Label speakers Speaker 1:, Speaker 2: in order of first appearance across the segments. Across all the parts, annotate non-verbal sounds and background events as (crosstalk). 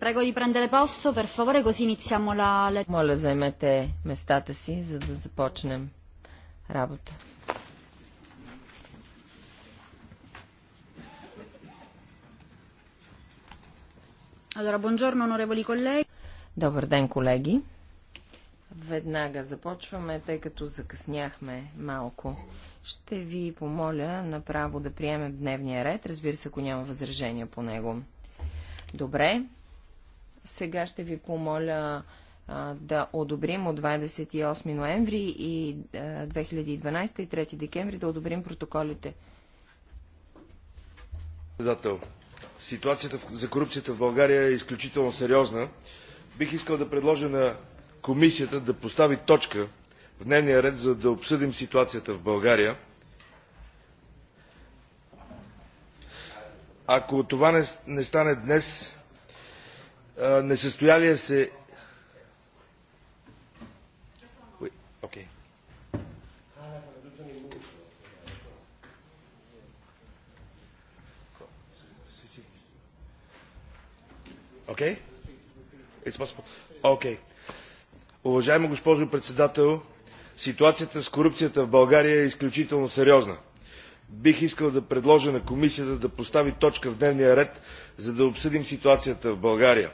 Speaker 1: Прего да prendere posto, per favore, così iniziamo
Speaker 2: la... Моля, займете местата си, за да започнем работа. Allora, buongiorno, onorevoli colleghi. Добър ден, колеги. Веднага започваме, тъй като закъсняхме малко. Ще ви помоля направо да приемем дневния ред, разбира се, ако няма възражения по него. Добре, сега ще ви помоля да одобрим от 28 ноември и 2012 и 3 декември да одобрим протоколите.
Speaker 3: Председател, ситуацията за корупцията в България е изключително сериозна. Бих искал да предложа на комисията да постави точка в дневния ред, за да обсъдим ситуацията в България. Ако това не стане днес, несъстоялия се Okay? Уважаема госпожо председател, ситуацията с корупцията в България е изключително сериозна. Бих искал да предложа на комисията да постави точка в дневния ред, за да обсъдим ситуацията в България.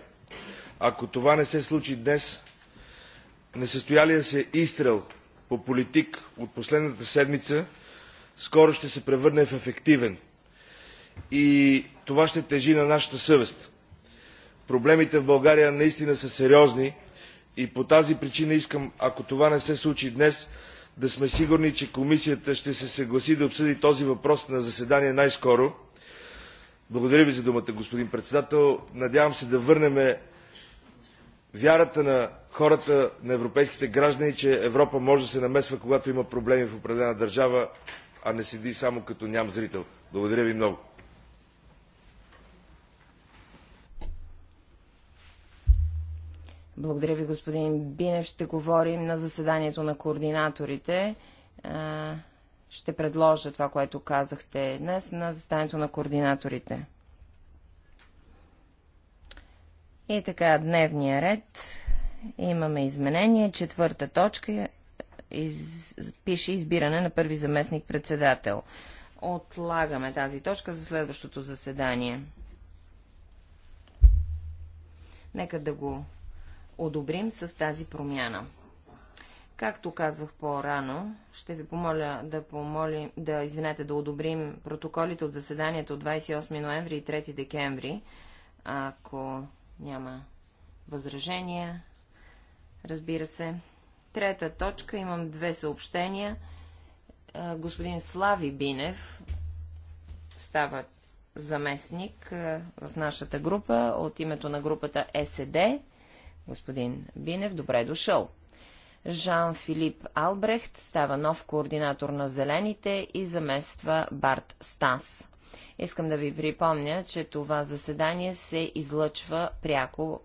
Speaker 3: Ако това не се случи днес, несъстоялия се изстрел по политик от последната седмица скоро ще се превърне в ефективен. И това ще тежи на нашата съвест. Проблемите в България наистина са сериозни и по тази причина искам, ако това не се случи днес, да сме сигурни, че комисията ще се съгласи да обсъди този въпрос на заседание най-скоро. Благодаря ви за думата, господин председател. Надявам се да върнем вярата на хората, на европейските граждани, че Европа може да се намесва, когато има проблеми в определена държава, а не седи само като ням зрител. Благодаря ви много.
Speaker 2: Благодаря ви, господин Бинев. Ще говорим на заседанието на координаторите. Ще предложа това, което казахте днес на заседанието на координаторите. И така, дневния ред. Имаме изменение. Четвърта точка из... пише избиране на първи заместник председател. Отлагаме тази точка за следващото заседание. Нека да го одобрим с тази промяна. Както казвах по-рано, ще ви помоля да помолим, да извинете, да одобрим протоколите от заседанието от 28 ноември и 3 декември. Ако няма възражения. Разбира се. Трета точка. Имам две съобщения. Господин Слави Бинев става заместник в нашата група от името на групата СД. Е господин Бинев, добре е дошъл. Жан-Филип Албрехт става нов координатор на Зелените и замества Барт Стас. Искам да ви припомня, че това заседание се излъчва пряко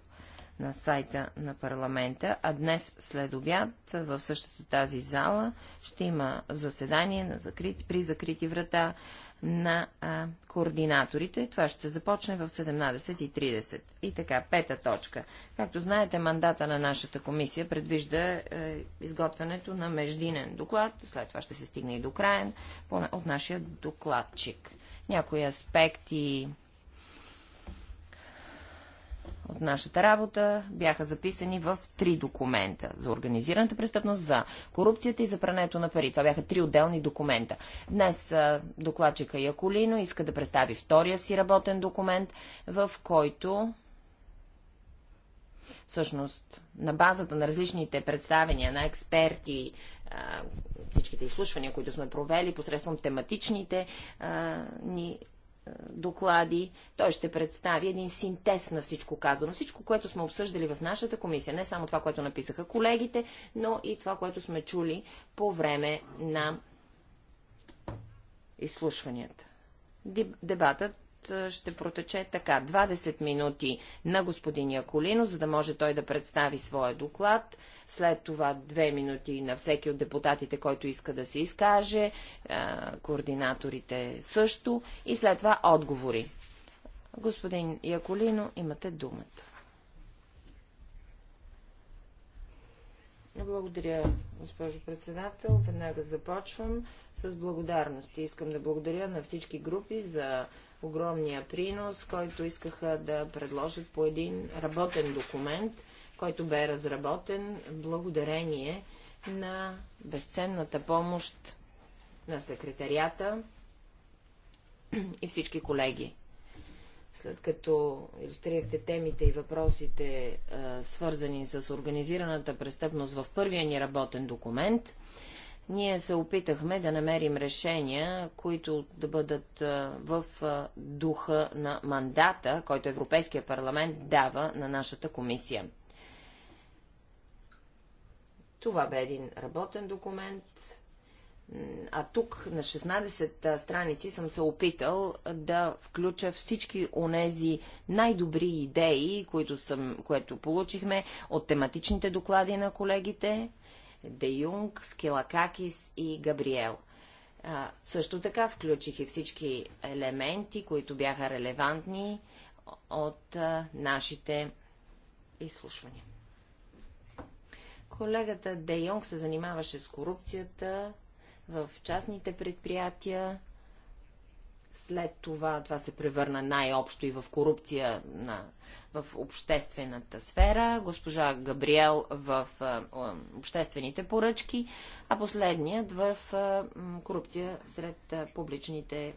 Speaker 2: на сайта на парламента, а днес след обяд в същата тази зала ще има заседание на закрит, при закрити врата на а, координаторите. Това ще започне в 17.30. И така, пета точка. Както знаете, мандата на нашата комисия предвижда е, изготвянето на междинен доклад. След това ще се стигне и до краен от нашия докладчик. Някои аспекти от нашата работа бяха записани в три документа. За организираната престъпност, за корупцията и за прането на пари. Това бяха три отделни документа. Днес докладчика Яколино иска да представи втория си работен документ, в който всъщност на базата на различните представения на експерти, всичките изслушвания, които сме провели, посредством тематичните а, ни доклади. Той ще представи един синтез на всичко казано. Всичко, което сме обсъждали в нашата комисия. Не само това, което написаха колегите, но и това, което сме чули по време на изслушванията. Дебатът ще протече така. 20 минути на господин Яколино, за да може той да представи своя доклад. След това 2 минути на всеки от депутатите, който иска да се изкаже, координаторите също. И след това отговори. Господин Яколино, имате думата. Благодаря, госпожо председател. Веднага започвам с благодарности. Искам да благодаря на всички групи за огромния принос, който искаха да предложат по един работен документ, който бе разработен благодарение на безценната помощ на секретарията и всички колеги. След като иллюстрирахте темите и въпросите, свързани с организираната престъпност в първия ни работен документ, ние се опитахме да намерим решения, които да бъдат в духа на мандата, който Европейския парламент дава на нашата комисия. Това бе един работен документ, а тук на 16 страници съм се опитал да включа всички онези най-добри идеи, които, съм, които получихме от тематичните доклади на колегите, Де Юнг, Скилакакис и Габриел. А, също така включих и всички елементи, които бяха релевантни от а, нашите изслушвания. Колегата Де Йонг се занимаваше с корупцията в частните предприятия след това това се превърна най-общо и в корупция на, в обществената сфера, госпожа Габриел в а, обществените поръчки, а последният в а, корупция сред а, публичните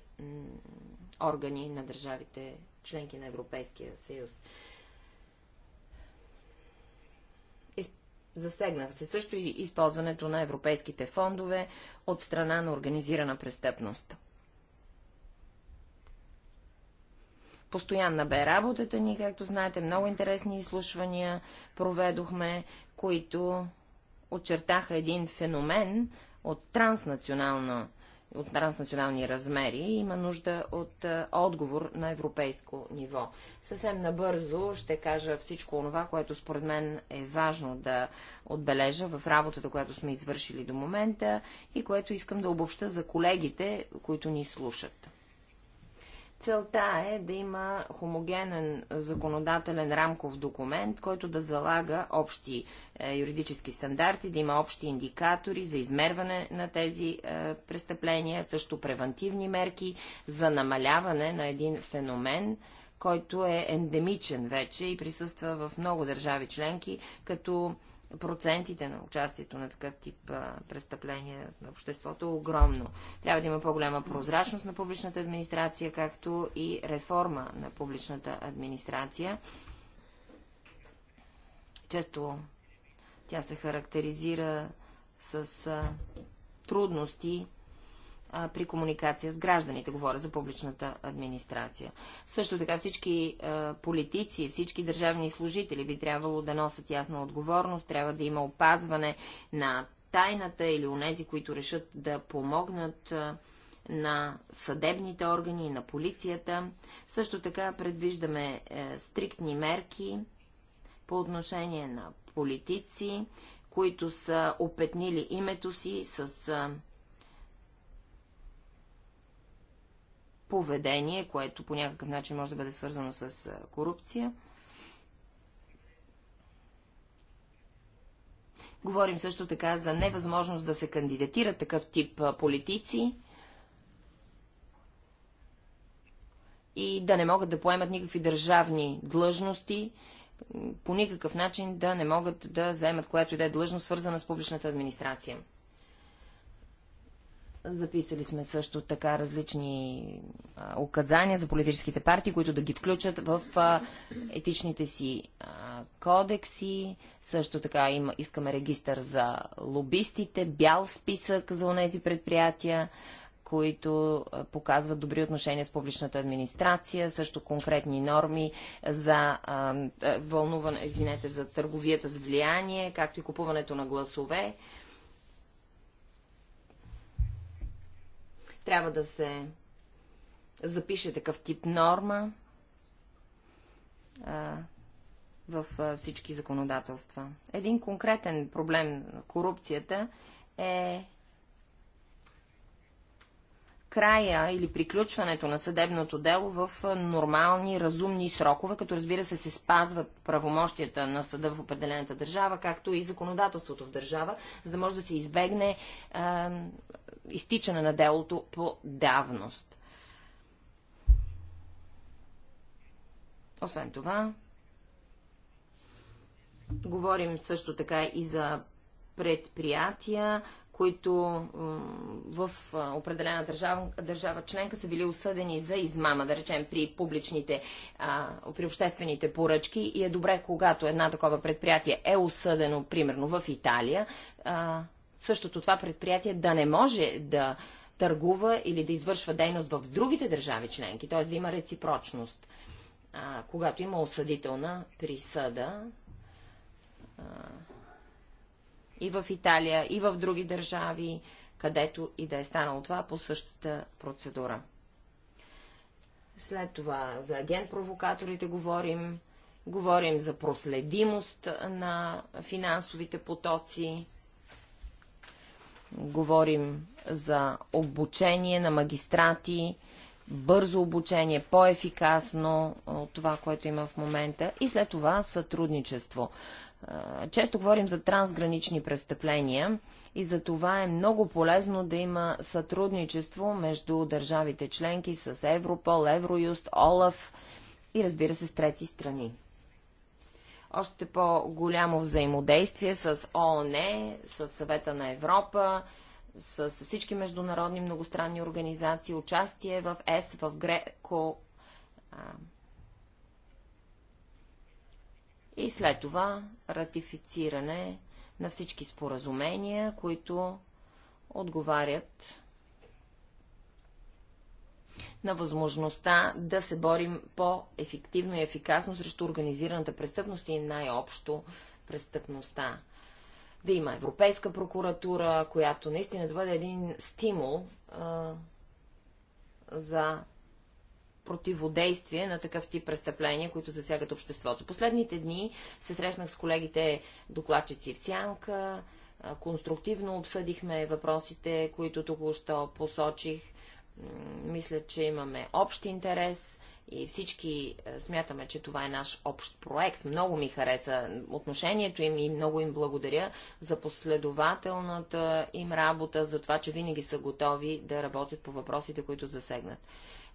Speaker 2: органи на държавите, членки на Европейския съюз. Засегнаха се също и използването на европейските фондове от страна на организирана престъпност. Постоянна бе работата ни, както знаете, много интересни изслушвания проведохме, които очертаха един феномен от транснационална от транснационални размери и има нужда от отговор на европейско ниво. Съвсем набързо ще кажа всичко това, което според мен е важно да отбележа в работата, която сме извършили до момента и което искам да обобща за колегите, които ни слушат. Целта е да има хомогенен законодателен рамков документ, който да залага общи е, юридически стандарти, да има общи индикатори за измерване на тези е, престъпления, също превентивни мерки за намаляване на един феномен, който е ендемичен вече и присъства в много държави членки, като процентите на участието на такъв тип престъпления на обществото е огромно. Трябва да има по-голяма прозрачност на публичната администрация, както и реформа на публичната администрация. Често тя се характеризира с трудности при комуникация с гражданите, говоря за публичната администрация. Също така всички политици, всички държавни служители би трябвало да носят ясна отговорност, трябва да има опазване на тайната или онези, които решат да помогнат на съдебните органи и на полицията. Също така предвиждаме е, стриктни мерки по отношение на политици, които са опетнили името си с поведение, което по някакъв начин може да бъде свързано с корупция. Говорим също така за невъзможност да се кандидатират такъв тип политици и да не могат да поемат никакви държавни длъжности, по никакъв начин да не могат да заемат която и да е длъжност, свързана с публичната администрация. Записали сме също така различни указания за политическите партии, които да ги включат в етичните си кодекси. Също така има, искаме регистър за лобистите, бял списък за тези предприятия, които показват добри отношения с публичната администрация, също конкретни норми за вълнуване, извинете, за търговията с влияние, както и купуването на гласове. Трябва да се запише такъв тип норма а, в а, всички законодателства. Един конкретен проблем на корупцията е края или приключването на съдебното дело в нормални, разумни срокове, като разбира се се спазват правомощията на съда в определената държава, както и законодателството в държава, за да може да се избегне изтичане на делото по давност. Освен това, говорим също така и за предприятия, които в определена държава, държава членка са били осъдени за измама, да речем, при публичните, при обществените поръчки. И е добре, когато една такова предприятие е осъдено, примерно в Италия, същото това предприятие да не може да търгува или да извършва дейност в другите държави членки, т.е. да има реципрочност. А, когато има осъдителна присъда а, и в Италия, и в други държави, където и да е станало това по същата процедура. След това за агент-провокаторите говорим, говорим за проследимост на финансовите потоци, Говорим за обучение на магистрати, бързо обучение, по-ефикасно от това, което има в момента и след това сътрудничество. Често говорим за трансгранични престъпления и за това е много полезно да има сътрудничество между държавите членки с Европол, Евроюст, Олаф и разбира се с трети страни още по-голямо взаимодействие с ООН, с Съвета на Европа, с всички международни многостранни организации, участие в ЕС, в Греко. И след това ратифициране на всички споразумения, които отговарят на възможността да се борим по-ефективно и ефикасно срещу организираната престъпност и най-общо престъпността. Да има Европейска прокуратура, която наистина да бъде един стимул а, за противодействие на такъв тип престъпления, които засягат обществото. Последните дни се срещнах с колегите докладчици в Сянка, конструктивно обсъдихме въпросите, които току-що посочих. Мисля, че имаме общ интерес и всички е, смятаме, че това е наш общ проект. Много ми хареса отношението им и много им благодаря за последователната им работа, за това, че винаги са готови да работят по въпросите, които засегнат.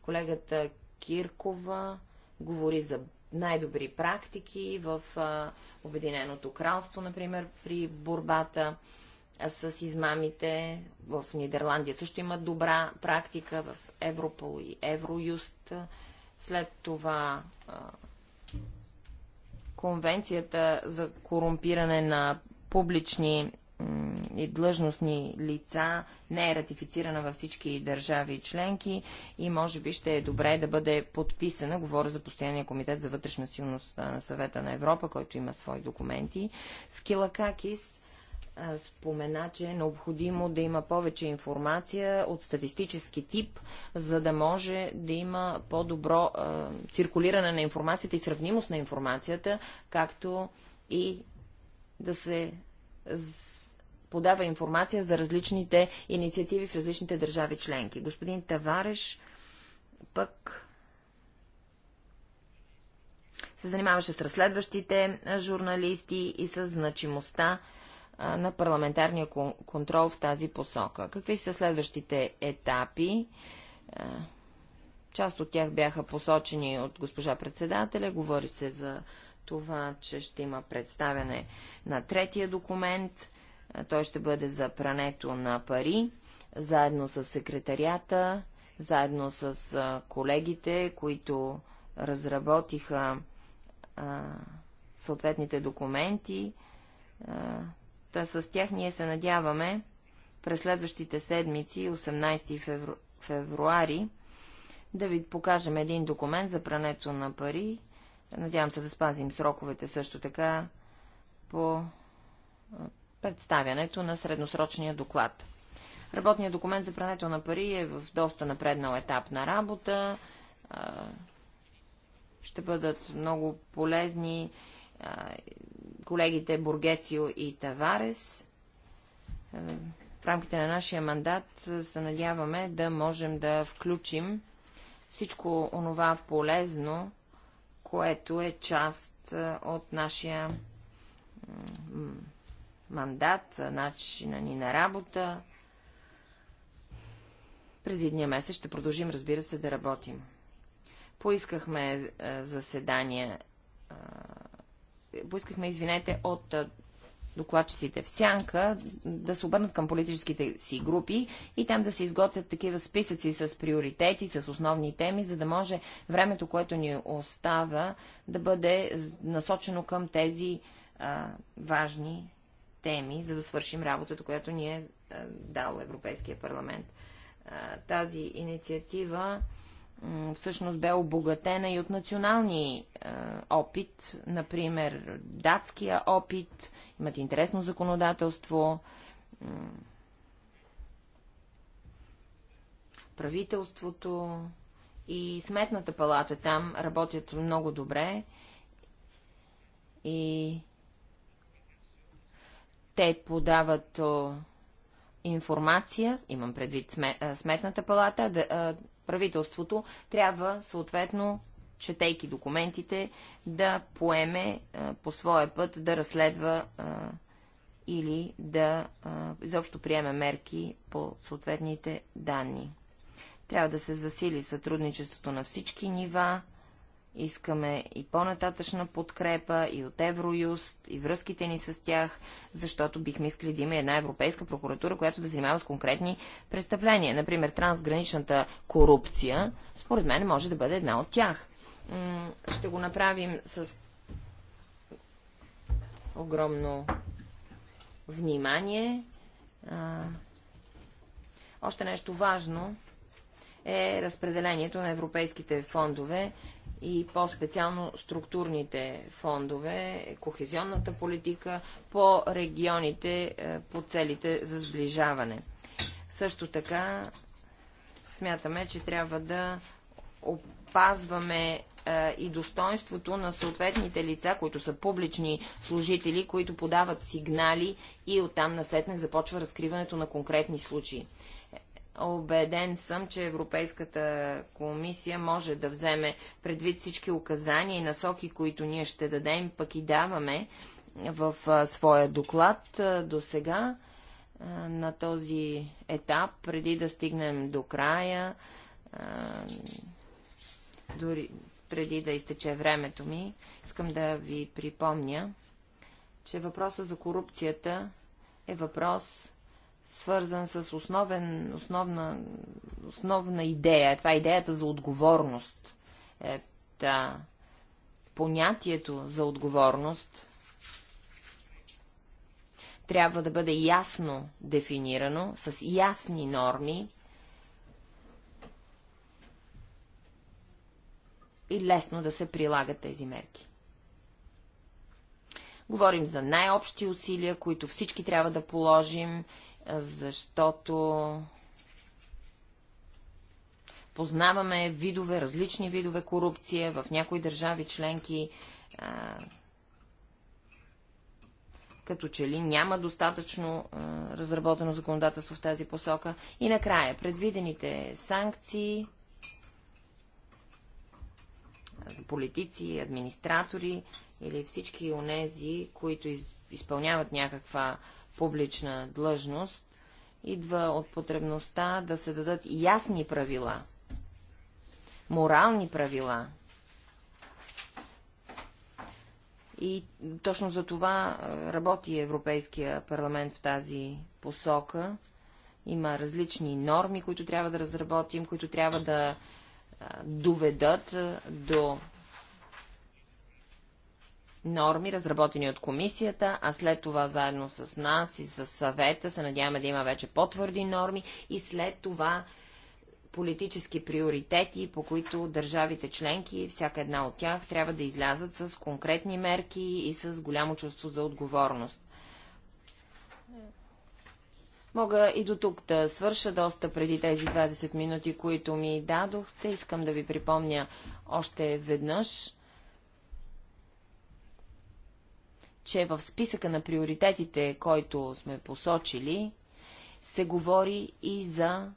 Speaker 2: Колегата Киркова говори за най-добри практики в Обединеното кралство, например, при борбата с измамите. В Нидерландия също има добра практика в Европол и Евроюст. След това конвенцията за корумпиране на публични и длъжностни лица не е ратифицирана във всички държави и членки и може би ще е добре да бъде подписана. Говоря за Постоянния комитет за вътрешна силност на съвета на Европа, който има свои документи. Скилакакис спомена, че е необходимо да има повече информация от статистически тип, за да може да има по-добро циркулиране на информацията и сравнимост на информацията, както и да се подава информация за различните инициативи в различните държави членки. Господин Тавареш пък се занимаваше с разследващите журналисти и с значимостта на парламентарния контрол в тази посока. Какви са следващите етапи? Част от тях бяха посочени от госпожа председателя. Говори се за това, че ще има представяне на третия документ. Той ще бъде за прането на пари, заедно с секретарията, заедно с колегите, които разработиха а, съответните документи. А, Та с тях ние се надяваме през следващите седмици, 18 февру... февруари, да ви покажем един документ за прането на пари. Надявам се да спазим сроковете също така по представянето на средносрочния доклад. Работният документ за прането на пари е в доста напреднал етап на работа. Ще бъдат много полезни колегите Бургецио и Таварес. Е, в рамките на нашия мандат е, се надяваме да можем да включим всичко онова полезно, което е част е, от нашия мандат, начина ни на работа. През едния месец ще продължим, разбира се, да работим. Поискахме заседание поискахме, извинете, от докладчиците в сянка да се обърнат към политическите си групи и там да се изготвят такива списъци с приоритети, с основни теми, за да може времето, което ни остава, да бъде насочено към тези а, важни теми, за да свършим работата, която ни е дал Европейския парламент. А, тази инициатива всъщност бе обогатена и от национални е, опит, например датския опит, имат интересно законодателство, е, правителството и сметната палата там работят много добре и те подават информация, имам предвид сме, е, сметната палата, да, е, правителството трябва съответно четейки документите, да поеме а, е, по своя път, да разследва а, е, или да а, е, изобщо приеме мерки по съответните данни. Трябва да се засили сътрудничеството на всички нива, Искаме и по-нататъчна подкрепа и от Евроюст, и връзките ни с тях, защото бихме искали да има една европейска прокуратура, която да занимава с конкретни престъпления. Например, трансграничната корупция, според мен, може да бъде една от тях. Ще го направим с огромно внимание. още нещо важно е разпределението на европейските фондове и по-специално структурните фондове, кохезионната политика по регионите, е, по целите за сближаване. Също така смятаме, че трябва да опазваме е, и достоинството на съответните лица, които са публични служители, които подават сигнали и оттам насетне започва разкриването на конкретни случаи. Обеден съм, че Европейската комисия може да вземе предвид всички указания и насоки, които ние ще дадем, пък и даваме в а, своя доклад до сега на този етап, преди да стигнем до края, а, дори преди да изтече времето ми, искам да ви припомня, че въпроса за корупцията е въпрос, свързан с основен, основна, основна идея. Това е идеята за отговорност. Е, понятието за отговорност трябва да бъде ясно дефинирано, с ясни норми и лесно да се прилагат тези мерки. Говорим за най-общи усилия, които всички трябва да положим защото познаваме видове, различни видове корупция в някои държави членки. А, като че ли няма достатъчно а, разработено законодателство в тази посока. И накрая, предвидените санкции за политици, администратори или всички онези, които из, изпълняват някаква публична длъжност идва от потребността да се дадат ясни правила, морални правила. И точно за това работи Европейския парламент в тази посока. Има различни норми, които трябва да разработим, които трябва да доведат до норми, разработени от комисията, а след това заедно с нас и с съвета се надяваме да има вече по-твърди норми и след това политически приоритети, по които държавите членки, всяка една от тях, трябва да излязат с конкретни мерки и с голямо чувство за отговорност. Мога и до тук да свърша доста преди тези 20 минути, които ми дадохте. Искам да ви припомня още веднъж че в списъка на приоритетите, който сме посочили, се говори и за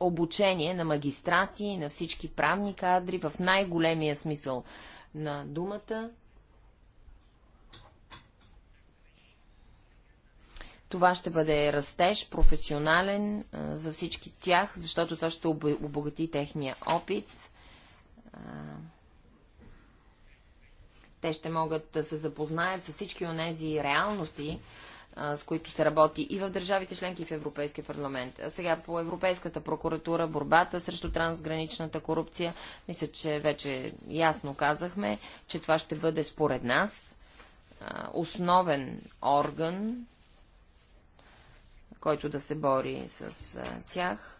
Speaker 2: обучение на магистрати и на всички правни кадри в най-големия смисъл на думата. Това ще бъде растеж, професионален за всички тях, защото това ще обогати техния опит. Те ще могат да се запознаят с всички онези реалности, с които се работи и в държавите членки, и в Европейския парламент. А сега по Европейската прокуратура, борбата срещу трансграничната корупция, мисля, че вече ясно казахме, че това ще бъде според нас основен орган, който да се бори с тях.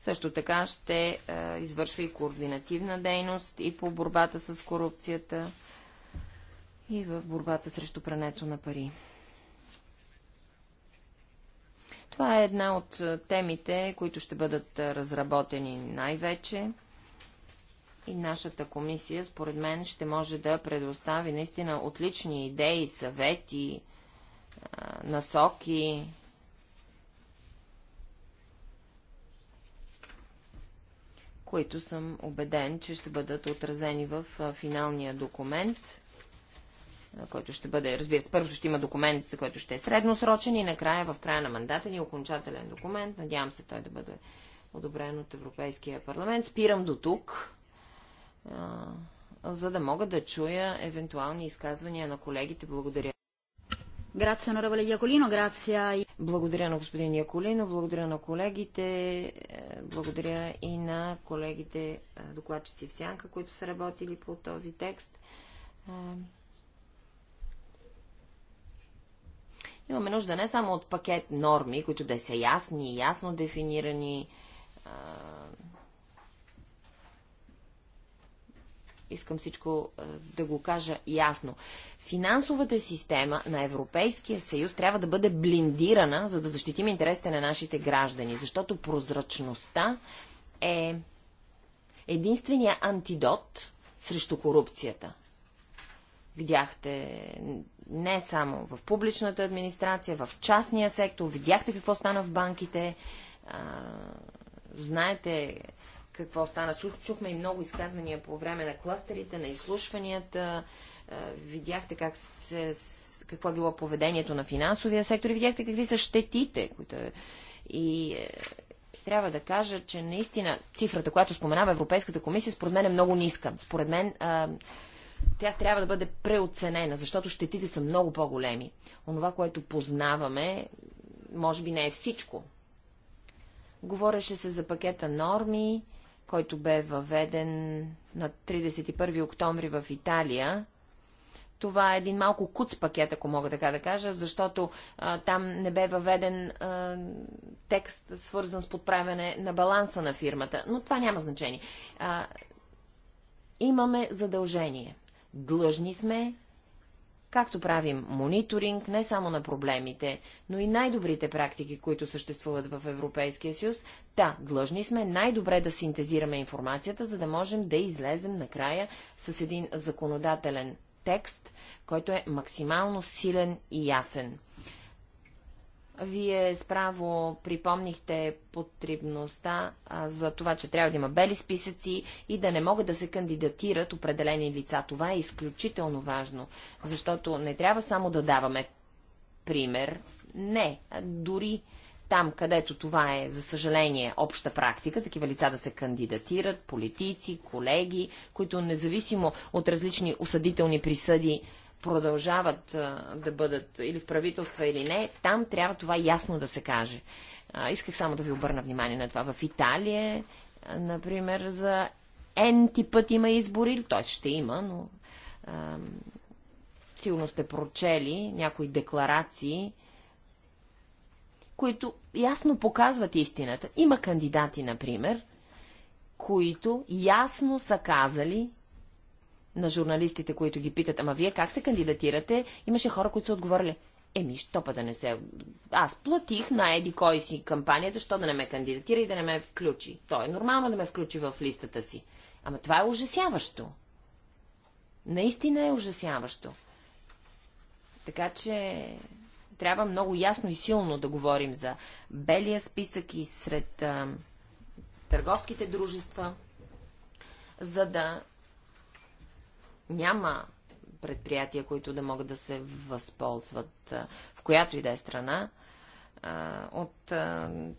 Speaker 2: Също така ще е, извършва и координативна дейност и по борбата с корупцията и в борбата срещу прането на пари. Това е една от е, темите, които ще бъдат е, разработени най-вече. И нашата комисия, според мен, ще може да предостави наистина отлични идеи, съвети, насоки които съм убеден, че ще бъдат отразени в финалния документ, който ще бъде, разбира се, първо ще има документ, който ще е средносрочен и накрая, в края на мандата ни, е окончателен документ. Надявам се той да бъде одобрен от Европейския парламент. Спирам до тук, за да мога да чуя евентуални изказвания на колегите. Благодаря.
Speaker 1: Благодаря
Speaker 2: на господин Яколино, благодаря на колегите, е, благодаря и на колегите е, докладчици в Сянка, които са работили по този текст. Е, имаме нужда не само от пакет норми, които да са ясни и ясно дефинирани, искам всичко да го кажа ясно. Финансовата система на Европейския съюз трябва да бъде блиндирана, за да защитим интересите на нашите граждани, защото прозрачността е единствения антидот срещу корупцията. Видяхте не само в публичната администрация, в частния сектор, видяхте какво стана в банките, а, знаете какво стана. Чухме и много изказвания по време на кластерите, на изслушванията. Е, видяхте как се, какво е било поведението на финансовия сектор и видяхте какви са щетите, които е- и е, трябва да кажа, че наистина цифрата, която споменава Европейската комисия, според мен е много ниска. Според мен е, тя трябва да бъде преоценена, защото щетите са много по-големи. Онова, което познаваме, може би не е всичко. Говореше се за пакета норми, който бе въведен на 31 октомври в Италия. Това е един малко куц пакет, ако мога така да кажа, защото а, там не бе въведен а, текст, свързан с подправяне на баланса на фирмата. Но това няма значение. А, имаме задължение. Длъжни сме както правим мониторинг не само на проблемите, но и най-добрите практики, които съществуват в Европейския съюз, да, длъжни сме най-добре да синтезираме информацията, за да можем да излезем накрая с един законодателен текст, който е максимално силен и ясен. Вие справо припомнихте потребността а, за това, че трябва да има бели списъци и да не могат да се кандидатират определени лица. Това е изключително важно, защото не трябва само да даваме пример. Не, дори там, където това е, за съжаление, обща практика, такива лица да се кандидатират, политици, колеги, които независимо от различни осъдителни присъди продължават да бъдат или в правителства или не, там трябва това ясно да се каже. Исках само да ви обърна внимание на това. В Италия, например, за енти път има избори, т.е. ще има, но а, сигурно сте прочели някои декларации, които ясно показват истината. Има кандидати, например, които ясно са казали, на журналистите, които ги питат, ама вие как се кандидатирате, имаше хора, които са отговорили. Еми, що па да не се... Аз платих на Еди кой си кампанията, що да не ме кандидатира и да не ме включи. То е нормално да ме включи в листата си. Ама това е ужасяващо. Наистина е ужасяващо. Така че трябва много ясно и силно да говорим за белия списък и сред а, търговските дружества, за да няма предприятия, които да могат да се възползват в която и да е страна от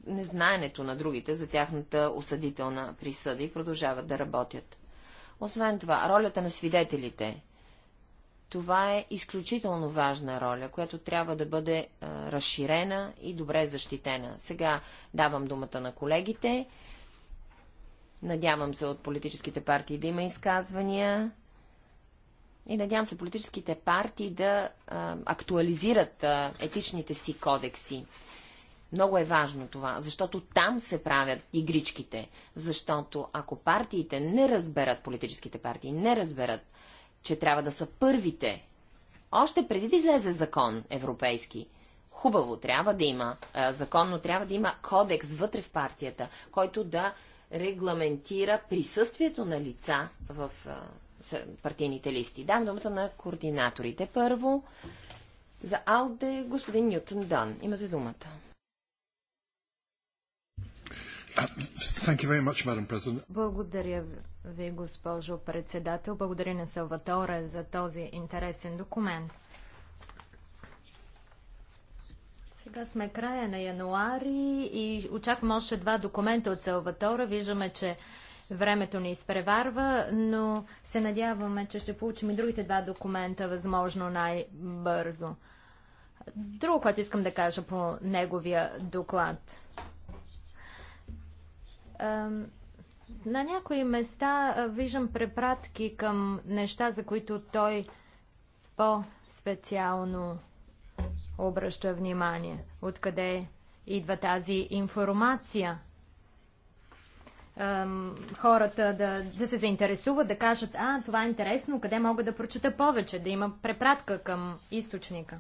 Speaker 2: незнаенето на другите за тяхната осъдителна присъда и продължават да работят. Освен това, ролята на свидетелите. Това е изключително важна роля, която трябва да бъде разширена и добре защитена. Сега давам думата на колегите. Надявам се от политическите партии да има изказвания. И надявам се политическите партии да а, актуализират а, етичните си кодекси. Много е важно това, защото там се правят игричките. Защото ако партиите не разберат, политическите партии не разберат, че трябва да са първите, още преди да излезе закон европейски, хубаво трябва да има а, трябва да има кодекс вътре в партията, който да регламентира присъствието на лица в а, партийните листи. Дам думата на координаторите. Първо, за Алде, господин Ньютон Дан. Имате думата.
Speaker 3: Uh,
Speaker 1: Благодаря ви, госпожо председател. Благодаря на Салватора за този интересен документ. Сега сме края на януари и очакваме още два документа от Салватора. Виждаме, че Времето ни изпреварва, но се надяваме, че ще получим и другите два документа възможно най-бързо. Друго, което искам да кажа по неговия доклад. На някои места виждам препратки към неща, за които той по-специално обръща внимание. Откъде идва тази информация? хората да, да се заинтересуват, да кажат, а, това е интересно, къде мога да прочета повече, да има препратка към източника.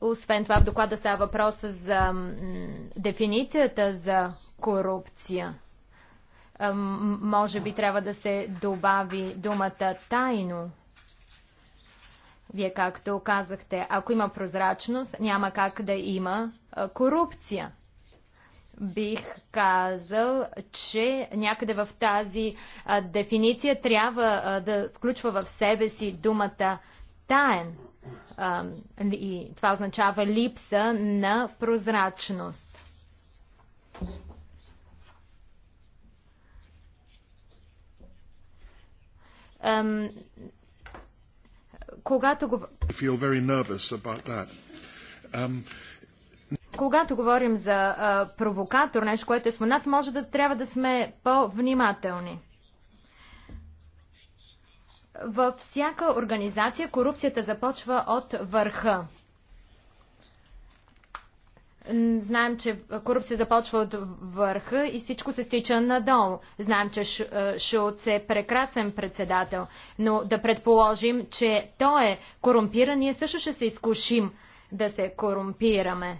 Speaker 1: Освен това, в доклада става въпрос за дефиницията за корупция. Може би трябва да се добави думата тайно. Вие както казахте, ако има прозрачност, няма как да има корупция бих казал, че някъде в тази а, дефиниция трябва а, да включва в себе си думата таен. А, и това означава липса на прозрачност. когато го...
Speaker 3: Feel very nervous about that. Um,
Speaker 1: когато говорим за а, провокатор, нещо, което е споменат, може да трябва да сме по-внимателни. Във всяка организация корупцията започва от върха. Знаем, че корупция започва от върха и всичко се стича надолу. Знаем, че Шулц е прекрасен председател, но да предположим, че той е корумпиран, ние също ще се изкушим да се корумпираме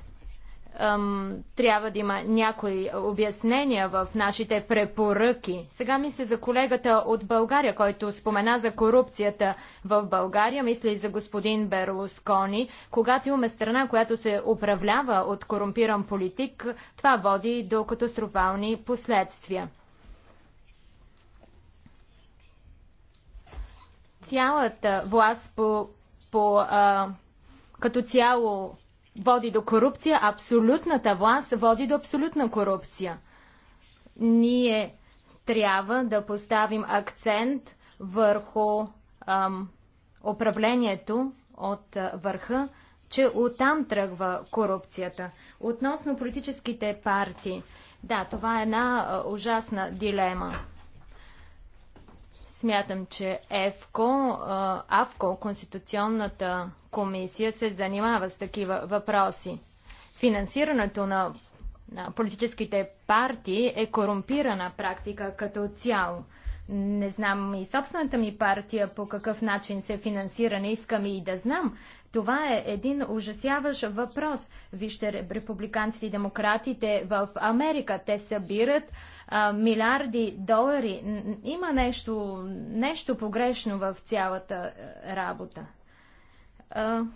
Speaker 1: трябва да има някои обяснения в нашите препоръки. Сега мисля за колегата от България, който спомена за корупцията в България, мисля и за господин Берлускони. Когато имаме страна, която се управлява от корумпиран политик, това води до катастрофални последствия. Цялата власт по, по а, като цяло води до корупция, абсолютната власт води до абсолютна корупция. Ние трябва да поставим акцент върху ам, управлението от върха, че оттам тръгва корупцията. Относно политическите партии, да, това е една ужасна дилема. Смятам, че ЕФКО, АФКО, АВКО, Конституционната комисия се занимава с такива въпроси. Финансирането на, на политическите партии е корумпирана практика като цяло. Не знам и собствената ми партия по какъв начин се финансира, не искам и да знам. Това е един ужасяващ въпрос. Вижте, републиканците и демократите в Америка, те събират а, милиарди долари. Има нещо, нещо погрешно в цялата работа.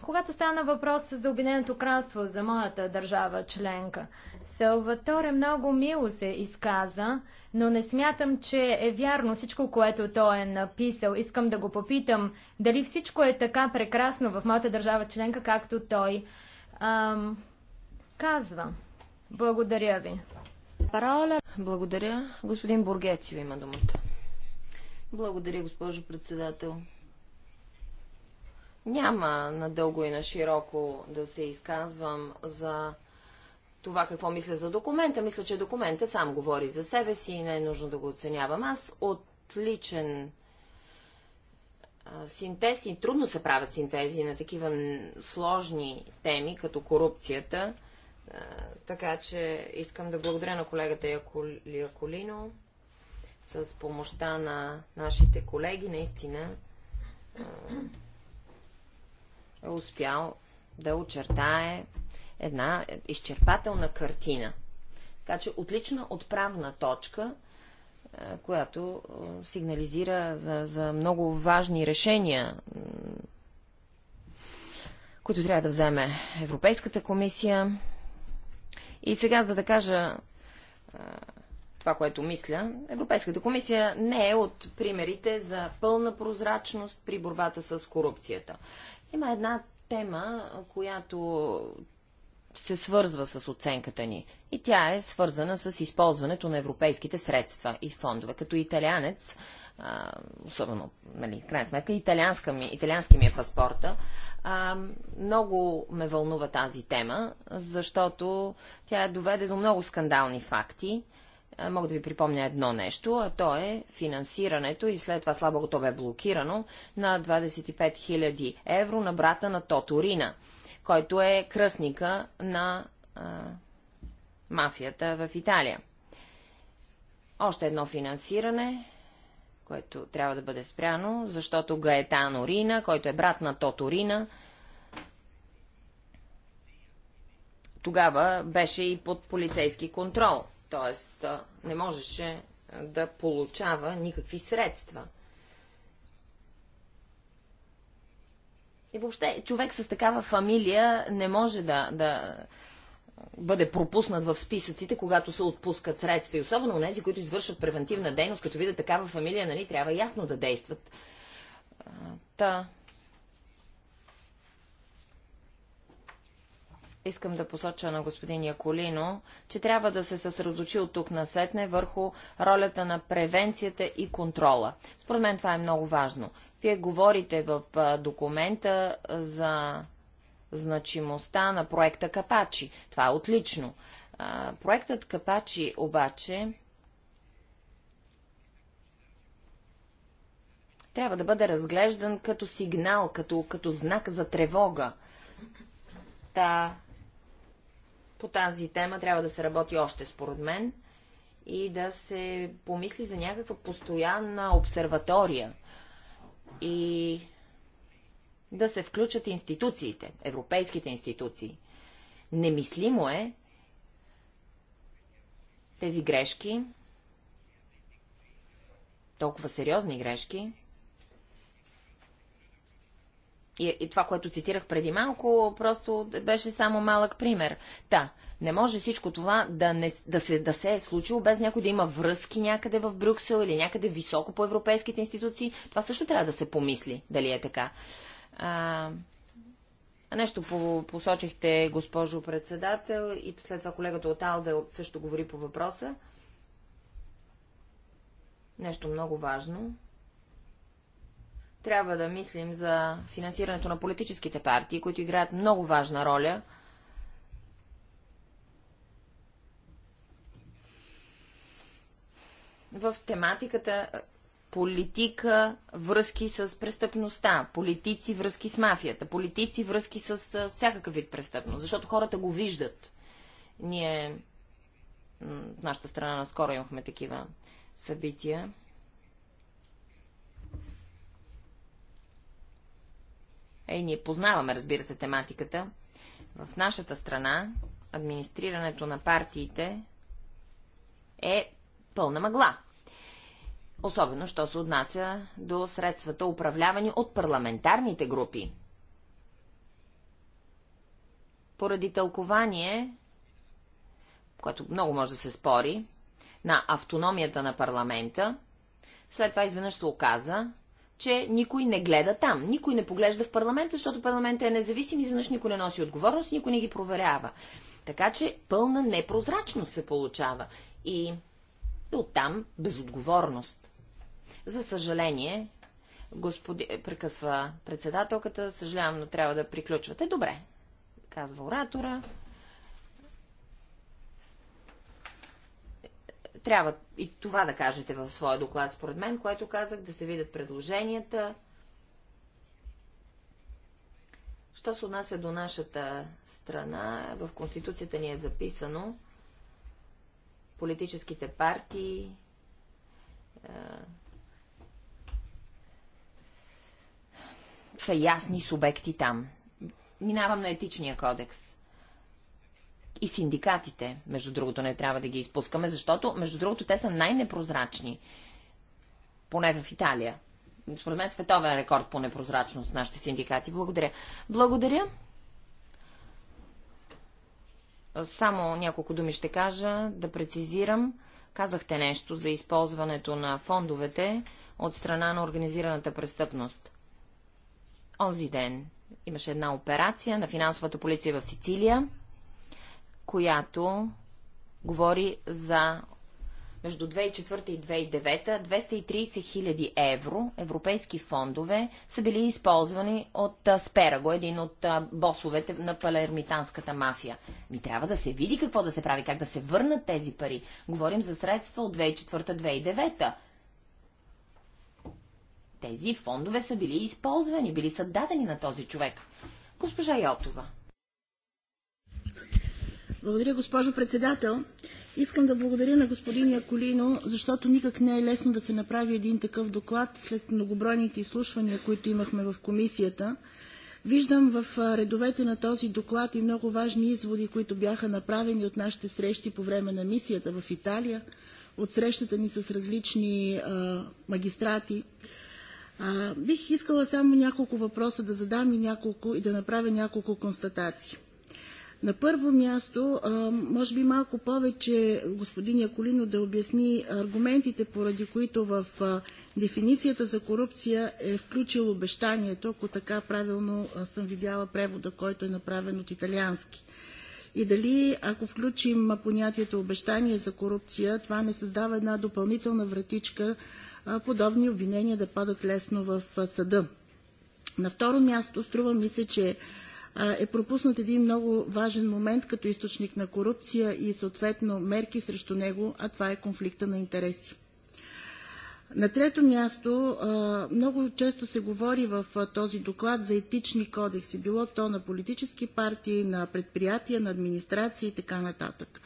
Speaker 1: Когато стана въпрос за Обединеното кралство, за моята държава членка, Салваторе много мило се изказа, но не смятам, че е вярно всичко, което той е написал. Искам да го попитам дали всичко е така прекрасно в моята държава членка, както той ам, казва. Благодаря ви.
Speaker 2: Пароля. Благодаря. Господин Бургецио има думата. Благодаря, госпожо председател. Няма надълго и на широко да се изказвам за това какво мисля за документа. Мисля, че документа сам говори за себе си и не е нужно да го оценявам. Аз от личен синтез и трудно се правят синтези на такива сложни теми, като корупцията. Така че искам да благодаря на колегата Яколино с помощта на нашите колеги. Наистина е успял да очертае една изчерпателна картина. Така че отлична отправна точка, е, която е, сигнализира за, за много важни решения, които трябва да вземе Европейската комисия. И сега, за да кажа е, това, което мисля, Европейската комисия не е от примерите за пълна прозрачност при борбата с корупцията. Има една тема, която се свързва с оценката ни. И тя е свързана с използването на европейските средства и фондове. Като италянец, а, особено, нали, крайна сметка, италианска ми, италиански ми е паспорта, а, много ме вълнува тази тема, защото тя е доведе до много скандални факти. Е, мога да ви припомня едно нещо, а то е финансирането и след това слабо то бе блокирано на 25 000 евро на брата на Тоторина, който е кръстника на а, мафията в Италия. Още едно финансиране, което трябва да бъде спряно, защото Гаетан Рина, който е брат на Тоторина, тогава беше и под полицейски контрол – т.е. не можеше да получава никакви средства. И въобще, човек с такава фамилия не може да, да бъде пропуснат в списъците, когато се отпускат средства. И особено нези, които извършват превентивна дейност, като видят такава фамилия, нали, трябва ясно да действат. Та, искам да посоча на господин Яколино, че трябва да се съсредочи от тук насетне върху ролята на превенцията и контрола. Според мен това е много важно. Вие говорите в документа за значимостта на проекта Капачи. Това е отлично. Проектът Капачи обаче трябва да бъде разглеждан като сигнал, като, като знак за тревога. Та, по тази тема трябва да се работи още, според мен, и да се помисли за някаква постоянна обсерватория и да се включат институциите, европейските институции. Немислимо е тези грешки, толкова сериозни грешки, и, и това, което цитирах преди малко, просто беше само малък пример. Та, не може всичко това да, не, да, се, да се е случило без някой да има връзки някъде в Брюксел или някъде високо по европейските институции. Това също трябва да се помисли, дали е така. А, нещо по, посочихте, госпожо председател, и след това колегата от Алдел също говори по въпроса. Нещо много важно. Трябва да мислим за финансирането на политическите партии, които играят много важна роля в тематиката е, политика, връзки с престъпността, политици, връзки с мафията, политици, връзки с, е, всякакъв вид престъпност, защото хората го виждат. Ние в нашата страна наскоро имахме такива събития. Е, ние познаваме, разбира се, тематиката. В нашата страна администрирането на партиите е пълна мъгла. Особено, що се отнася до средствата, управлявани от парламентарните групи. Поради тълкование, което много може да се спори, на автономията на парламента, след това изведнъж се оказа, че никой не гледа там. Никой не поглежда в парламента, защото парламента е независим, изведнъж никой не носи отговорност, никой не ги проверява. Така че пълна непрозрачност се получава. И оттам безотговорност. За съжаление, господи... прекъсва председателката, съжалявам, но трябва да приключвате. Добре, казва оратора. Трябва и това да кажете в своя доклад, според мен, което казах, да се видят предложенията. Що се отнася до нашата страна, в Конституцията ни е записано политическите партии, са ясни субекти там. Минавам на етичния кодекс и синдикатите, между другото, не трябва да ги изпускаме, защото, между другото, те са най-непрозрачни, поне в Италия. Според мен световен рекорд по непрозрачност нашите синдикати. Благодаря. Благодаря. Само няколко думи ще кажа, да прецизирам. Казахте нещо за използването на фондовете от страна на организираната престъпност. Онзи ден имаше една операция на финансовата полиция в Сицилия която говори за между 2004 и 2009 230 хиляди евро европейски фондове са били използвани от Спераго, един от босовете на палермитанската мафия. Ми трябва да се види какво да се прави, как да се върнат тези пари. Говорим за средства от 2004-2009. Тези фондове са били използвани, били са дадени на този човек. Госпожа Йотова.
Speaker 4: Благодаря, госпожо председател. Искам да благодаря на господин Яколино, защото никак не е лесно да се направи един такъв доклад след многобройните изслушвания, които имахме в комисията. Виждам в редовете на този доклад и много важни изводи, които бяха направени от нашите срещи по време на мисията в Италия, от срещата ни с различни а, магистрати. А, бих искала само няколко въпроса да задам и, няколко, и да направя няколко констатации. На първо място, може би малко повече господин Яколино да обясни аргументите, поради които в дефиницията за корупция е включил обещанието, ако така правилно съм видяла превода, който е направен от италиански. И дали, ако включим понятието обещание за корупция, това не създава една допълнителна вратичка, подобни обвинения да падат лесно в съда. На второ място, струва ми се, че е пропуснат един много важен момент като източник на корупция и съответно мерки срещу него, а това е конфликта на интереси. На трето място, много често се говори в този доклад за етични кодекси, било то на политически партии, на предприятия, на администрации и така нататък.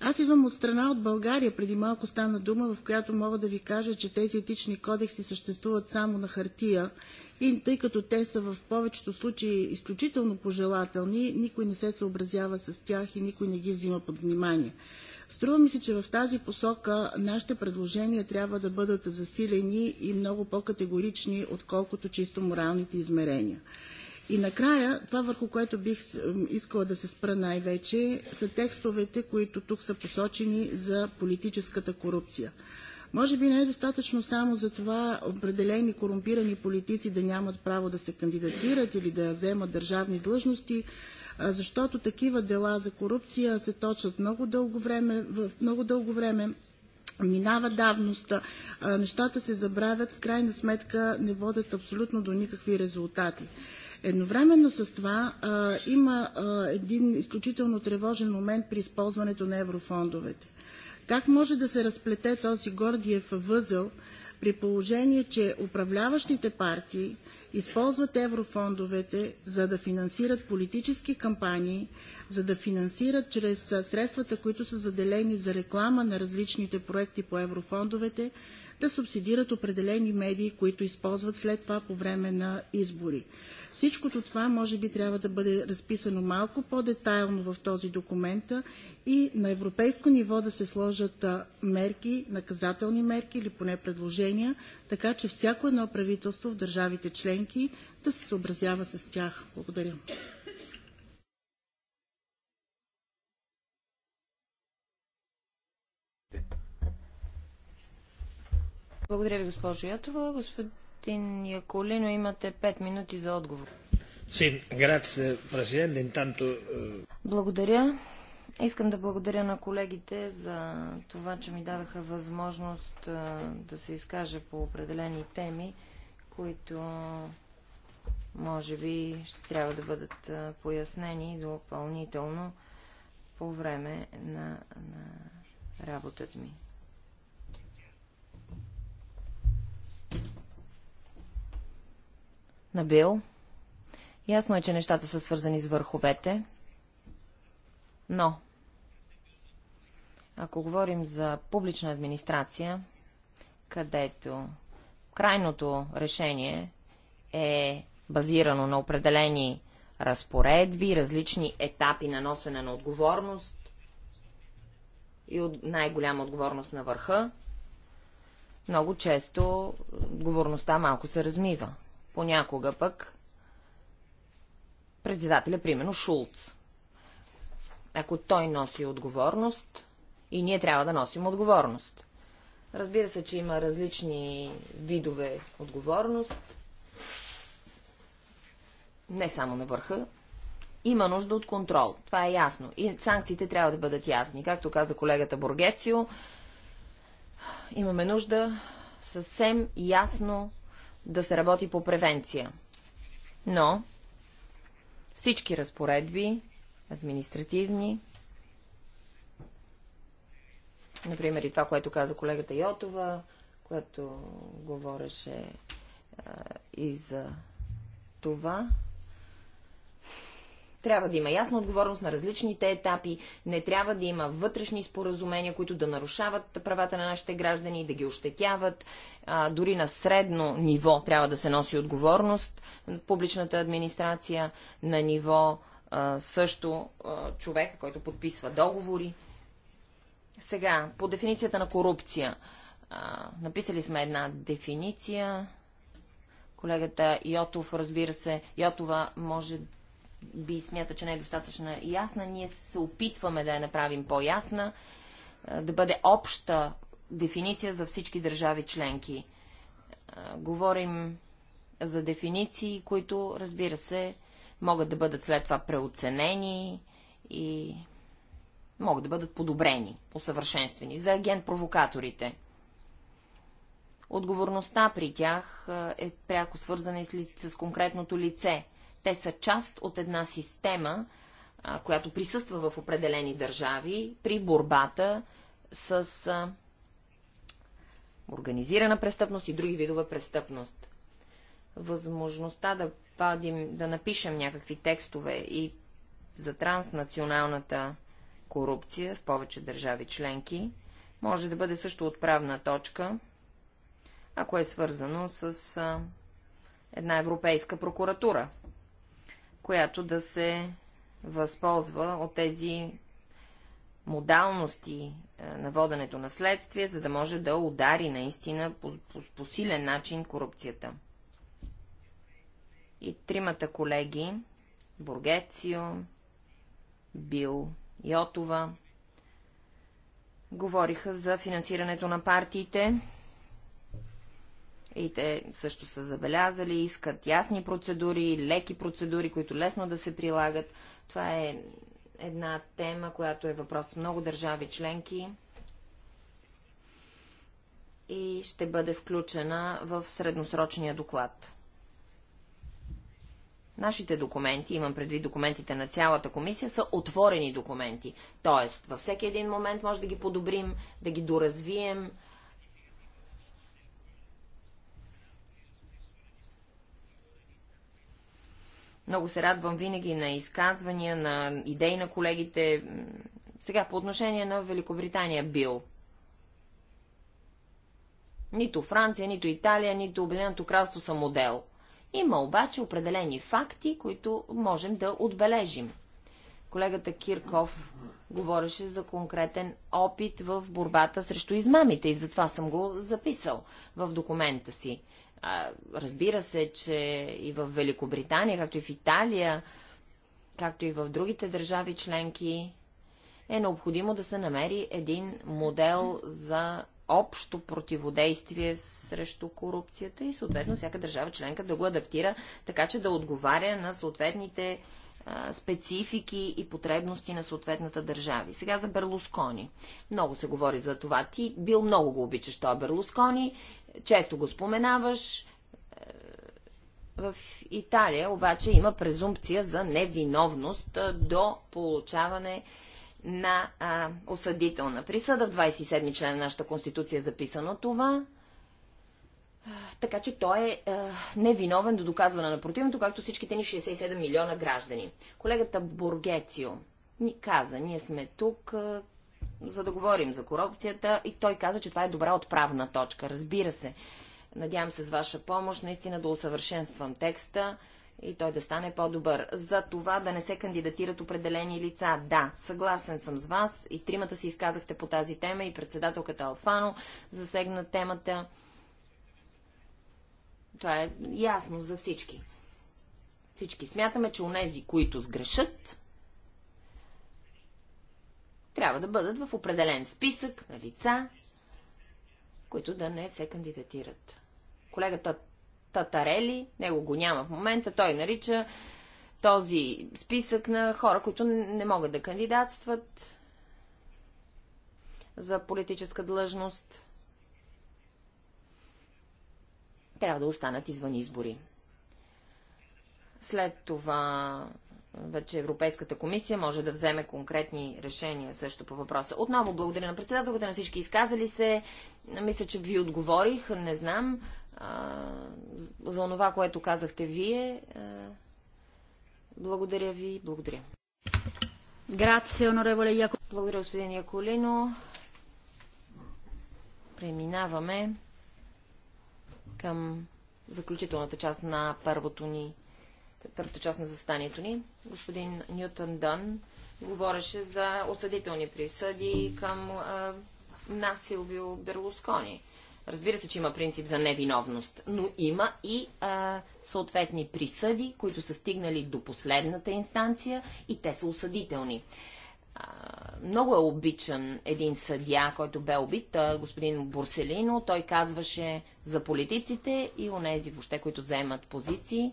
Speaker 4: Аз идвам от страна от България, преди малко стана дума, в която мога да ви кажа, че тези етични кодекси съществуват само на хартия и тъй като те са в повечето случаи изключително пожелателни, никой не се съобразява с тях и никой не ги взима под внимание. Струва ми се, че в тази посока нашите предложения трябва да бъдат засилени и много по-категорични, отколкото чисто моралните измерения. И накрая, това върху което бих е, искала да се спра най-вече, са текстовете, които тук са посочени за политическата корупция. Може би не е достатъчно само за това определени корумпирани политици да нямат право да се кандидатират или да вземат държавни длъжности, защото такива дела за корупция се точат много дълго време, в много дълго време минава давността, нещата се забравят, в крайна сметка не водят абсолютно до никакви резултати. Едновременно с това а, има а, един изключително тревожен момент при използването на еврофондовете. Как може да се разплете този Гордиев възел, при положение, че управляващите партии използват еврофондовете, за да финансират политически кампании, за да финансират чрез средствата, които са заделени за реклама на различните проекти по еврофондовете, да субсидират определени медии, които използват след това по време на избори. Всичкото това може би трябва да бъде разписано малко по-детайлно в този документ и на европейско ниво да се сложат мерки, наказателни мерки или поне предложения, така че всяко едно правителство в държавите членки да се съобразява с тях. Благодаря.
Speaker 2: Благодаря ви, госпожо Ятова. Господин Господин Яколино, имате 5 минути за отговор.
Speaker 5: Eh,
Speaker 2: благодаря. Искам да благодаря на колегите за това, че ми дадаха възможност е, да се изкажа по определени теми, които може би ще трябва да бъдат е, пояснени допълнително по време на, на работата ми. на Бил. Ясно е, че нещата са свързани с върховете, но ако говорим за публична администрация, където крайното решение е базирано на определени разпоредби, различни етапи на носене на отговорност и от най-голяма отговорност на върха, много често отговорността малко се размива. Понякога пък председателя, примерно Шулц. Ако той носи отговорност, и ние трябва да носим отговорност. Разбира се, че има различни видове отговорност, не само на върха. Има нужда от контрол, това е ясно. И санкциите трябва да бъдат ясни. Както каза колегата Боргецио, имаме нужда съвсем ясно да се работи по превенция. Но всички разпоредби, административни, например и това, което каза колегата Йотова, което говореше а, и за това, трябва да има ясна отговорност на различните етапи, не трябва да има вътрешни споразумения, които да нарушават правата на нашите граждани, да ги ощетяват. А, дори на средно ниво трябва да се носи отговорност публичната администрация, на ниво а, също а, човека, който подписва договори. Сега, по дефиницията на корупция. А, написали сме една дефиниция. Колегата Йотов, разбира се, Йотова може би смята, че не е достатъчно ясна. Ние се опитваме да я направим по-ясна, е, да бъде обща дефиниция за всички държави членки. Е, говорим за дефиниции, които, разбира се, могат да бъдат след това преоценени и могат да бъдат подобрени, усъвършенствени. За агент-провокаторите. Отговорността при тях е, е пряко свързана и с конкретното лице – те са част от една система, която присъства в определени държави при борбата с организирана престъпност и други видове престъпност. Възможността да, падим, да напишем някакви текстове и за транснационалната корупция в повече държави членки може да бъде също отправна точка, ако е свързано с една европейска прокуратура която да се възползва от тези модалности е, на воденето на следствие, за да може да удари наистина по, по, по силен начин корупцията. И тримата колеги, Бургецио, Бил Йотова, говориха за финансирането на партиите и те също са забелязали, искат ясни процедури, леки процедури, които лесно да се прилагат. Това е една тема, която е въпрос много държави членки и ще бъде включена в средносрочния доклад. Нашите документи, имам предвид документите на цялата комисия, са отворени документи. Тоест, във всеки един момент може да ги подобрим, да ги доразвием, Много се радвам винаги на изказвания, на идеи на колегите. Сега, по отношение на Великобритания бил. Нито Франция, нито Италия, нито Обединеното кралство са модел. Има обаче определени факти, които можем да отбележим. Колегата Кирков говореше за конкретен опит в борбата срещу измамите и затова съм го записал в документа си. А, разбира се, че и в Великобритания, както и в Италия, както и в другите държави членки, е необходимо да се намери един модел за общо противодействие срещу корупцията и съответно всяка държава членка да го адаптира така, че да отговаря на съответните специфики и потребности на съответната държава. Сега за Берлускони. Много се говори за това. Ти бил много го обичаш, той Берлускони често го споменаваш. Е, в Италия обаче има презумпция за невиновност е, до получаване на а, осъдителна присъда. В 27 член на нашата конституция е записано това. Е, така че той е, е невиновен до доказване на противното, както всичките ни 67 милиона граждани. Колегата Бургецио ни каза, ние сме тук за да говорим за корупцията и той каза, че това е добра отправна точка. Разбира се. Надявам се с ваша помощ наистина да усъвършенствам текста и той да стане по-добър. За това да не се кандидатират определени лица. Да, съгласен съм с вас и тримата си изказахте по тази тема и председателката Алфано засегна темата. Това е ясно за всички. Всички смятаме, че у нези, които сгрешат, трябва да бъдат в определен списък на лица, които да не се кандидатират. Колегата Татарели, него го няма в момента, той нарича този списък на хора, които не могат да кандидатстват за политическа длъжност. Трябва да останат извън избори. След това вече Европейската комисия може да вземе конкретни решения също по въпроса. Отново благодаря на председателката, на всички изказали се. Мисля, че ви отговорих, не знам, а, за това, което казахте вие. А, благодаря ви, благодаря. Грация, онореволе Яколино. Благодаря, господин Яколино. Преминаваме към заключителната част на първото ни първата част на застанието ни. Господин Нютън Дън говореше за осъдителни присъди към а, Насилвио Берлускони. Разбира се, че има принцип за невиновност, но има и а, съответни присъди, които са стигнали до последната инстанция и те са осъдителни. А, много е обичан един съдия, който бе убит, господин Борселино. Той казваше за политиците и онези въобще, които заемат позиции,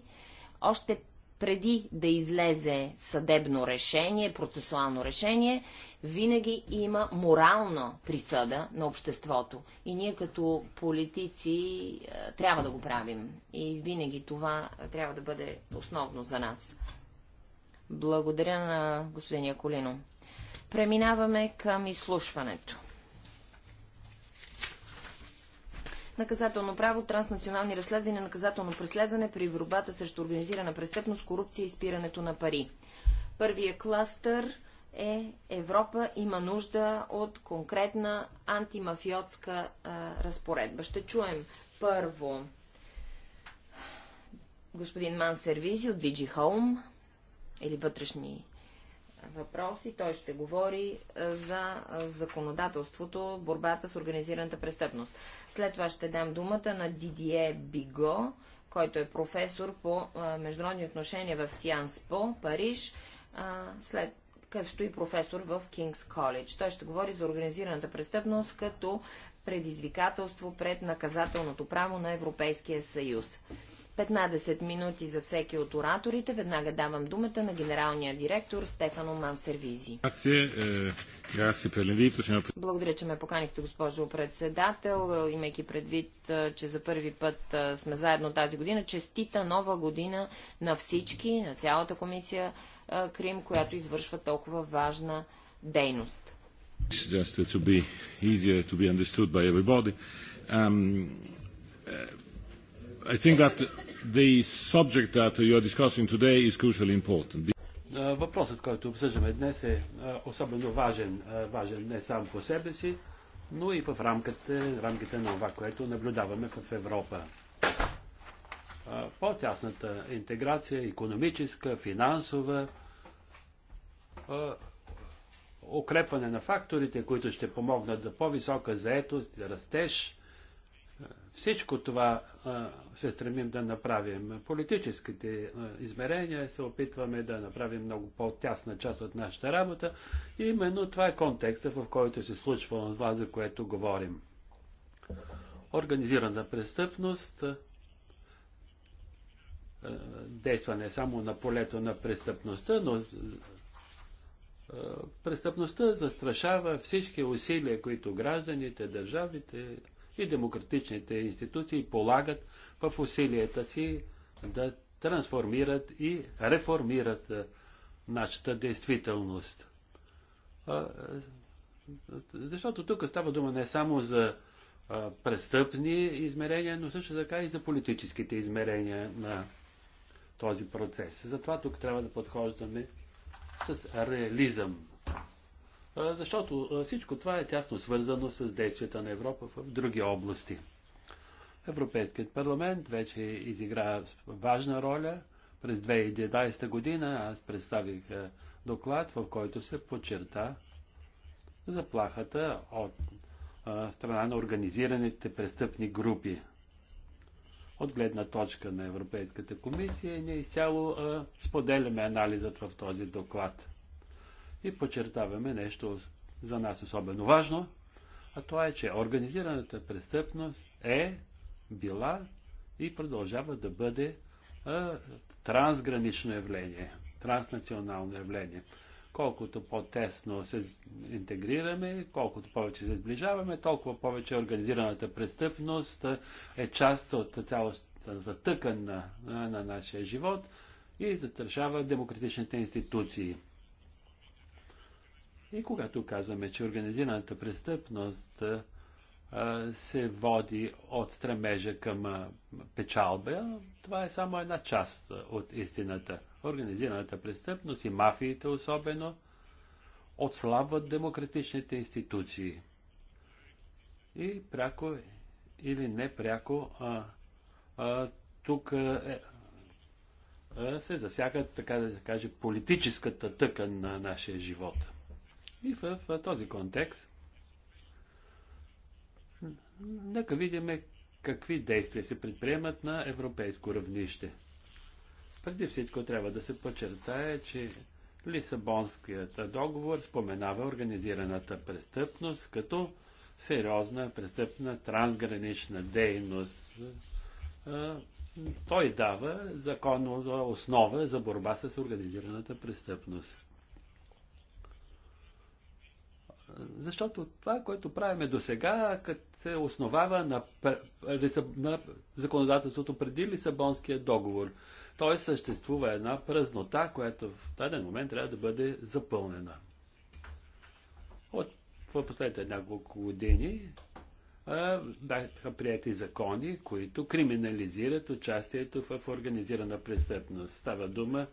Speaker 2: още преди да излезе съдебно решение, процесуално решение, винаги има морална присъда на обществото. И ние като политици е, трябва да го правим. И винаги това трябва да бъде основно за нас. Благодаря на господин Яколино. Преминаваме към изслушването. наказателно право, транснационални разследвания, наказателно преследване при борбата срещу организирана престъпност, корупция и спирането на пари. Първия кластър е Европа има нужда от конкретна антимафиотска а, разпоредба. Ще чуем първо господин Мансервизи от Digi Home или вътрешни въпроси. Той ще говори е, за е, законодателството, борбата с организираната престъпност. След това ще дам думата на Дидие Биго, който е професор по е, международни отношения в Сианс По, Париж, след като и професор в Кингс Коледж. Той ще говори за организираната престъпност като предизвикателство пред наказателното право на Европейския съюз. 15 минути за всеки от ораторите. Веднага давам думата на генералния директор Стефано Мансервизи.
Speaker 5: Е,
Speaker 2: Благодаря, че ме поканихте, госпожо председател, имайки предвид, е, че за първи път е, сме заедно тази година. Честита нова година на всички, на цялата комисия Крим, която извършва толкова важна дейност.
Speaker 5: Just to be easier to be understood by everybody. Um, uh, I think that the subject that you are discussing today is crucially important. Е, въпросът, който обсъждаме днес е, е особено важен, е, важен не сам по себе си, но и в рамките, рамките на това, което наблюдаваме в Европа. По-тясната интеграция, економическа, финансова, укрепване на факторите, които ще помогнат за по-висока заетост, растеж, всичко това а, се стремим да направим. Политическите а, измерения се опитваме да направим много по-тясна част от нашата работа. И именно това е контекста, в който се случва това, за което говорим. Организирана престъпност а, действа не само на полето на престъпността, но престъпността застрашава всички усилия, които гражданите, държавите, и демократичните институции полагат в усилията си да трансформират и реформират нашата действителност. Защото тук става дума не само за престъпни измерения, но също така и за политическите измерения на този процес. Затова тук трябва да подхождаме с реализъм защото всичко това е тясно свързано с действията на Европа в други области. Европейският парламент вече изигра важна роля. През 2011 година аз представих доклад, в който се подчерта заплахата от страна на организираните престъпни групи. От гледна точка на Европейската комисия ние изцяло споделяме анализът в този доклад и подчертаваме нещо за нас особено важно, а това е, че организираната престъпност е била и продължава да бъде а, трансгранично явление, транснационално явление. Колкото по-тесно се интегрираме, колкото повече се сближаваме, толкова повече организираната престъпност е част от цялостната тъкан на, на, на нашия живот и застрашава демократичните институции. И когато казваме, че организираната престъпност се води от стремежа към печалба, това е само една част от истината. Организираната престъпност и мафиите особено отслабват демократичните институции. И пряко или непряко а, а, тук а, е, а, се засягат, така да се каже, политическата тъкан на нашия живот. И в, в този контекст, нека видим какви действия се предприемат на европейско равнище. Преди всичко трябва да се подчертае, че Лисабонският договор споменава организираната престъпност като сериозна престъпна трансгранична дейност. Той дава законова основа за борба с организираната престъпност. Защото това, което правиме до сега, като се основава на, на законодателството преди Лисабонския договор. Т.е. съществува една празнота, която в даден момент трябва да бъде запълнена. От в последните няколко години бяха прияти закони, които криминализират участието в организирана престъпност. Става дума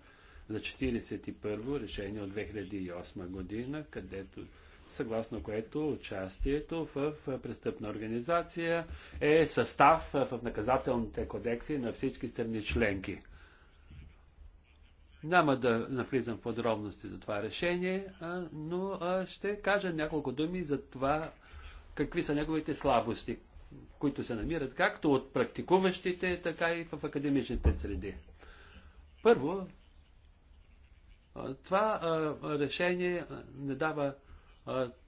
Speaker 5: за 41-во решение от 2008 година, където съгласно което участието в престъпна организация е състав в наказателните кодекси на всички страни членки. Няма да навлизам в подробности за това решение, но ще кажа няколко думи за това какви са неговите слабости, които се намират както от практикуващите, така и в академичните среди. Първо, това решение не дава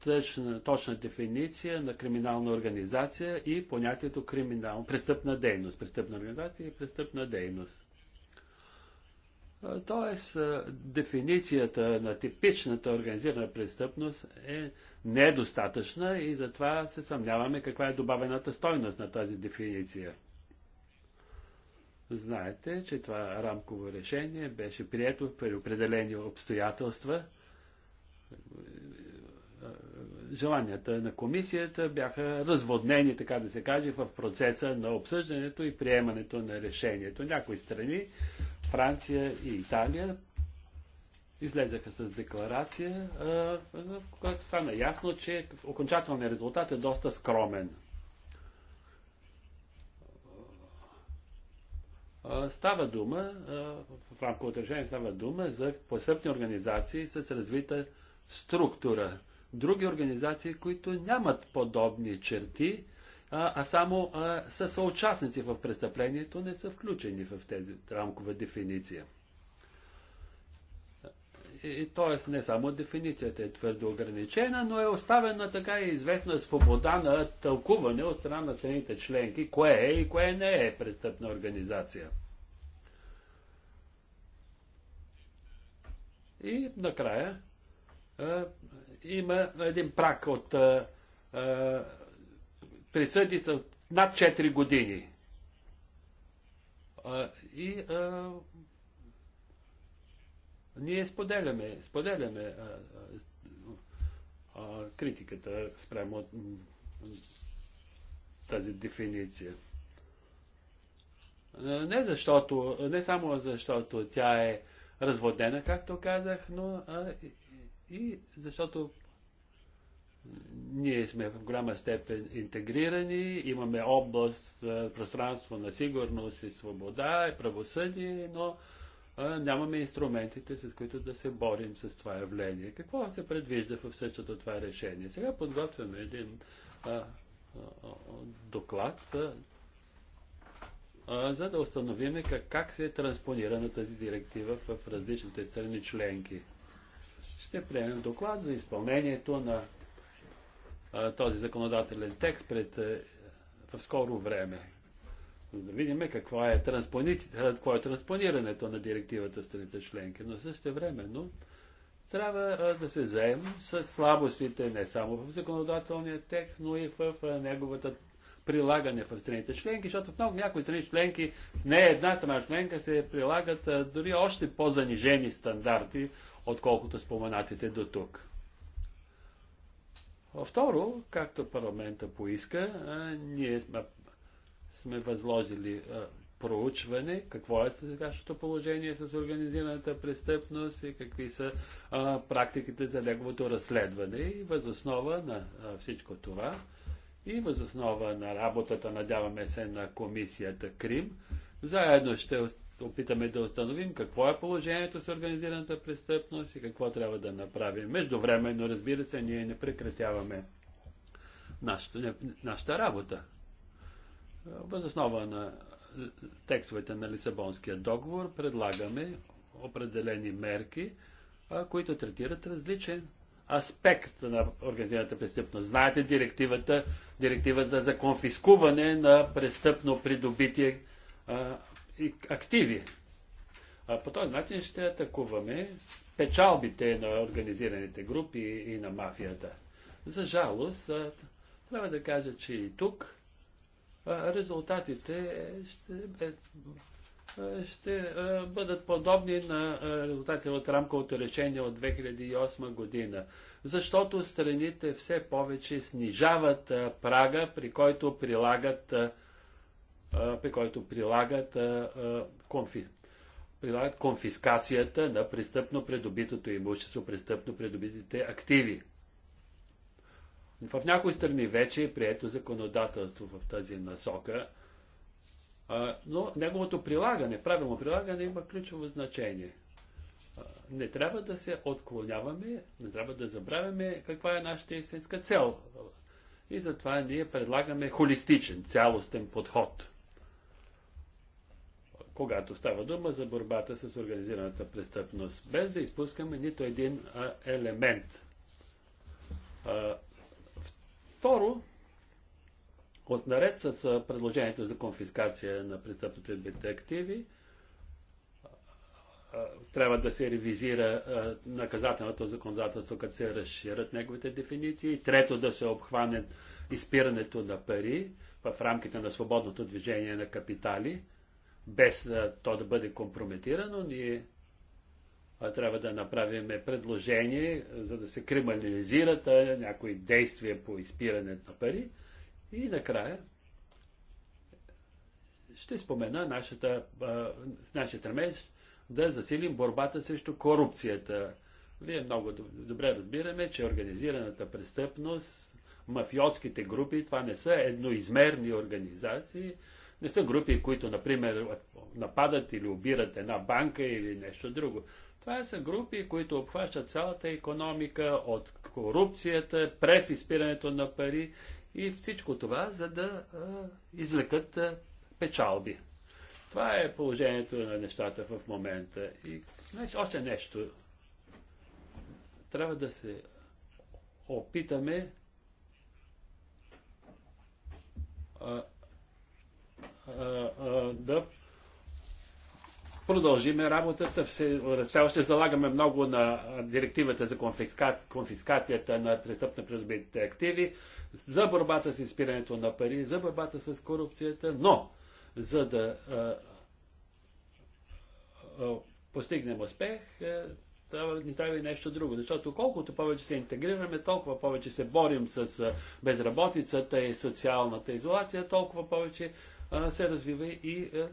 Speaker 5: точна, точна дефиниция на криминална организация и понятието криминал, престъпна дейност. Престъпна организация и престъпна дейност. Тоест, дефиницията на типичната организирана престъпност е недостатъчна и затова се съмняваме каква е добавената стойност на тази дефиниция. Знаете, че това рамково решение беше прието при определени обстоятелства желанията на комисията бяха разводнени, така да се каже, в процеса на обсъждането и приемането на решението. Някои страни, Франция и Италия, излезаха с декларация, в която стана ясно, че окончателният резултат е доста скромен. Става дума, в рамковото решение става дума за посъпни организации с развита структура други организации, които нямат подобни черти, а, а само а, са съучастници в престъплението, не са включени в тези рамкова дефиниция. И, и т.е. не само дефиницията е твърдо ограничена, но е оставена така и известна свобода на тълкуване от страна на страните членки, кое е и кое не е престъпна организация. И накрая има един прак от а, а, присъди са над 4 години. А, и а, ние споделяме, споделяме а, а, критиката спрямо от тази дефиниция. Не защото, не само защото тя е разводена, както казах, но а, и защото ние сме в голяма степен интегрирани, имаме област, пространство на сигурност и свобода и правосъдие, но нямаме инструментите, с които да се борим с това явление. Какво се предвижда в същото това решение? Сега подготвяме един а, а, доклад, за да установим как, как се транспонира на тази директива в различните страни членки ще приемем доклад за изпълнението на а, този законодателен текст пред, а, в скоро време. За да видим какво е, какво е транспонирането на директивата в страните членки. Но също времено трябва а, да се заем с слабостите не само в законодателния текст, но и в а, неговата прилагане в страните членки, защото в много някои страни членки, не една страна членка, се прилагат дори още по-занижени стандарти, отколкото споменатите до тук. Второ, както парламента поиска, ние сме, сме възложили проучване какво е сегашното положение с организираната престъпност и какви са а, практиките за неговото разследване. И възоснова на а, всичко това и възоснова на работата, надяваме се, на комисията Крим, заедно ще опитаме да установим какво е положението с организираната престъпност и какво трябва да направим. Междувременно, разбира се, ние не прекратяваме нашата, не, нашата работа. Възоснова на текстовете на Лисабонския договор предлагаме определени мерки, които третират различен аспект на организираната престъпност. Знаете директивата, директивата за конфискуване на престъпно придобити а, активи. А по този начин ще атакуваме печалбите на организираните групи и, на мафията. За жалост, а, трябва да кажа, че и тук а, резултатите ще, ще е, бъдат подобни на е, резултатите от рамковото решение от 2008 година. Защото страните все повече снижават е, прага, при който прилагат, при който прилагат, конфи, прилагат конфискацията на престъпно придобитото имущество, престъпно придобитите активи. В някои страни вече е прието законодателство в тази насока – но неговото прилагане, правилно прилагане има ключово значение. Не трябва да се отклоняваме, не трябва да забравяме каква е нашата истинска цел. И затова ние предлагаме холистичен, цялостен подход. Когато става дума за борбата с организираната престъпност, без да изпускаме нито един елемент. Второ, от наред с предложението за конфискация на престъпно придобитите активи, трябва да се ревизира наказателното законодателство, като се разширят неговите дефиниции. Трето, да се обхване изпирането на пари в рамките на свободното движение на капитали, без то да бъде компрометирано. Ние трябва да направим предложение, за да се криминализират някои действия по изпирането на пари. И накрая ще спомена нашата, нашия стремеж да засилим борбата срещу корупцията. Вие много добре разбираме, че организираната престъпност, мафиотските групи, това не са едноизмерни организации, не са групи, които, например, нападат или убират една банка или нещо друго. Това са групи, които обхващат цялата економика от корупцията, през изпирането на пари и всичко това, за да а, извлекат а, печалби. Това е положението на нещата в момента. И значи, още нещо. Трябва да се опитаме а, а, а, да продължиме работата. Все, все още залагаме много на директивата за конфиска, конфискацията на престъпно придобитите активи, за борбата с изпирането на пари, за борбата с корупцията, но за да а, а, постигнем успех, е, трябва, ни трябва и нещо друго. Защото колкото повече се интегрираме, толкова повече се борим с безработицата и социалната изолация, толкова повече а, се развива и е, а,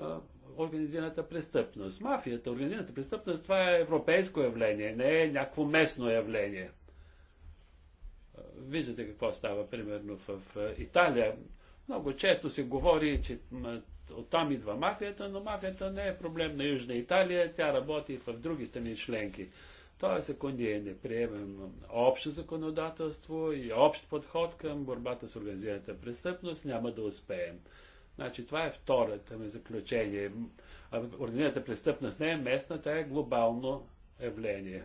Speaker 5: а, организираната престъпност. Мафията, организираната престъпност, това е европейско явление, не е някакво местно явление. Виждате какво става, примерно, в Италия. Много често се говори, че оттам идва мафията, но мафията не е проблем на Южна Италия, тя работи в други страни членки. Тоест, ако ние не приемем общо законодателство и общ подход към борбата с организираната престъпност, няма да успеем. Значи това е втората ми заключение. Организираната престъпност не е местна, тя е глобално явление.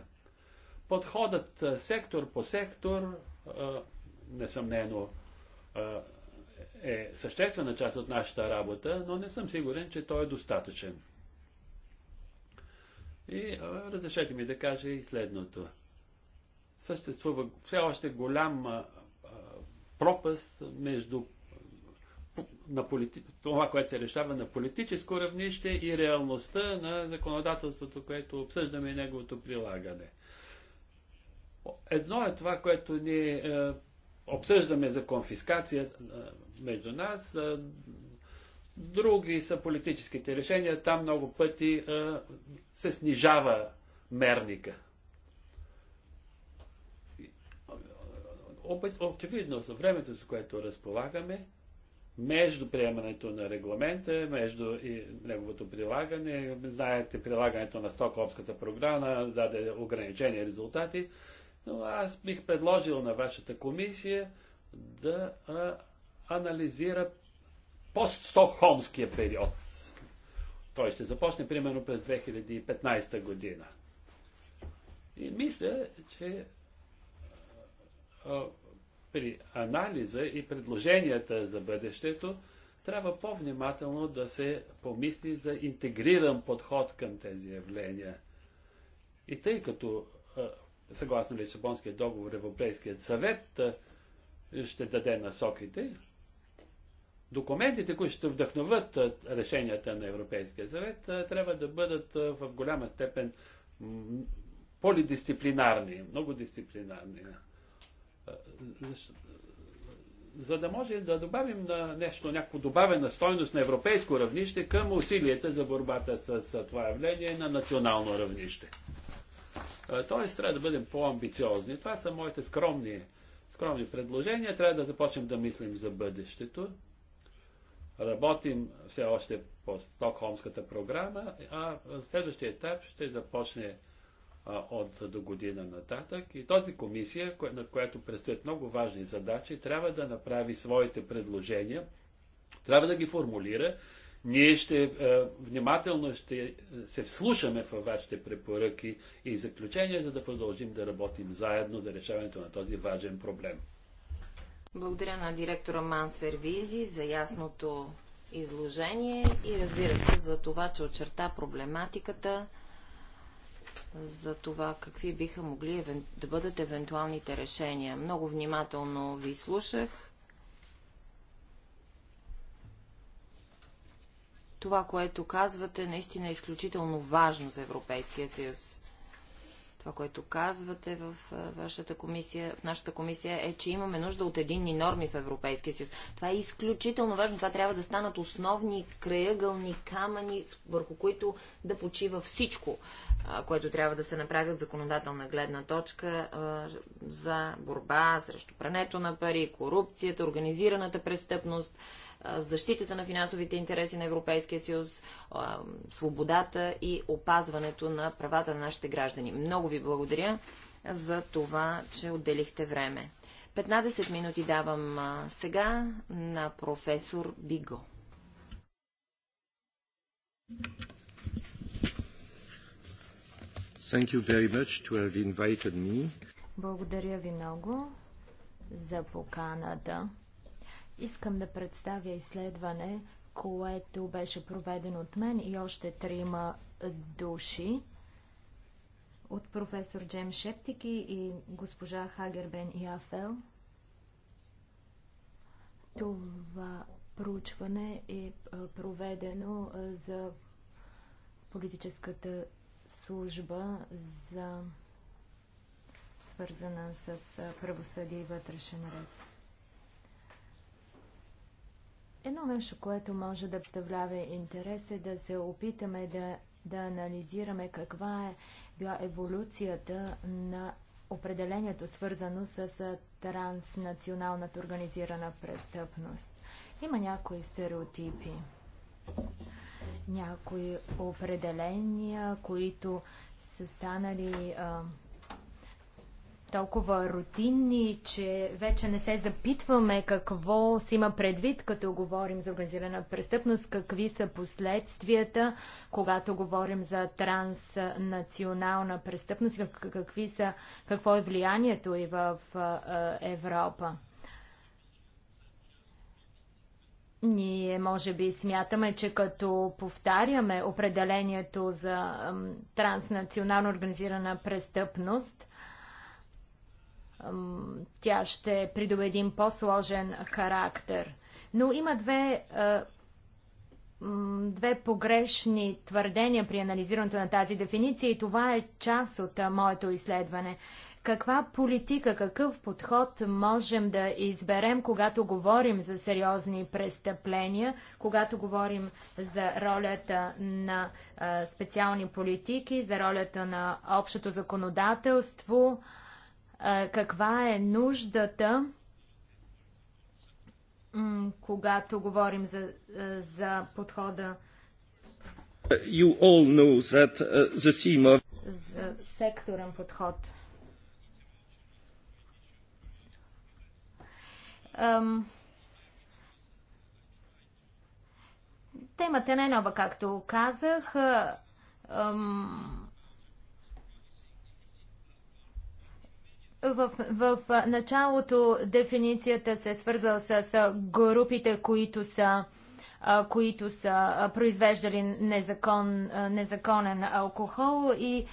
Speaker 5: Подходът сектор по сектор несъмнено е съществена част от нашата работа, но не съм сигурен, че той е достатъчен. И разрешете ми да кажа и следното. Съществува все още голям пропаст между на полити... това, което се решава на политическо равнище и реалността на законодателството, което обсъждаме и неговото прилагане. Едно е това, което ние е, обсъждаме за конфискация е, между нас, е, други са политическите решения, там много пъти е, се снижава мерника. Очевидно, за времето, с което разполагаме, между приемането на регламента, между и неговото прилагане. Знаете, прилагането на Стокхолмската програма даде ограничени резултати, но аз бих предложил на вашата комисия да а, анализира постстокхолмския период. Той ще започне примерно през 2015 година. И мисля, че а, при анализа и предложенията за бъдещето трябва по-внимателно да се помисли за интегриран подход към тези явления. И тъй като, съгласно Лисабонския договор, Европейският съвет ще даде насоките, документите, които ще вдъхноват решенията на Европейския съвет, трябва да бъдат в голяма степен полидисциплинарни, много дисциплинарни за да може да добавим на нещо, някакво добавена стойност на европейско равнище към усилията за борбата с, с това явление на национално равнище. Тоест, трябва да бъдем по-амбициозни. Това са моите скромни, скромни предложения. Трябва да започнем да мислим за бъдещето. Работим все още по Стокхолмската програма, а следващия етап ще започне от до година нататък. И този комисия, на която предстоят много важни задачи, трябва да направи своите предложения, трябва да ги формулира. Ние ще е, внимателно ще се вслушаме в вашите препоръки и заключения, за да продължим да работим заедно за решаването на този важен проблем.
Speaker 2: Благодаря на директора Ман Сервизи за ясното изложение и разбира се за това, че очерта проблематиката за това какви биха могли да бъдат евентуалните решения. Много внимателно ви слушах. Това, което казвате, наистина е изключително важно за Европейския съюз. Това, което казвате в, вашата комисия, в нашата комисия е, че имаме нужда от единни норми в Европейския съюз. Това е изключително важно. Това трябва да станат основни краъгълни камъни, върху които да почива всичко, което трябва да се направи от законодателна гледна точка за борба срещу прането на пари, корупцията, организираната престъпност защитата на финансовите интереси на Европейския съюз, свободата и опазването на правата на нашите граждани. Много ви благодаря за това, че отделихте време. 15 минути давам сега на професор Биго.
Speaker 3: Thank you very much to have invited me.
Speaker 1: Благодаря ви много за поканата. Искам да представя изследване, което беше проведено от мен и още трима души от професор Джем Шептики и госпожа Хагербен Яфел. Това проучване е, е проведено е, за политическата служба за свързана с е, правосъдие и вътрешен ред. Едно нещо, което може да представлява интерес е да се опитаме да, да анализираме каква е била еволюцията на определението, свързано с транснационалната организирана престъпност. Има някои стереотипи, някои определения, които са станали а, толкова рутинни, че вече не се запитваме какво си има предвид, като говорим за организирана престъпност, какви са последствията, когато говорим за транснационална престъпност, какви са, какво е влиянието и в Европа. Ние може би смятаме, че като повтаряме определението за транснационално организирана престъпност, тя ще придобие един по-сложен характер. Но има две, две погрешни твърдения при анализирането на тази дефиниция и това е част от моето изследване. Каква политика, какъв подход можем да изберем, когато говорим за сериозни престъпления, когато говорим за ролята на специални политики, за ролята на общото законодателство, каква е нуждата, когато говорим за, за подхода
Speaker 3: You all know that uh, the theme of...
Speaker 1: за секторен подход. Um, Темата не е нова, както казах. Um, В, в началото дефиницията се е свързва с, с групите, които са които са произвеждали незакон, незаконен алкохол и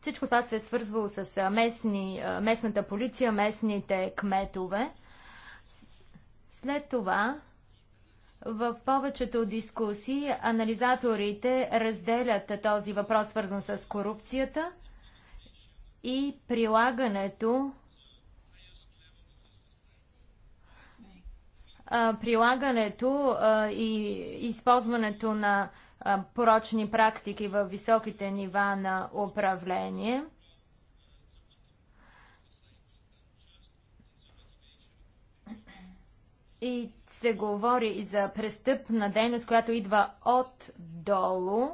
Speaker 1: всичко това се е свързвало с местни, местната полиция, местните кметове. След това в повечето дискусии анализаторите разделят този въпрос, свързан с корупцията, и прилагането прилагането и използването на порочни практики във високите нива на управление. И се говори и за престъпна дейност, която идва отдолу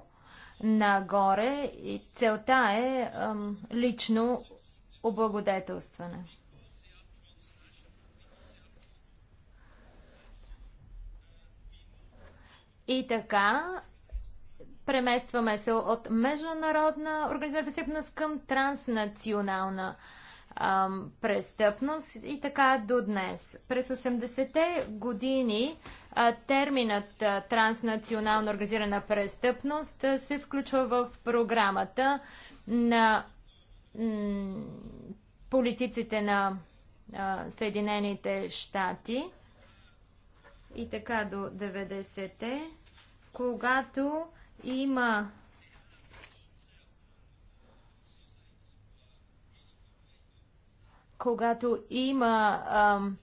Speaker 1: нагоре и целта е ам, лично облагодетелстване. И така, преместваме се от международна организация престъпност към транснационална ам, престъпност и така до днес. През 80-те години Терминът транснационална организирана престъпност се включва в програмата на политиците на Съединените щати и така до 90-те, когато има когато има ам,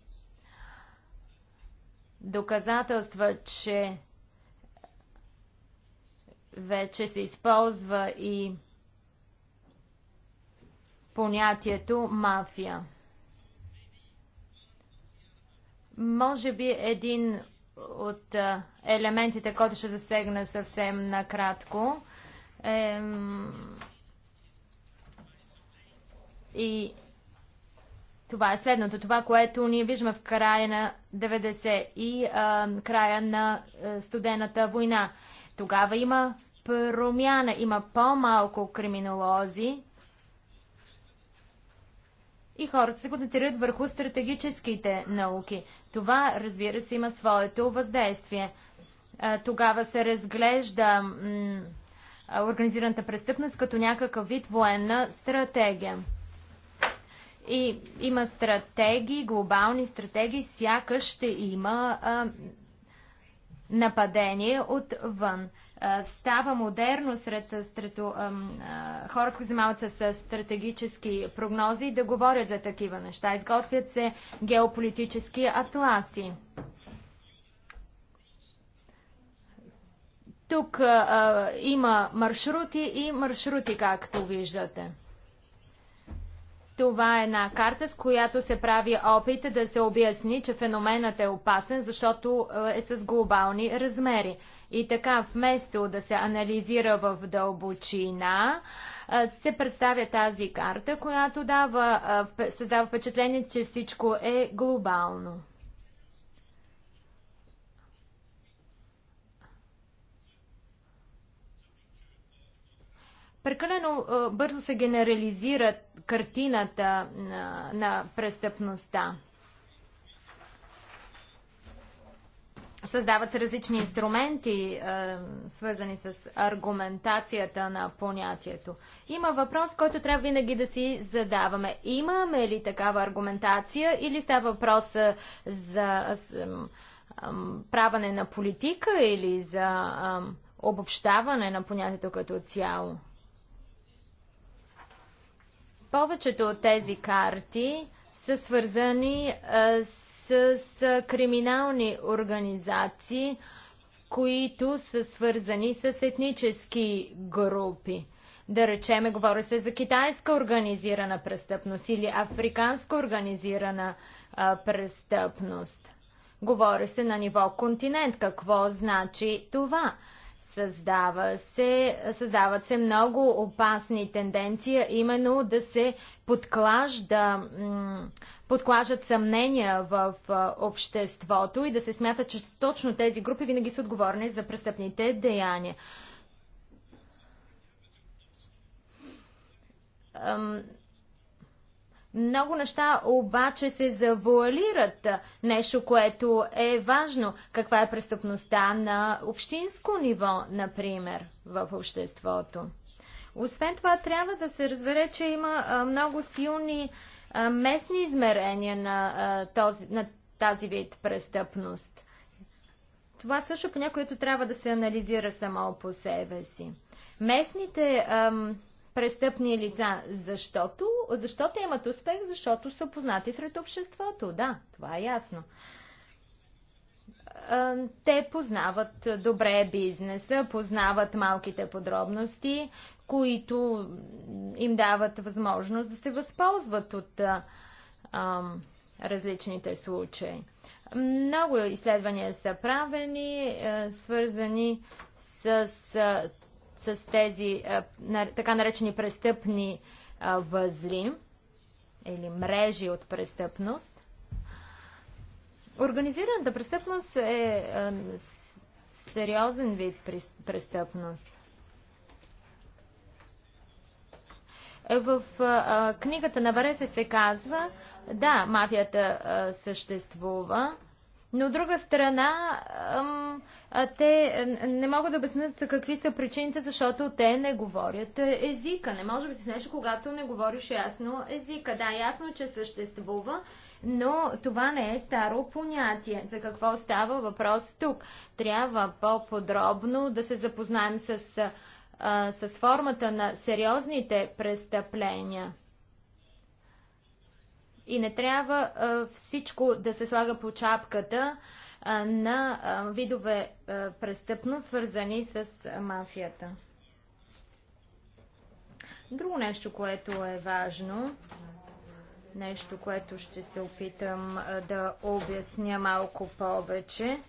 Speaker 1: доказателства, че вече се използва и понятието мафия. Може би един от елементите, който ще засегна съвсем накратко, е, и това е следното. Това, което ние виждаме в края на 90 и а, края на а, студената война. Тогава има промяна, има по-малко криминолози и хората се концентрират върху стратегическите науки. Това, разбира се, има своето въздействие. А, тогава се разглежда организираната престъпност като някакъв вид военна стратегия. И има стратегии, глобални стратегии, сякаш ще има а, нападение отвън. А, става модерно сред стрето, а, хора, които занимават се с стратегически прогнози, да говорят за такива неща. Изготвят се геополитически атласи. Тук а, има маршрути и маршрути, както виждате. Това е една карта, с която се прави опит да се обясни, че феноменът е опасен, защото е, е с глобални размери. И така, вместо да се анализира в дълбочина, е, се представя тази карта, която дава, е, създава впечатление, че всичко е глобално. Прекалено а, бързо се генерализира картината на, на престъпността. Създават се различни инструменти, е, свързани с аргументацията на понятието. Има въпрос, който трябва винаги да си задаваме. Имаме ли такава аргументация или става въпрос за праване на политика или за обобщаване на понятието като цяло? Повечето от тези карти са свързани а, е, с, с криминални организации, които са свързани с етнически групи. Да речеме, говори се за китайска организирана престъпност или африканска организирана а, е, престъпност. Говори се на ниво континент. Какво значи това? Създава се, създават се много опасни тенденции, именно да се подклажда, подклажат съмнения в обществото и да се смята, че точно тези групи винаги са отговорни за престъпните деяния. Много неща обаче се завуалират. Нещо, което е важно. Каква е престъпността на общинско ниво, например, в обществото? Освен това, трябва да се разбере, че има много силни местни измерения на, този, на тази вид престъпност. Това също понякога трябва да се анализира само по себе си. Местните ам, престъпни лица. Защото, защото имат успех, защото са познати сред обществото. Да, това е ясно. Те познават добре бизнеса, познават малките подробности, които им дават възможност да се възползват от ам, различните случаи. Много изследвания са правени, свързани с, с с тези така наречени престъпни възли или мрежи от престъпност. Организираната престъпност е сериозен вид престъпност. Е, в книгата на Вареса се казва, да, мафията съществува, но от друга страна, те не могат да обяснят какви са причините, защото те не говорят е, езика. Не може да си знаеш, когато не говориш ясно езика. Да, ясно, че съществува, но това не е старо понятие. За какво става въпрос тук? Трябва по-подробно да се запознаем с, с формата на сериозните престъпления и не трябва всичко да се слага по чапката на видове престъпност, свързани с мафията. Друго нещо, което е важно, нещо, което ще се опитам да обясня малко повече.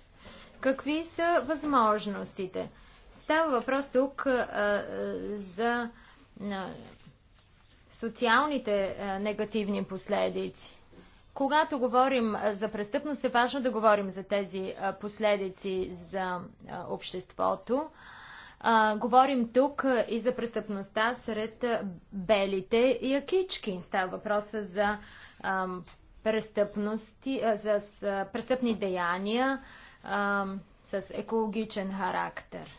Speaker 1: Какви са възможностите? Става въпрос тук а, за а, социалните е, негативни последици. Когато говорим е, за престъпност, е важно да говорим за тези е, последици за обществото. А, говорим тук и за престъпността сред белите и акички. Става въпроса за а, престъпности, а, за с, престъпни деяния а, с екологичен характер.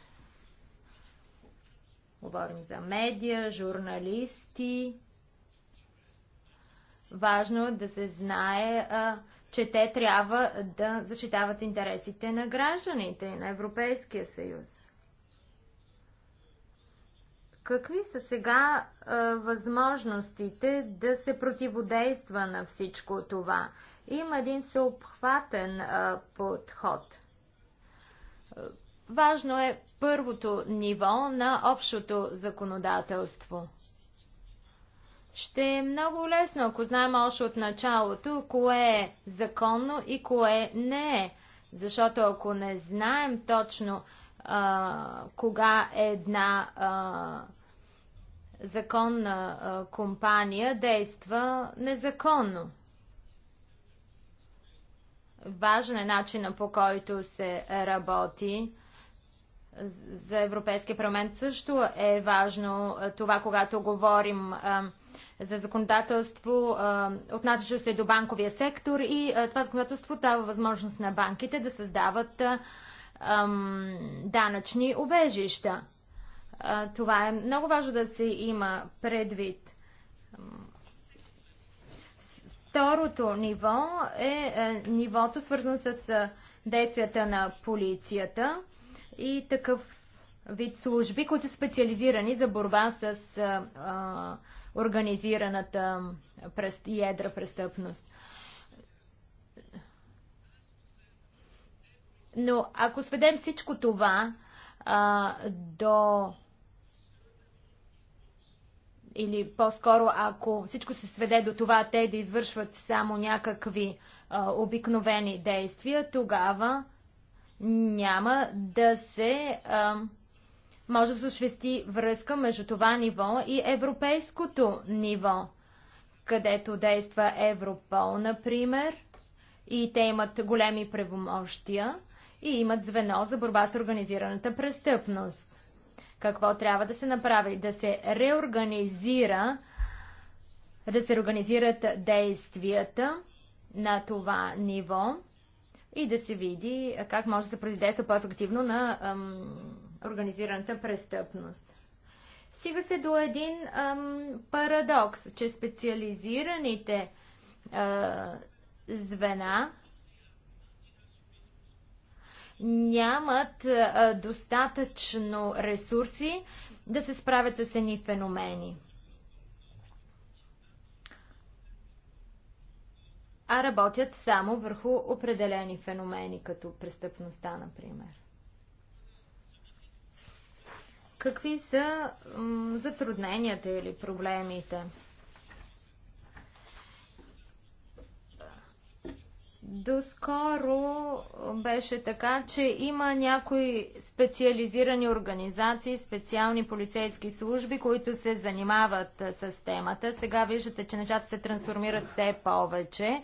Speaker 1: Говорим за медиа, журналисти, Важно е да се знае, а, че те трябва да защитават интересите на гражданите и на Европейския съюз. Какви са сега а, възможностите да се противодейства на всичко това? Има един съобхватен а, подход. Важно е първото ниво на общото законодателство – ще е много лесно, ако знаем още от началото кое е законно и кое не е. Защото ако не знаем точно а, кога е една а, законна а, компания действа незаконно. Важен е начина по който се работи за Европейския парламент също е важно това, когато говорим за законодателство, отнасящо се до банковия сектор и това законодателство дава възможност на банките да създават данъчни обежища. Това е много важно да се има предвид. Второто ниво е, е нивото свързано с действията на полицията – и такъв вид служби, които са специализирани за борба с а, организираната пръст, ядра престъпност. Но ако сведем всичко това а, до или по-скоро ако всичко се сведе до това те да извършват само някакви а, обикновени действия, тогава няма да се а, може да се връзка между това ниво и европейското ниво, където действа Европол, например, и те имат големи превомощия и имат звено за борба с организираната престъпност. Какво трябва да се направи? Да се реорганизира, да се организират действията на това ниво и да се види как може да се противодейства по-ефективно на ам, организираната престъпност. Стига се до един ам, парадокс, че специализираните а, звена нямат а, достатъчно ресурси да се справят с едни феномени. а работят само върху определени феномени, като престъпността, например. Какви са затрудненията или проблемите? Доскоро беше така, че има някои специализирани организации, специални полицейски служби, които се занимават с темата. Сега виждате, че нещата се трансформират все повече.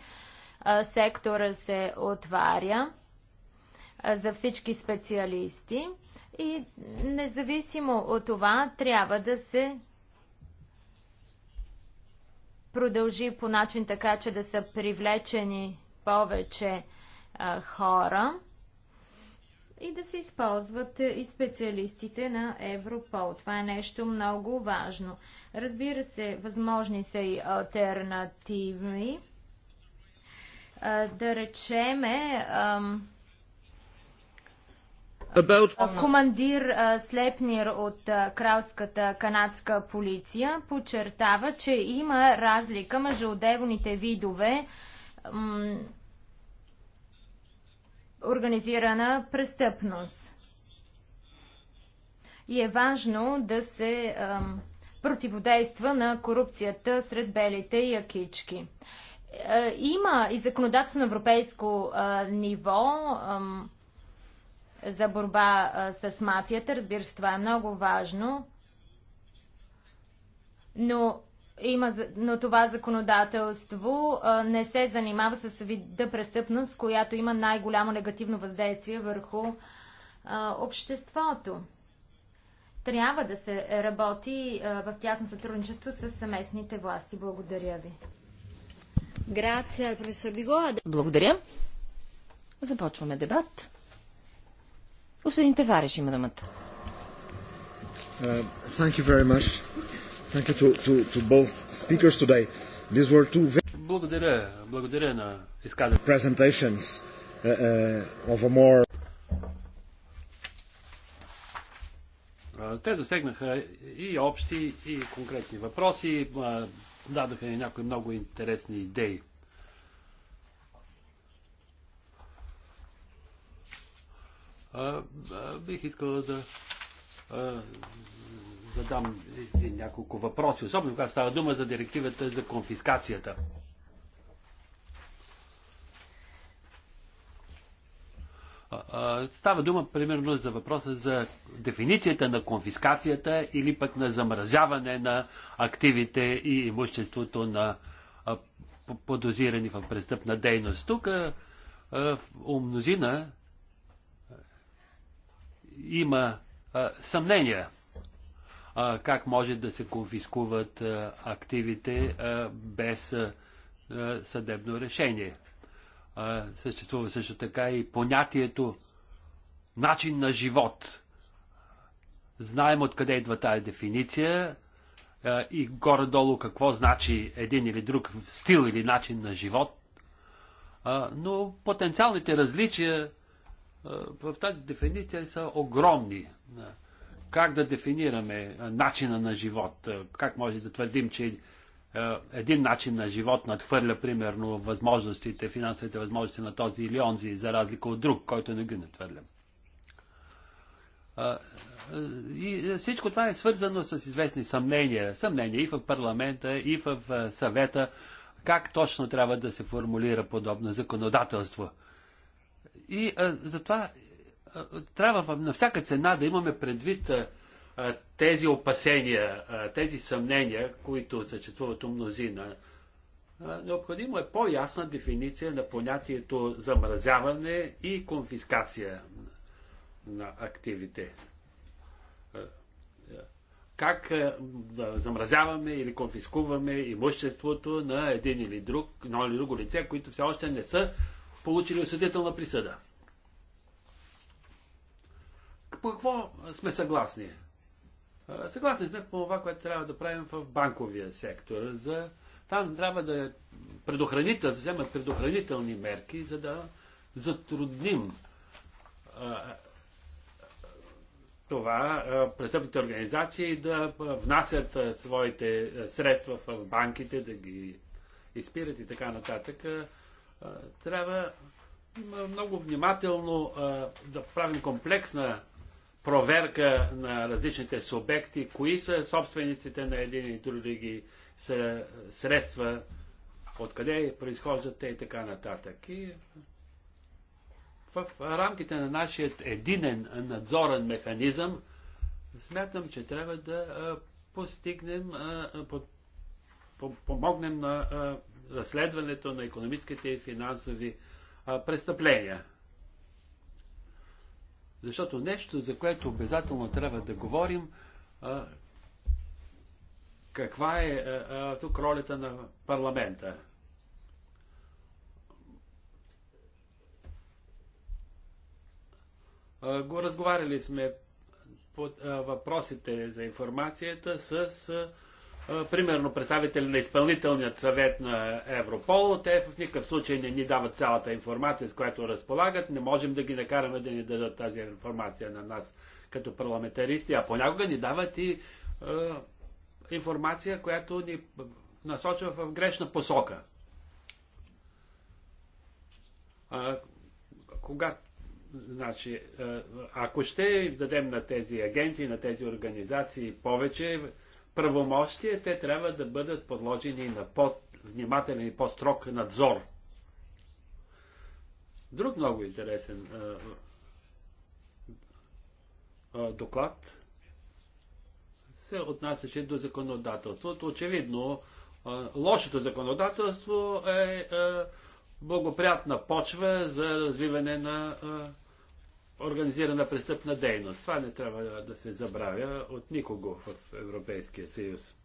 Speaker 1: Сектора се отваря за всички специалисти и независимо от това трябва да се продължи по начин така, че да са привлечени повече а, хора и да се използват е, и специалистите на Европол. Това е нещо много важно. Разбира се, възможни са и альтернативи. А, да речеме ам,
Speaker 5: About...
Speaker 1: Командир Слепнир от Кралската канадска полиция подчертава, че има разлика между отделните видове организирана престъпност. И е важно да се противодейства на корупцията сред белите и акички. Е, има и законодателство на европейско ниво за борба с мафията. Разбира се, това е много важно. Но има, но това законодателство не се занимава с вида престъпност, която има най-голямо негативно въздействие върху обществото. Трябва да се работи в тясно сътрудничество с местните власти. Благодаря ви.
Speaker 2: Благодаря. Започваме дебат. Господин Тевареш има думата.
Speaker 3: Uh,
Speaker 5: благодаря, благодаря на
Speaker 3: изказването. Uh,
Speaker 5: uh, те засегнаха и общи, и конкретни въпроси, дадаха ни някои много интересни идеи. бих искал да задам няколко въпроси, особено когато става дума за директивата за конфискацията. Става дума примерно за въпроса за дефиницията на конфискацията или пък на замразяване на активите и имуществото на подозирани в престъпна дейност. Тук у мнозина има съмнения а, как може да се конфискуват а, активите а, без а, съдебно решение. А, съществува също така и понятието начин на живот. Знаем откъде идва тази дефиниция а, и горе-долу какво значи един или друг стил или начин на живот. А, но потенциалните различия в тази дефиниция са огромни. Как да дефинираме е, начина на живот? Е, как може да твърдим, че е, един начин на живот надхвърля, примерно, възможностите, финансовите възможности на този или онзи, за разлика от друг, който не ги надхвърля? И всичко това е свързано с известни съмнения. Съмнения и в парламента, и в съвета, как точно трябва да се формулира подобно законодателство. И а, затова трябва на всяка цена да имаме предвид тези опасения, тези съмнения, които съществуват у мнозина. Необходимо е по-ясна дефиниция на понятието замразяване и конфискация на активите. Как да замразяваме или конфискуваме имуществото на един или друг, едно или друго лице, които все още не са получили осъдителна присъда. По какво сме съгласни? Съгласни сме по това, което трябва да правим в банковия сектор. За... Там трябва да предохранител, да вземат предохранителни мерки, за да затрудним това престъпните организации да внасят своите средства в банките, да ги изпират и така нататък. Трябва много внимателно да правим комплексна проверка на различните субекти, кои са собствениците на един и други средства, откъде произхождат те и така нататък. И в рамките на нашия единен надзорен механизъм, смятам, че трябва да постигнем, помогнем на разследването на економическите и финансови престъпления. Защото нещо, за което обязателно трябва да говорим, а, каква е а, а, тук ролята на парламента. А, го разговаряли сме по а, въпросите за информацията с. А, примерно представители на изпълнителният съвет на Европол, те в никакъв случай не ни дават цялата информация, с която разполагат. Не можем да ги накараме да ни дадат тази информация на нас като парламентаристи, а понякога ни дават и е, информация, която ни насочва в грешна посока. А, кога, значи, ако ще дадем на тези агенции, на тези организации повече, правомощия, те трябва да бъдат подложени на по-внимателен и по-строг надзор. Друг много интересен а, а, доклад се отнасяше до законодателството. Очевидно, а, лошото законодателство е благоприятна почва за развиване на организирана престъпна дейност. Това не трябва да се забравя от никого в Европейския съюз.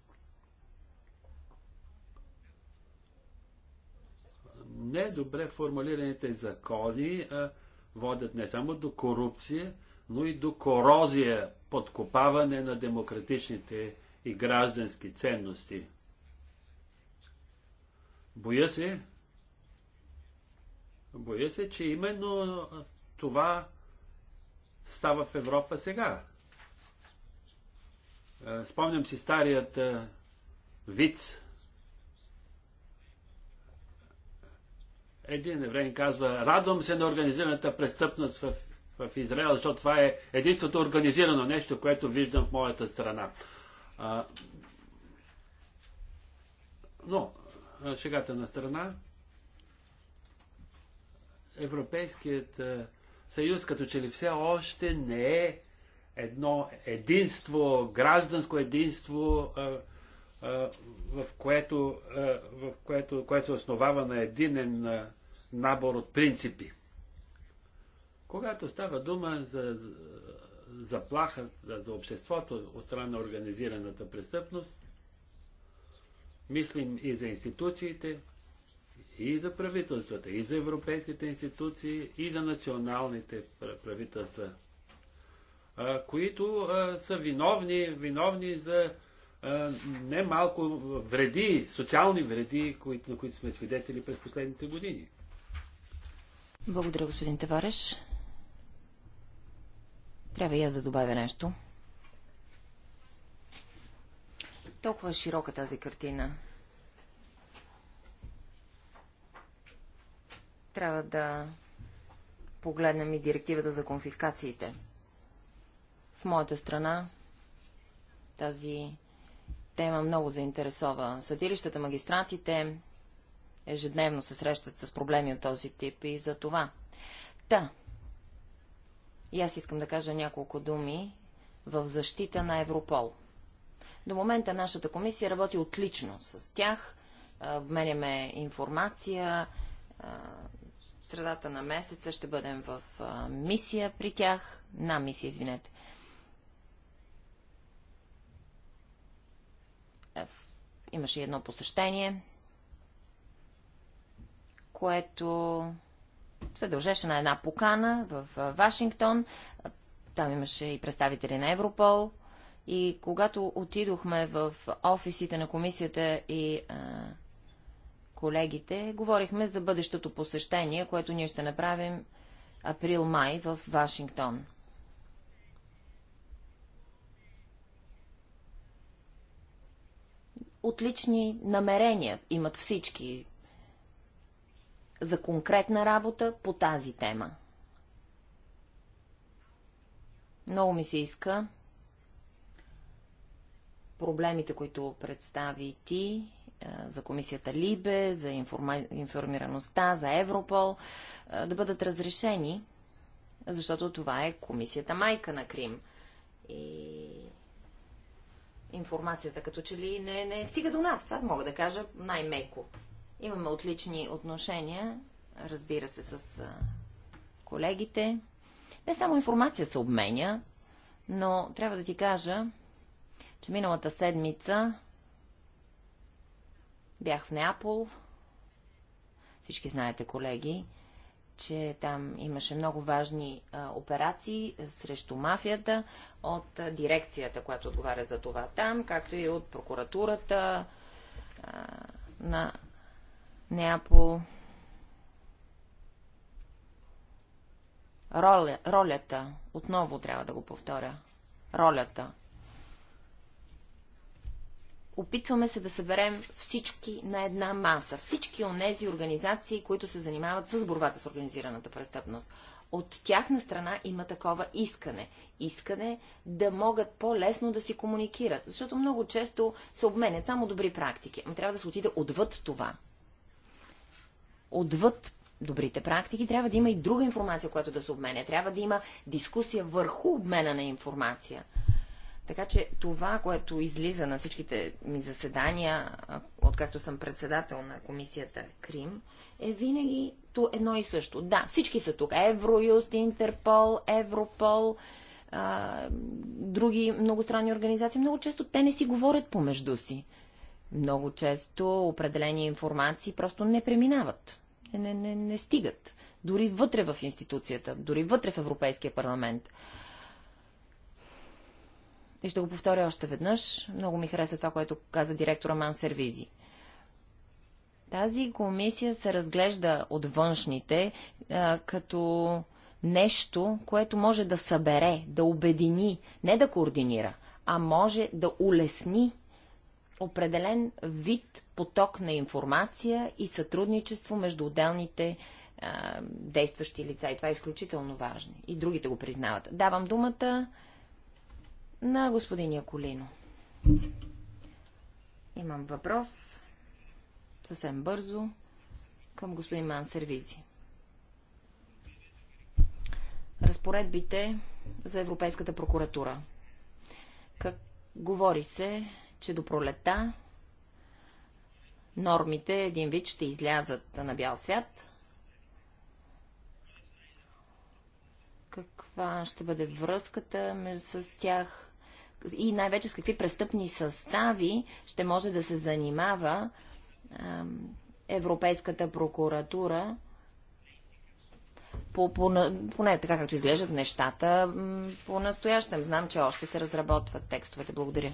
Speaker 5: Недобре формулираните закони а, водят не само до корупция, но и до корозия, подкопаване на демократичните и граждански ценности. Боя се, боя се, че именно това става в Европа сега. Е, спомням си старият е, виц. Един еврей казва, радвам се на организираната престъпност в, в Израел, защото това е единството организирано нещо, което виждам в моята страна. А, но, шегата на страна, Европейският е, съюз като че ли все още не е едно единство, гражданско единство, в което, в което, което се основава на единен набор от принципи. Когато става дума за заплаха за, за обществото от страна на организираната престъпност, мислим и за институциите, и за правителствата, и за европейските институции, и за националните правителства, които са виновни, виновни за немалко вреди, социални вреди, на които сме свидетели през последните години.
Speaker 2: Благодаря, господин Тавареш. Трябва и аз да добавя нещо. Толкова широка тази картина. Трябва да погледнем и директивата за конфискациите. В моята страна тази тема много заинтересова съдилищата, магистратите, ежедневно се срещат с проблеми от този тип и за това. Та, и аз искам да кажа няколко думи в защита на Европол. До момента нашата комисия работи отлично с тях, обменяме информация, в средата на месеца ще бъдем в а, мисия при тях. На мисия, извинете. Е, имаше едно посещение, което се дължеше на една покана в Вашингтон. Там имаше и представители на Европол. И когато отидохме в офисите на комисията и колегите, говорихме за бъдещото посещение, което ние ще направим април-май в Вашингтон. Отлични намерения имат всички за конкретна работа по тази тема. Много ми се иска проблемите, които представи ти, за комисията Либе, за информа... информираността, за Европол, да бъдат разрешени, защото това е комисията майка на Крим. И информацията като че ли не, не стига до нас. Това мога да кажа най-меко. Имаме отлични отношения, разбира се, с колегите. Не само информация се обменя, но трябва да ти кажа, че миналата седмица Бях в Неапол. Всички знаете, колеги, че там имаше много важни а, операции срещу мафията от а, дирекцията, която отговаря за това там, както и от прокуратурата а, на Неапол. Роля, ролята, отново трябва да го повторя, ролята Опитваме се да съберем всички на една маса. Всички тези организации, които се занимават с борбата с организираната престъпност. От тяхна страна има такова искане. Искане да могат по-лесно да си комуникират, защото много често се обменят само добри практики. Ама трябва да се отиде отвъд това. Отвъд добрите практики, трябва да има и друга информация, която да се обменя. Трябва да има дискусия върху обмена на информация. Така че това, което излиза на всичките ми заседания, откакто съм председател на комисията Крим, е винаги то едно и също. Да, всички са тук. Евроюст, Интерпол, Европол, а, други многостранни организации. Много често те не си говорят помежду си. Много често определени информации просто не преминават. Не, не, не стигат. Дори вътре в институцията, дори вътре в Европейския парламент. И ще го повторя още веднъж. Много ми хареса това, което каза директора Ман Сервизи. Тази комисия се разглежда от външните а, като нещо, което може да събере, да обедини, не да координира, а може да улесни определен вид поток на информация и сътрудничество между отделните а, действащи лица. И това е изключително важно. И другите го признават. Давам думата на господин Яколино. Имам въпрос съвсем бързо към господин Ман Сервизи. Разпоредбите за Европейската прокуратура. Как говори се, че до пролета нормите един вид ще излязат на бял свят. Каква ще бъде връзката с тях? и най-вече с какви престъпни състави ще може да се занимава Европейската прокуратура по, по, поне така както изглеждат нещата по настоящем. Знам, че още се разработват текстовете. Благодаря.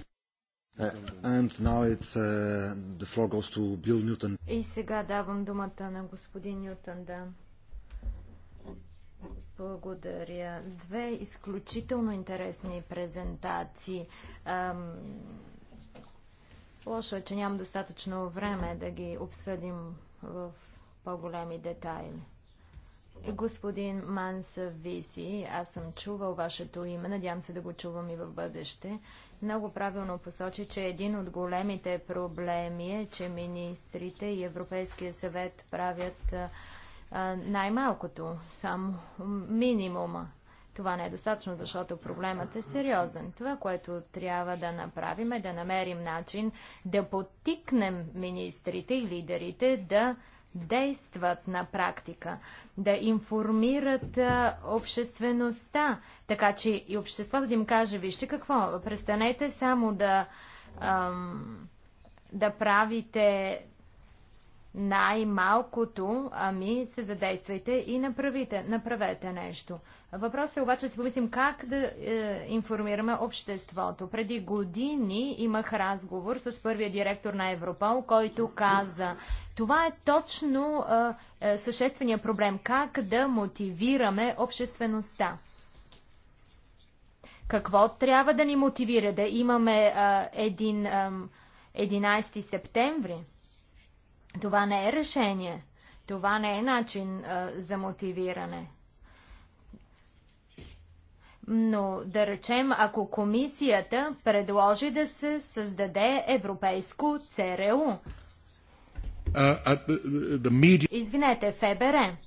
Speaker 3: Uh, uh
Speaker 1: и сега давам думата на господин Нютон да благодаря. Две изключително интересни презентации. Ам... Лошо е, че нямам достатъчно време да ги обсъдим в по-големи детайли. Господин Манса Виси, аз съм чувал вашето име, надявам се да го чувам и в бъдеще. Много правилно посочи, че един от големите проблеми е, че министрите и Европейския съвет правят най-малкото, само минимума. Това не е достатъчно, защото проблемът е сериозен. Това, което трябва да направим е да намерим начин да потикнем министрите и лидерите да действат на практика, да информират обществеността, така че и обществото да им каже, вижте какво, престанете само да, ам, да правите най-малкото, ами се задействайте и направите, направете нещо. Въпросът е обаче да си помислим как да е, информираме обществото. Преди години имах разговор с първия директор на Европол, който каза, това е точно е, е, съществения проблем, как да мотивираме обществеността. Какво трябва да ни мотивира да имаме е, един, е, 11 септември? Това не е решение. Това не е начин а, за мотивиране. Но да речем, ако комисията предложи да се създаде европейско ЦРУ.
Speaker 5: Uh,
Speaker 4: the, the media...
Speaker 1: Извинете, ФБР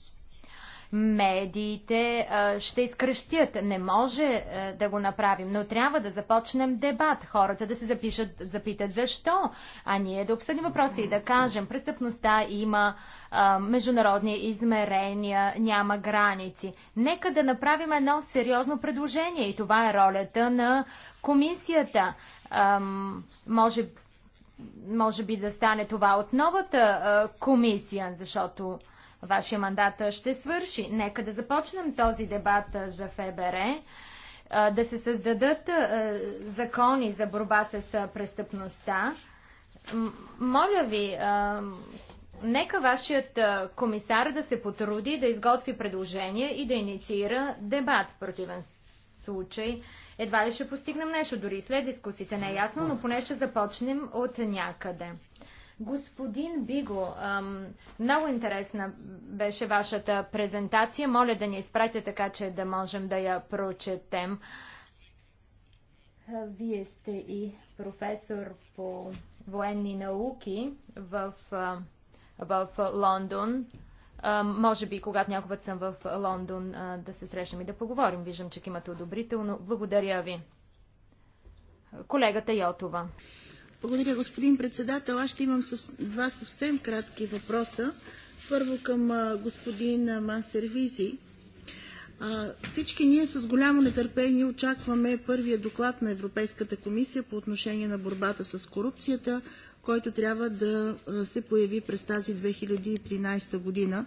Speaker 1: медиите ще изкръщят. Не може да го направим, но трябва да започнем дебат. Хората да се запишат, запитат защо, а ние да обсъдим въпроси и да кажем, престъпността има международни измерения, няма граници. Нека да направим едно сериозно предложение и това е ролята на комисията. може, може би да стане това от новата а, комисия, защото вашия мандат ще свърши. Нека да започнем този дебат за ФБР, да се създадат закони за борба с престъпността. Моля ви, нека вашият комисар да се потруди да изготви предложение и да инициира дебат. В противен случай едва ли ще постигнем нещо, дори след дискусите не е ясно, но поне ще започнем от някъде. Господин Биго, много интересна беше вашата презентация. Моля да ни изпратите така, че да можем да я прочетем. Вие сте и професор по военни науки в, в Лондон. Може би, когато някога път съм в Лондон, да се срещнем и да поговорим. Виждам, че имате одобрително. Благодаря ви. Колегата Йотова. Благодаря, господин председател. Аз ще имам със, два съвсем кратки
Speaker 4: въпроса. Първо към а, господин а, Мансервизи. А, всички ние с голямо нетърпение очакваме първия доклад на Европейската комисия по отношение на борбата с корупцията, който трябва да се появи през тази 2013 година.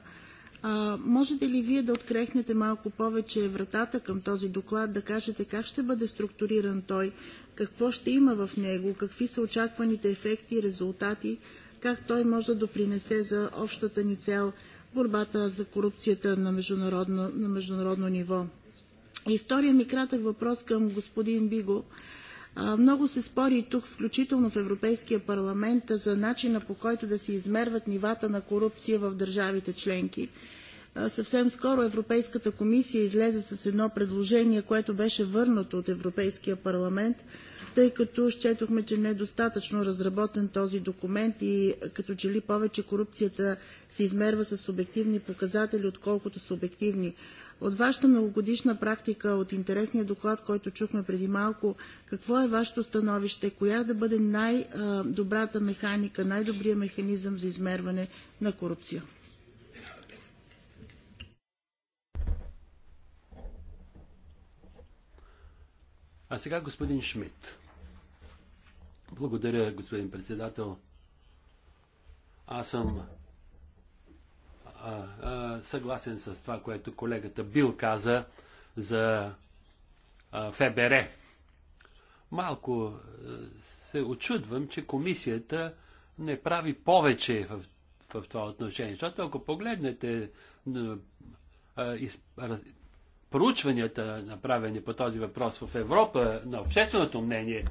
Speaker 4: А, можете ли вие да открехнете малко повече вратата към този доклад, да кажете как ще бъде структуриран той, какво ще има в него, какви са очакваните ефекти и резултати, как той може да допринесе за общата ни цел борбата за корупцията на международно, на международно ниво. И втория ми кратък въпрос към господин Биго. Много се спори и тук, включително в Европейския парламент, за начина по който да се измерват нивата на корупция в държавите членки. Съвсем скоро Европейската комисия излезе с едно предложение, което беше върнато от Европейския парламент, тъй като счетохме, че не е достатъчно разработен този документ и като че ли повече корупцията се измерва с субективни показатели, отколкото субективни. От вашата многогодишна практика, от интересния доклад, който чухме преди малко, какво е вашето становище? Коя да бъде най-добрата механика, най-добрия механизъм за измерване на корупция?
Speaker 5: А сега господин Шмидт. Благодаря, господин председател. Аз съм а, съгласен с това, което колегата Бил каза за а, ФБР. Малко се очудвам, че комисията не прави повече в, в това отношение. Защото ако погледнете а, из, раз, проучванията, направени по този въпрос в Европа, на общественото мнение,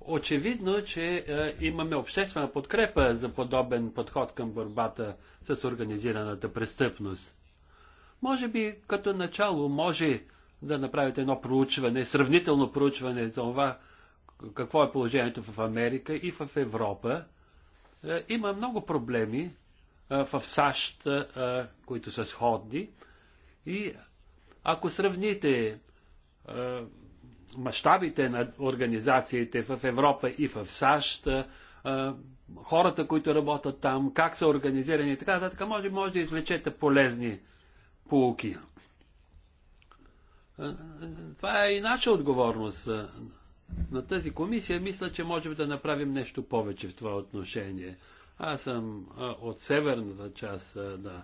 Speaker 5: Очевидно, че е, имаме обществена подкрепа за подобен подход към борбата с организираната престъпност. Може би като начало може да направите едно проучване, сравнително проучване за това какво е положението в Америка и в Европа. Е, има много проблеми е, в САЩ, е, които са сходни. И ако сравните е, мащабите на организациите в Европа и в САЩ, хората, които работят там, как са организирани и така нататък, може, може да извлечете полезни полуки. Това е и наша отговорност на тази комисия. Мисля, че можем да направим нещо повече в това отношение. Аз съм от северната част на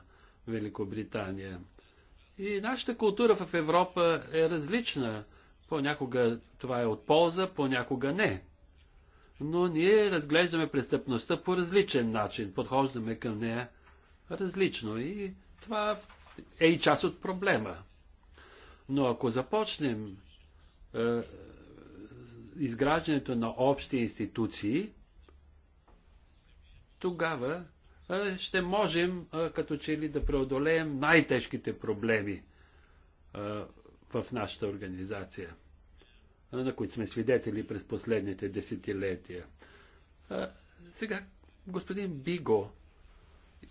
Speaker 5: Великобритания. И нашата култура в Европа е различна Понякога това е от полза, понякога не. Но ние разглеждаме престъпността по различен начин, подхождаме към нея различно и това е и част от проблема. Но ако започнем е, изграждането на общи институции, тогава е, ще можем е, като че ли да преодолеем най-тежките проблеми е, в нашата организация, на които сме свидетели през последните десетилетия. А, сега, господин Биго,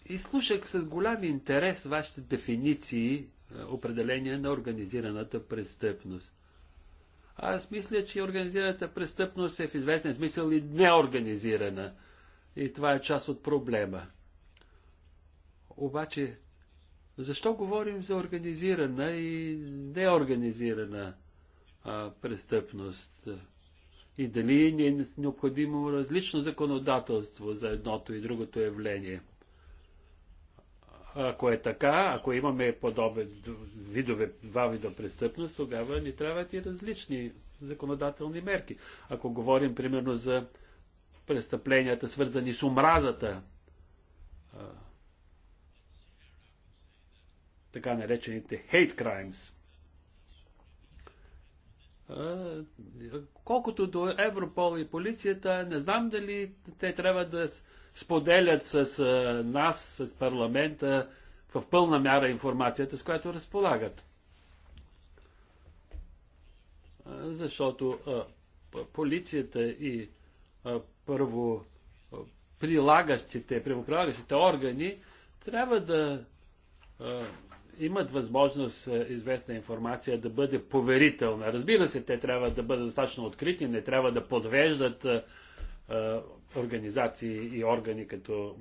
Speaker 5: изслушах с голям интерес вашите дефиниции, определения на организираната престъпност. Аз мисля, че организираната престъпност е в известен смисъл и неорганизирана. И това е част от проблема. Обаче, защо говорим за организирана и неорганизирана а, престъпност? И дали ни е необходимо различно законодателство за едното и другото явление? Ако е така, ако имаме подобен видове, два вида престъпност, тогава ни трябват и различни законодателни мерки. Ако говорим, примерно, за престъпленията, свързани с омразата, така наречените hate crimes. Колкото до Европол и полицията, не знам дали те трябва да споделят с нас, с парламента, в пълна мяра информацията, с която разполагат. Защото полицията и първо прилагащите, правоприлагащите органи трябва да имат възможност е, известна информация да бъде поверителна. Разбира се, те трябва да бъдат достатъчно открити, не трябва да подвеждат е, е, организации и органи като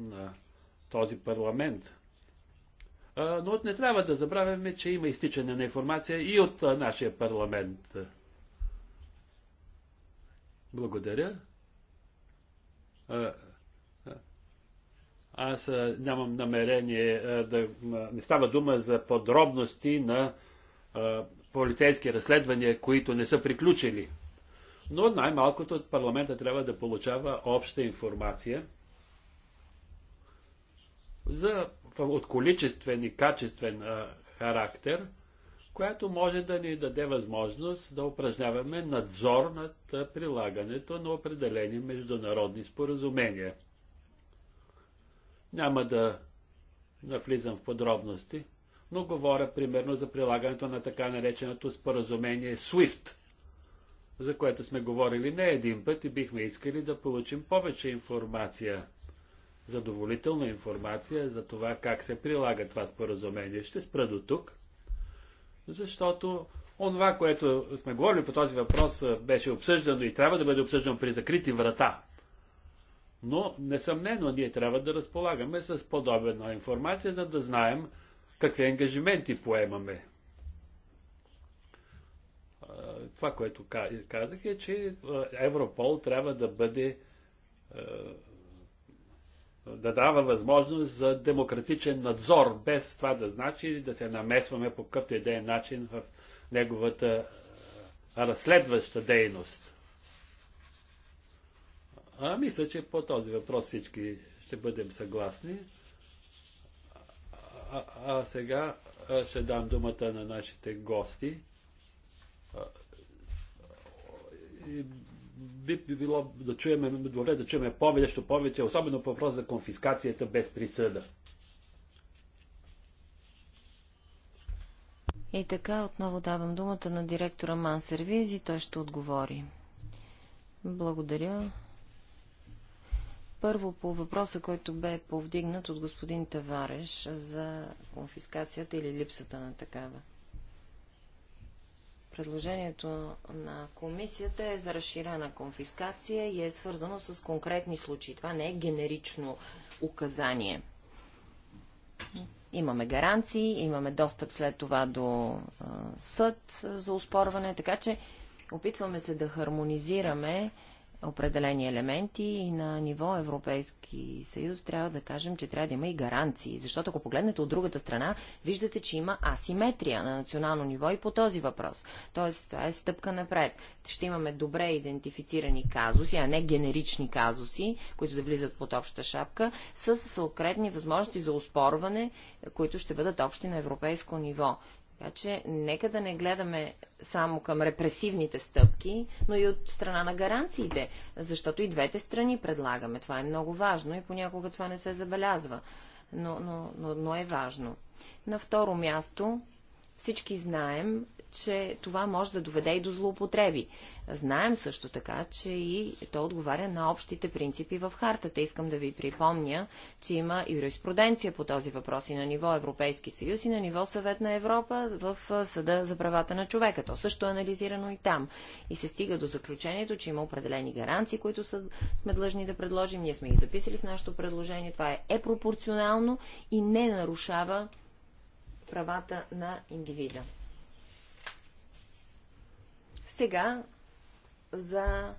Speaker 5: този парламент. Но не трябва да забравяме, че има изтичане на информация и от нашия парламент. Благодаря. Аз нямам намерение да. Не става дума за подробности на полицейски разследвания, които не са приключили. Но най-малкото от парламента трябва да получава обща информация за, от количествен и качествен характер, която може да ни даде възможност да упражняваме надзор над прилагането на определени международни споразумения. Няма да навлизам в подробности, но говоря примерно за прилагането на така нареченото споразумение SWIFT, за което сме говорили не един път и бихме искали да получим повече информация, задоволителна информация за това как се прилага това споразумение. Ще спра до тук, защото онова, което сме говорили по този въпрос, беше обсъждано и трябва да бъде обсъждано при закрити врата – но, несъмнено, ние трябва да разполагаме с подобна информация, за да знаем какви ангажименти поемаме. Това, което казах е, че Европол трябва да бъде да дава възможност за демократичен надзор, без това да значи да се намесваме по какъвто и да е начин в неговата разследваща дейност. А, мисля, че по този въпрос всички ще бъдем съгласни. А, а сега ще дам думата на нашите гости. И би било да чуем, добре да чуем повече, нещо повече, особено по въпрос за конфискацията без присъда.
Speaker 2: И така отново давам думата на директора Мансервизи, той ще отговори. Благодаря. Първо по въпроса, който бе повдигнат от господин Тавареш за конфискацията или липсата на такава. Предложението на комисията е за разширена конфискация и е свързано с конкретни случаи. Това не е генерично указание. Имаме гаранции, имаме достъп след това до съд за успорване, така че опитваме се да хармонизираме определени елементи и на ниво Европейски съюз трябва да кажем, че трябва да има и гаранции. Защото ако погледнете от другата страна, виждате, че има асиметрия на национално ниво и по този въпрос. Тоест, това е стъпка напред. Ще имаме добре идентифицирани казуси, а не генерични казуси, които да влизат под обща шапка, с съкретни възможности за успорване, които ще бъдат общи на европейско ниво. Така че нека да не гледаме само към репресивните стъпки, но и от страна на гаранциите, защото и двете страни предлагаме. Това е много важно и понякога това не се забелязва, но, но, но, но е важно. На второ място всички знаем, че това може да доведе и до злоупотреби. Знаем също така, че и то отговаря на общите принципи в хартата. Искам да ви припомня, че има юриспруденция по този въпрос и на ниво Европейски съюз и на ниво Съвет на Европа в Съда за правата на човека. То също е анализирано и там. И се стига до заключението, че има определени гаранции, които са, сме длъжни да предложим. Ние сме ги записали в нашето предложение. Това е, е пропорционално и не нарушава правата на индивида. Сега за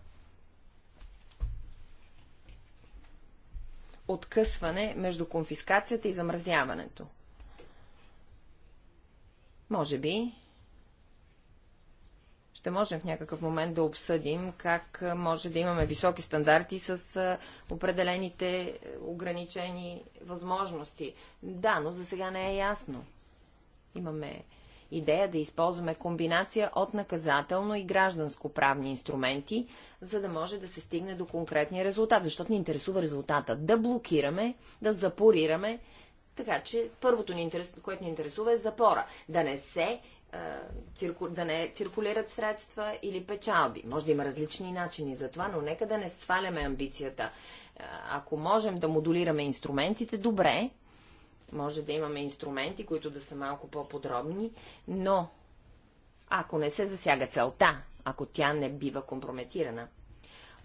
Speaker 2: откъсване между конфискацията и замразяването. Може би ще можем в някакъв момент да обсъдим как може да имаме високи стандарти с определените е, ограничени възможности. Да, но за сега не е ясно. Имаме идея да използваме комбинация от наказателно и гражданско правни инструменти, за да може да се стигне до конкретния резултат, защото ни интересува резултата. Да блокираме, да запорираме, така че първото, ни интерес, което ни интересува е запора. Да не се да не циркулират средства или печалби. Може да има различни начини за това, но нека да не сваляме амбицията. Ако можем да модулираме инструментите, добре, може да имаме инструменти, които да са малко по-подробни, но ако не се засяга целта, ако тя не бива компрометирана.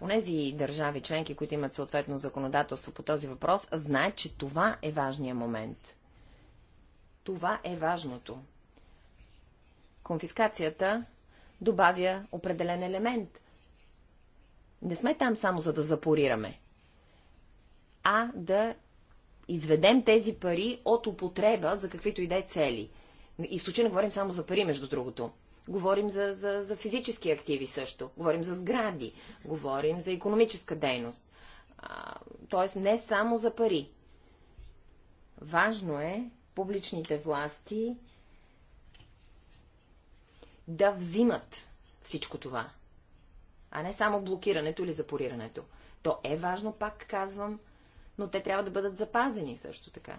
Speaker 2: Онези държави членки, които имат съответно законодателство по този въпрос, знаят, че това е важният момент. Това е важното. Конфискацията добавя определен елемент. Не сме там само за да запорираме, а да изведем тези пари от употреба за каквито и да е цели. И в случай не говорим само за пари, между другото. Говорим за, за, за физически активи също, говорим за сгради, говорим за економическа дейност. тоест не само за пари. Важно е публичните власти да взимат всичко това, а не само блокирането или запорирането. То е важно, пак казвам, но те трябва да бъдат запазени също така.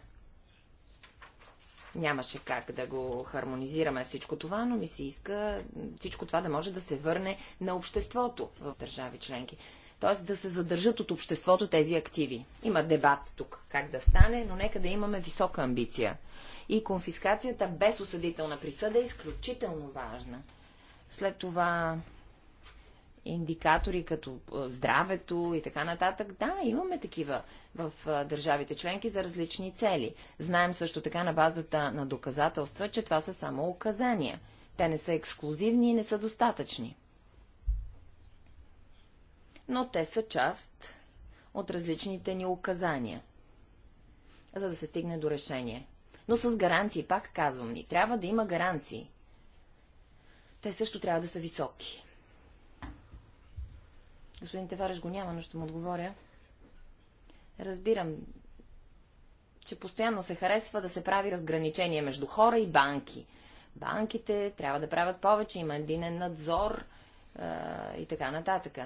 Speaker 2: Нямаше как да го хармонизираме всичко това, но ми се иска всичко това да може да се върне на обществото в държави членки. Т.е. да се задържат от обществото тези активи. Има дебат тук как да стане, но нека да имаме висока амбиция. И конфискацията без осъдителна присъда е изключително важна. След това индикатори като здравето и така нататък. Да, имаме такива в държавите членки за различни цели. Знаем също така на базата на доказателства, че това са само указания. Те не са ексклюзивни и не са достатъчни. Но те са част от различните ни указания, за да се стигне до решение. Но с гаранции, пак казвам ни, трябва да има гаранции. Те също трябва да са високи. Господин Тевареш го няма, но ще му отговоря. Разбирам, че постоянно се харесва да се прави разграничение между хора и банки. Банките трябва да правят повече, има единен надзор е, и така нататък.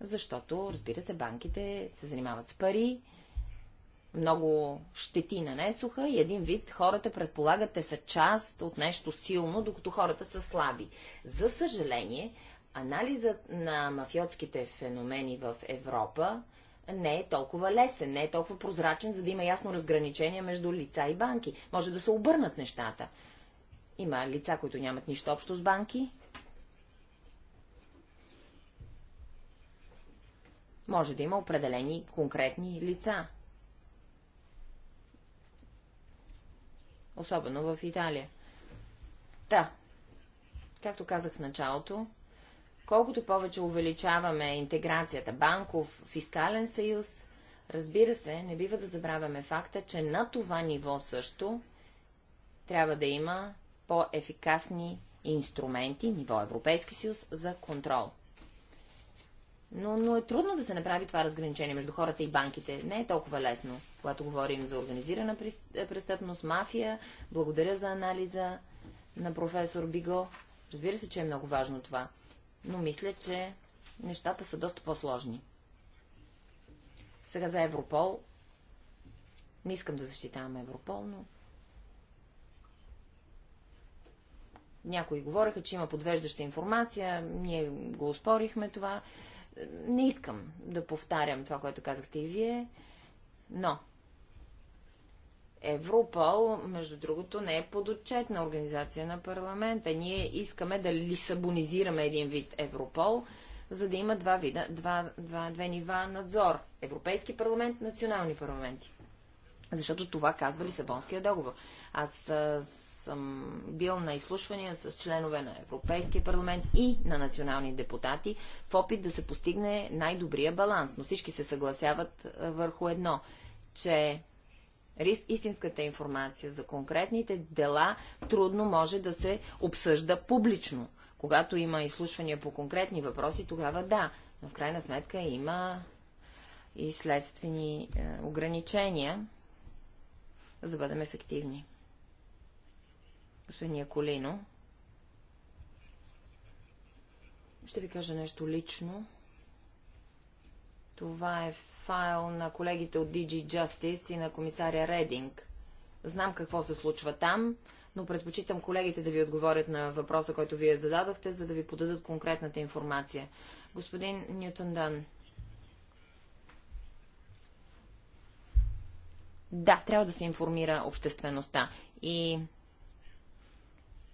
Speaker 2: Защото, разбира се, банките се занимават с пари, много щети нанесоха и един вид хората предполагат, те са част от нещо силно, докато хората са слаби. За съжаление, анализът на мафиотските феномени в Европа не е толкова лесен, не е толкова прозрачен, за да има ясно разграничение между лица и банки. Може да се обърнат нещата. Има лица, които нямат нищо общо с банки. Може да има определени конкретни лица. Особено в Италия. Та, да. както казах в началото, Колкото повече увеличаваме интеграцията банков, фискален съюз, разбира се, не бива да забравяме факта, че на това ниво също трябва да има по-ефикасни инструменти, ниво Европейски съюз, за контрол. Но, но е трудно да се направи това разграничение между хората и банките. Не е толкова лесно, когато говорим за организирана престъпност, мафия. Благодаря за анализа на професор Биго. Разбира се, че е много важно това но мисля, че нещата са доста по-сложни. Сега за Европол. Не искам да защитавам Европол, но... Някои говориха, че има подвеждаща информация, ние го успорихме това. Не искам да повтарям това, което казахте и вие, но Европол, между другото, не е подотчетна организация на парламента. Ние искаме да лисабонизираме един вид Европол, за да има два вида, два, два, две нива надзор. Европейски парламент, национални парламенти. Защото това казва Лисабонския договор. Аз съм бил на изслушвания с членове на Европейския парламент и на национални депутати в опит да се постигне най-добрия баланс. Но всички се съгласяват върху едно, че Истинската информация за конкретните дела трудно може да се обсъжда публично. Когато има изслушвания по конкретни въпроси, тогава да, но в крайна сметка има и следствени е, ограничения, за да бъдем ефективни. Господин Яколино, ще ви кажа нещо лично. Това е файл на колегите от DG Justice и на комисаря Рединг. Знам какво се случва там, но предпочитам колегите да ви отговорят на въпроса, който вие зададохте, за да ви подадат конкретната информация. Господин Ньютон Дан. Да, трябва да се информира обществеността. И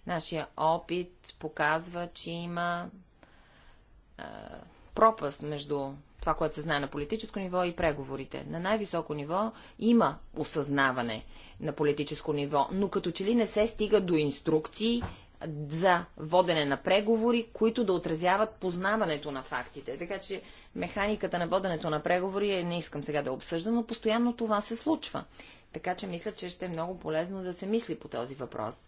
Speaker 2: нашия опит показва, че има а, пропаст между това, което се знае на политическо ниво и преговорите. На най-високо ниво има осъзнаване на политическо ниво, но като че ли не се стига до инструкции за водене на преговори, които да отразяват познаването на фактите. Така че механиката на воденето на преговори е не искам сега да обсъждам, но постоянно това се случва. Така че мисля, че ще е много полезно да се мисли по този въпрос.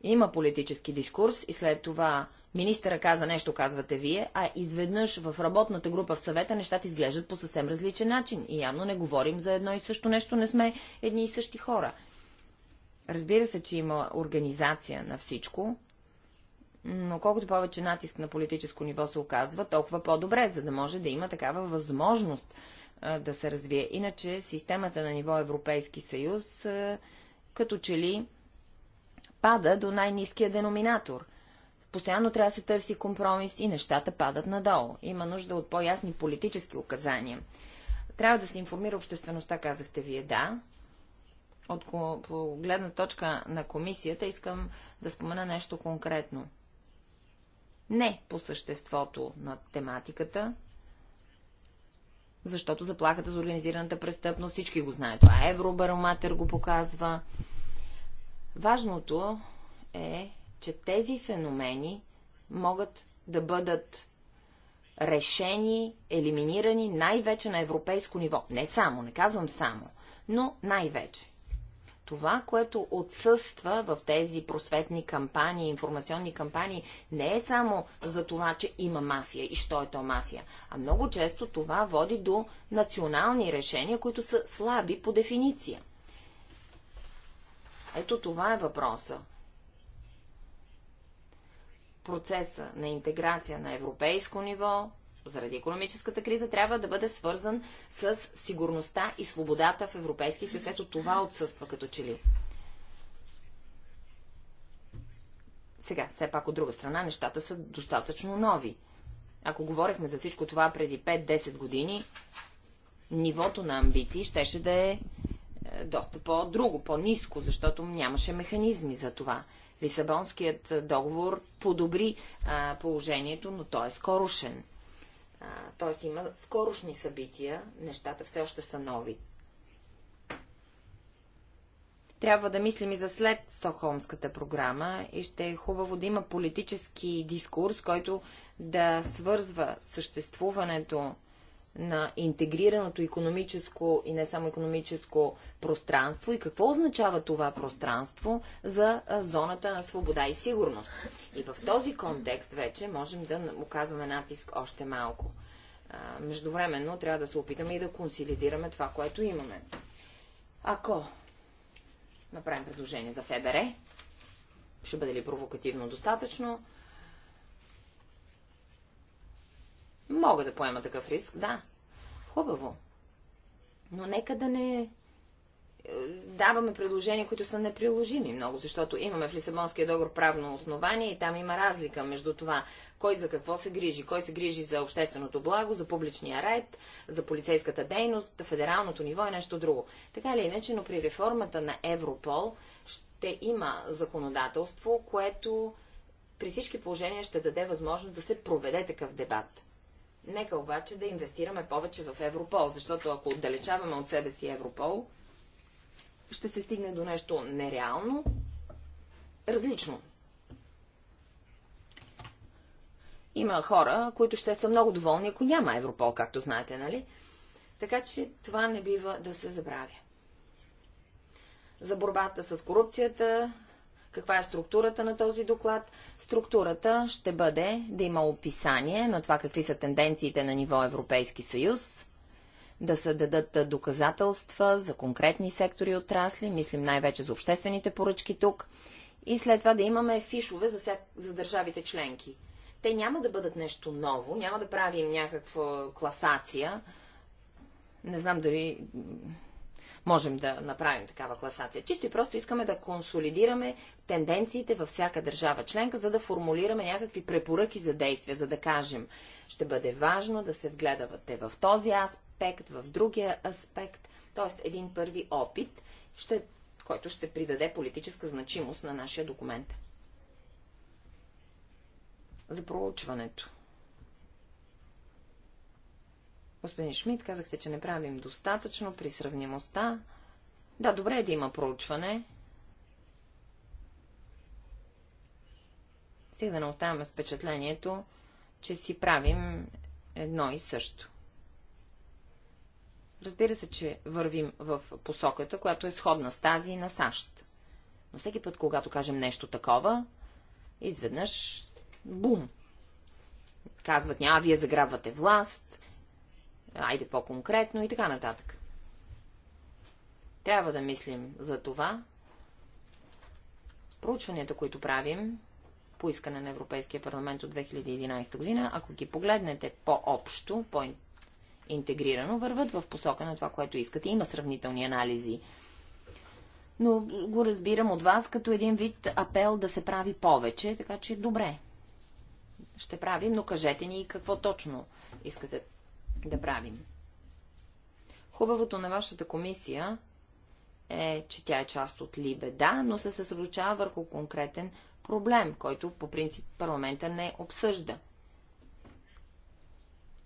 Speaker 2: Има политически дискурс и след това Министъра каза нещо, казвате вие, а изведнъж в работната група в съвета нещата изглеждат по съвсем различен начин. И явно не говорим за едно и също нещо, не сме едни и същи хора. Разбира се, че има организация на всичко, но колкото повече натиск на политическо ниво се оказва, толкова по-добре, за да може да има такава възможност а, да се развие. Иначе системата на ниво Европейски съюз а, като че ли пада до най-низкия деноминатор – Постоянно трябва да се търси компромис и нещата падат надолу. Има нужда от по-ясни политически указания. Трябва да се информира обществеността, казахте вие, да. От по гледна точка на комисията искам да спомена нещо конкретно. Не по съществото на тематиката, защото заплахата за организираната престъпност всички го знаят. Това Евробарометър го показва. Важното е че тези феномени могат да бъдат решени, елиминирани най-вече на европейско ниво. Не само, не казвам само, но най-вече. Това, което отсъства в тези просветни кампании, информационни кампании, не е само за това, че има мафия и що е то мафия, а много често това води до национални решения, които са слаби по дефиниция. Ето това е въпроса процеса на интеграция на европейско ниво, заради економическата криза, трябва да бъде свързан с сигурността и свободата в Европейския съюз. Ето това отсъства като че ли. Сега, все пак от друга страна, нещата са достатъчно нови. Ако говорихме за всичко това преди 5-10 години, нивото на амбиции щеше да е, е доста по-друго, по-низко, защото нямаше механизми за това. Лисабонският договор подобри а, положението, но той е скорошен. Т.е. има скорошни събития, нещата все още са нови. Трябва да мислим и за след Стокхолмската програма и ще е хубаво да има политически дискурс, който да свързва съществуването на интегрираното економическо и не само економическо пространство и какво означава това пространство за зоната на свобода и сигурност. И в този контекст вече можем да оказваме натиск още малко. Междувременно трябва да се опитаме и да консолидираме това, което имаме. Ако направим предложение за ФБР, ще бъде ли провокативно достатъчно? Мога да поема такъв риск, да. Хубаво. Но нека да не е, даваме предложения, които са неприложими много, защото имаме в Лисабонския договор правно основание и там има разлика между това, кой за какво се грижи. Кой се грижи за общественото благо, за публичния ред, за полицейската дейност, федералното ниво и нещо друго. Така или иначе, но при реформата на Европол ще има законодателство, което при всички положения ще даде възможност да се проведе такъв дебат. Нека обаче да инвестираме повече в Европол, защото ако отдалечаваме от себе си Европол, ще се стигне до нещо нереално, различно. Има хора, които ще са много доволни, ако няма Европол, както знаете, нали? Така че това не бива да се забравя. За борбата с корупцията каква е структурата на този доклад? Структурата ще бъде да има описание на това какви са тенденциите на ниво Европейски съюз, да се дадат доказателства за конкретни сектори и отрасли, мислим най-вече за обществените поръчки тук, и след това да имаме фишове за, ся... за държавите членки. Те няма да бъдат нещо ново, няма да правим някаква класация. Не знам дали можем да направим такава класация. Чисто и просто искаме да консолидираме тенденциите във всяка държава членка, за да формулираме някакви препоръки за действия, за да кажем, ще бъде важно да се вгледавате в този аспект, в другия аспект, т.е. един първи опит, ще, който ще придаде политическа значимост на нашия документ. За проучването. Господин Шмидт, казахте, че не правим достатъчно при сравнимостта. Да, добре е да има проучване. Сега да не оставяме с впечатлението, че си правим едно и също. Разбира се, че вървим в посоката, която е сходна с тази и на САЩ. Но всеки път, когато кажем нещо такова, изведнъж бум. Казват, няма, вие заграбвате власт, айде по-конкретно и така нататък. Трябва да мислим за това. Проучванията, които правим по искане на Европейския парламент от 2011 година, ако ги погледнете по-общо, по-интегрирано, върват в посока на това, което искате. Има сравнителни анализи. Но го разбирам от вас като един вид апел да се прави повече, така че добре. Ще правим, но кажете ни какво точно искате да правим. Хубавото на вашата комисия е, че тя е част от Либе, да, но се съсредоточава върху конкретен проблем, който по принцип парламента не обсъжда.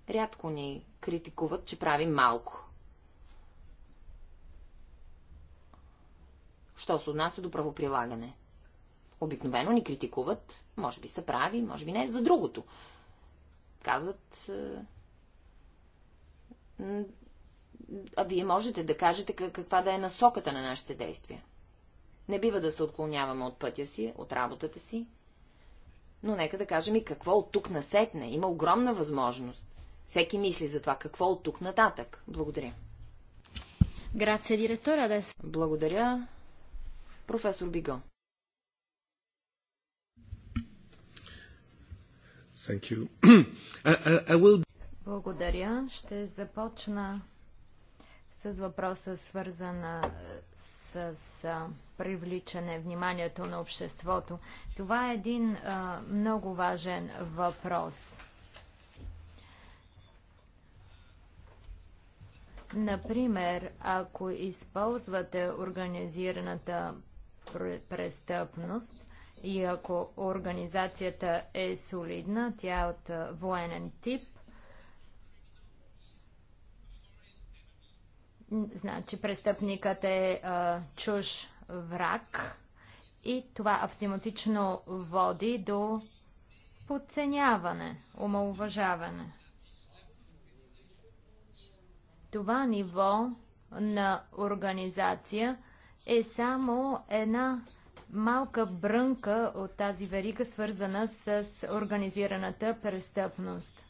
Speaker 2: Рядко ни критикуват, че правим малко. Що се отнася до правоприлагане? Обикновено ни критикуват, може би са прави, може би не, за другото. Казват, е, а вие можете да кажете каква да е насоката на нашите действия. Не бива да се отклоняваме от пътя си, от работата си, но нека да кажем и какво от тук насетне. Има огромна възможност. Всеки мисли за това какво от тук нататък. Благодаря. Грация, Адес. Благодаря, професор Биго.
Speaker 3: Thank you. (clears throat) I, I, I will...
Speaker 1: Благодаря. Ще започна с въпроса свързана с, с привличане вниманието на обществото. Това е един а, много важен въпрос. Например, ако използвате организираната престъпност и ако организацията е солидна, тя е от военен тип, Значи престъпникът е а, чуж враг и това автоматично води до подценяване, омалуважаване. Това ниво на организация е само една малка брънка от тази верига, свързана с организираната престъпност.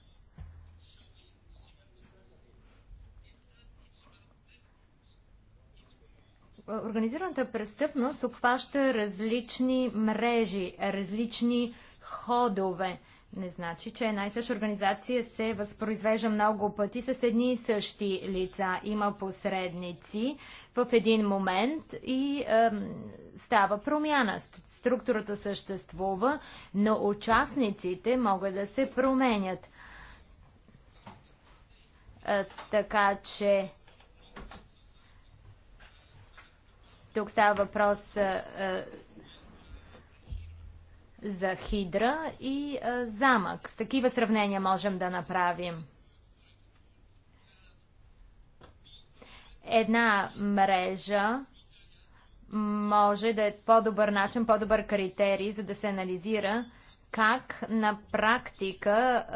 Speaker 1: Организираната престъпност обхваща различни мрежи, различни ходове. Не значи, че една и съща организация се възпроизвежда много пъти с едни и същи лица. Има посредници в един момент и е, става промяна. Структурата съществува, но участниците могат да се променят. Е, така че Тук става въпрос а, а, за хидра и а, замък. С такива сравнения можем да направим. Една мрежа може да е по-добър начин, по-добър критерий, за да се анализира как на практика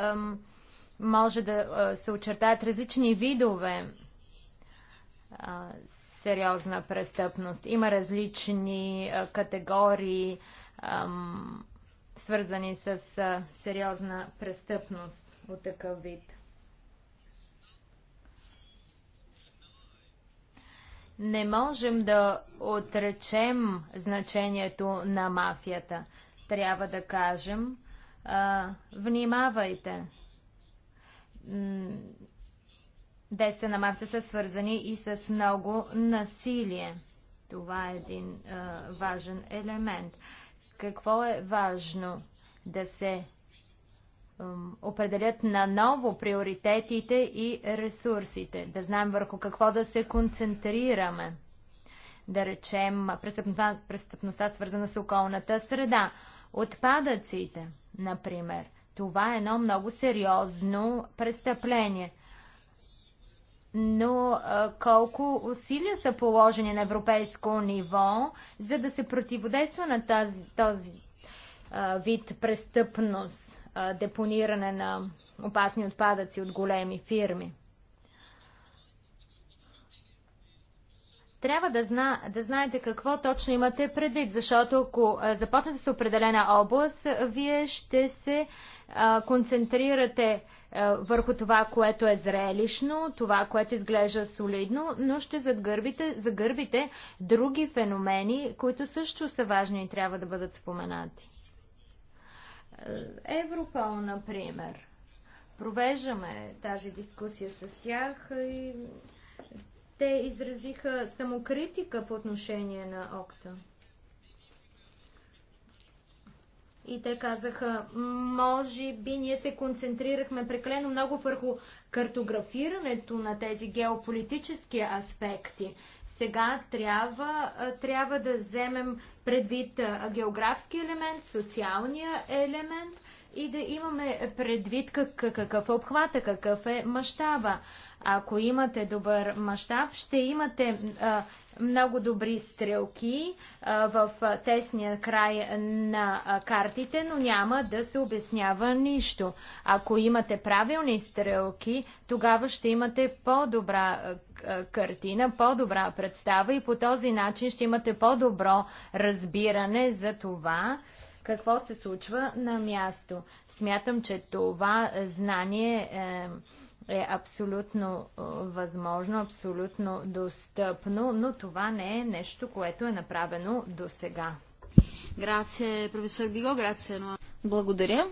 Speaker 1: може да се очертаят различни видове сериозна престъпност. Има различни категории, свързани с сериозна престъпност от такъв вид. Не можем да отречем значението на мафията. Трябва да кажем, внимавайте Действия на мафията са свързани и с много насилие. Това е един а, важен елемент. Какво е важно да се определят наново приоритетите и ресурсите, да знаем върху какво да се концентрираме. Да речем престъпността, престъпността свързана с околната среда, отпадъците, например. Това е едно много сериозно престъпление – но колко усилия са положени на европейско ниво, за да се противодейства на тази, този вид престъпност, депониране на опасни отпадъци от големи фирми? Трябва да, зна, да знаете какво точно имате предвид, защото ако започнете с определена област, вие ще се а, концентрирате а, върху това, което е зрелищно, това, което изглежда солидно, но ще загърбите, загърбите други феномени, които също са важни и трябва да бъдат споменати. Европол, например. Провеждаме тази дискусия с тях и те изразиха самокритика по отношение на ОКТА. И те казаха, може би ние се концентрирахме преклено много върху картографирането на тези геополитически аспекти. Сега трябва, трябва да вземем предвид географски елемент, социалния елемент и да имаме предвид какъв е обхвата, какъв е мащаба. Ако имате добър мащаб, ще имате а, много добри стрелки а, в тесния край на а, картите, но няма да се обяснява нищо. Ако имате правилни стрелки, тогава ще имате по-добра картина, по-добра представа и по този начин ще имате по-добро разбиране за това, какво се случва на място. Смятам, че това знание е, е абсолютно е, възможно, абсолютно достъпно, но това не е нещо, което е направено до сега. Грация, професор Биго, грация. Благодаря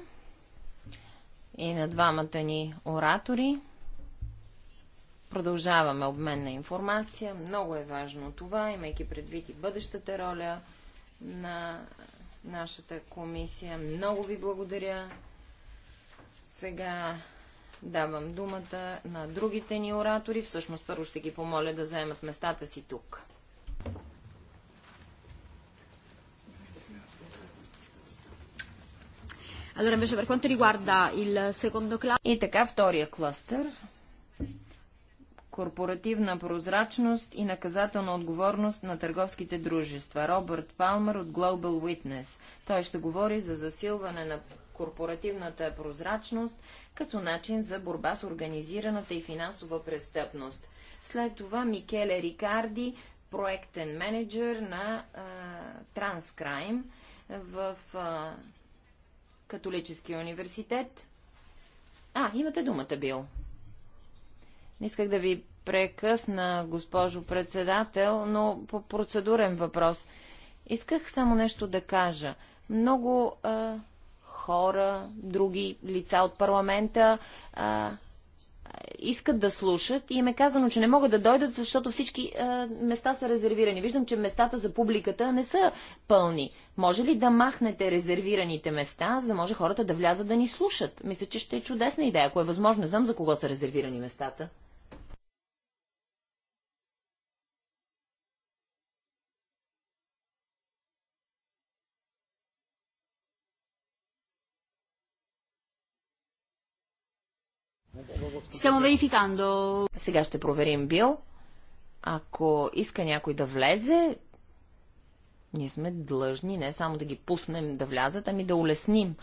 Speaker 2: и на двамата ни оратори. Продължаваме обмен на информация. Много е важно това, имайки предвид и бъдещата роля на нашата комисия. Много ви благодаря. Сега давам думата на другите ни оратори. Всъщност първо ще ги помоля да заемат местата си тук. И така, втория кластър. Корпоративна прозрачност и наказателна отговорност на търговските дружества. Робърт Палмър от Global Witness. Той ще говори за засилване на корпоративната прозрачност като начин за борба с организираната и финансова престъпност. След това Микеле Рикарди, проектен менеджер на а, Транскрайм в а, Католическия университет. А, имате думата, Бил. Не исках да ви прекъсна, госпожо председател, но по процедурен въпрос. Исках само нещо да кажа. Много а, хора, други лица от парламента а, искат да слушат и им е казано, че не могат да дойдат, защото всички а, места са резервирани. Виждам, че местата за публиката не са пълни. Може ли да махнете резервираните места, за да може хората да влязат да ни слушат? Мисля, че ще е чудесна идея, ако е възможно. Знам за кого са резервирани местата.
Speaker 1: Само верификандо.
Speaker 2: Сега ще проверим бил. Ако иска някой да влезе, ние сме длъжни не само да ги пуснем да влязат, ами да улесним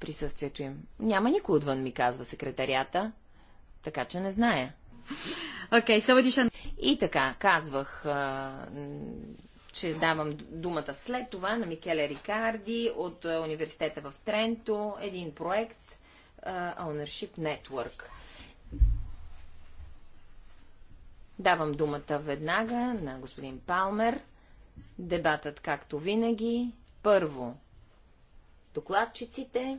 Speaker 2: присъствието им. Няма никой отвън, ми казва секретарията, така че не зная. Окей, okay, И така, казвах, че давам думата след това на Микеле Рикарди от университета в Тренто, един проект Ownership Network. Давам думата веднага на господин Палмер. Дебатът, както винаги, първо докладчиците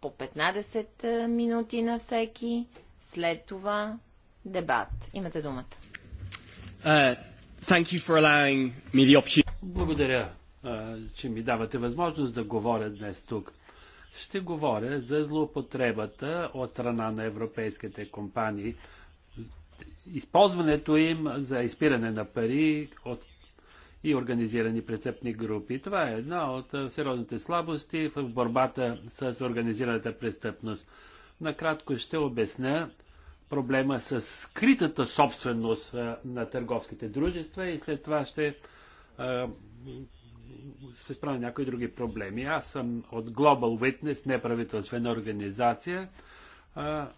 Speaker 2: по 15 минути на всеки, след това дебат. Имате думата.
Speaker 5: Uh, Благодаря, uh, че ми давате възможност да говоря днес тук ще говоря за злоупотребата от страна на европейските компании, използването им за изпиране на пари от и организирани престъпни групи. Това е една от сериозните слабости в борбата с организираната престъпност. Накратко ще обясня проблема с скритата собственост на търговските дружества и след това ще се спра някои други проблеми. Аз съм от Global Witness, неправителствена организация, а,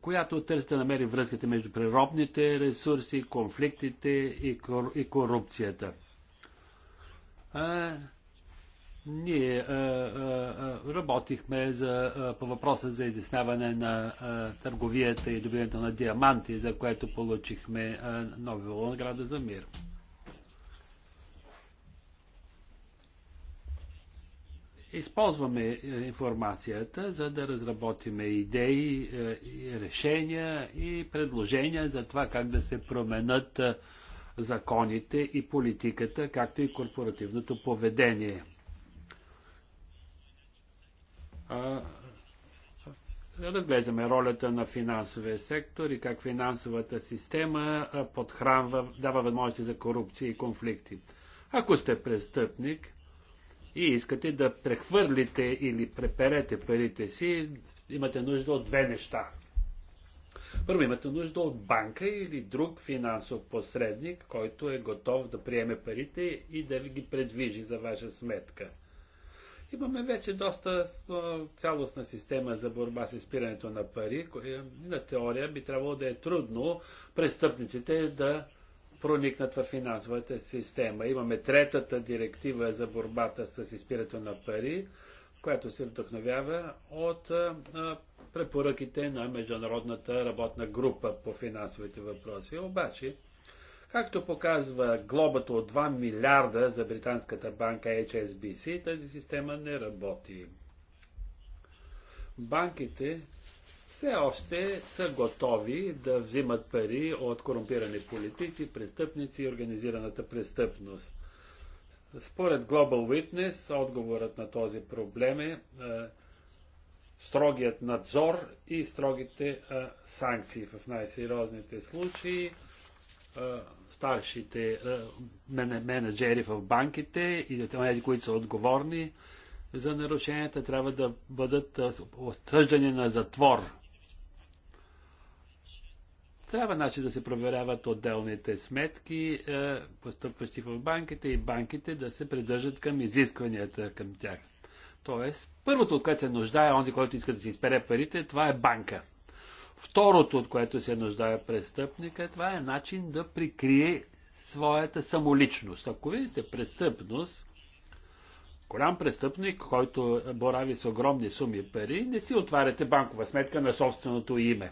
Speaker 5: която търси да намери връзката между природните ресурси, конфликтите и, кор- и корупцията. А, ние а, а, работихме за, а, по въпроса за изясняване на а, търговията и добиването на диаманти, за което получихме а, награда за мир. използваме е, информацията, за да разработиме идеи, е, решения и предложения за това как да се променят е, законите и политиката, както и корпоративното поведение. Разглеждаме ролята на финансовия сектор и как финансовата система подхранва, дава възможности за корупция и конфликти. Ако сте престъпник, и искате да прехвърлите или преперете парите си, имате нужда от две неща. Първо имате нужда от банка или друг финансов посредник, който е готов да приеме парите и да ви ги предвижи за ваша сметка. Имаме вече доста цялостна система за борба с изпирането на пари, на теория би трябвало да е трудно престъпниците да проникнат в финансовата система. Имаме третата директива за борбата с изпирането на пари, която се вдъхновява от препоръките на Международната работна група по финансовите въпроси. Обаче, както показва глобата от 2 милиарда за британската банка HSBC, тази система не работи. Банките все още са готови да взимат пари от корумпирани политици, престъпници и организираната престъпност. Според Global Witness, отговорът на този проблем е, е строгият надзор и строгите е, санкции в най-сериозните случаи. Е, старшите менеджери в банките и тези, които са отговорни за нарушенията, трябва да бъдат осъждани на затвор трябва значи да се проверяват отделните сметки, е, постъпващи в банките и банките да се придържат към изискванията към тях. Тоест, първото, от което се нуждае онзи, който иска да си изпере парите, това е банка. Второто, от което се нуждае престъпника, това е начин да прикрие своята самоличност. Ако вие сте престъпност, голям престъпник, който борави с огромни суми пари, не си отваряте банкова сметка на собственото име.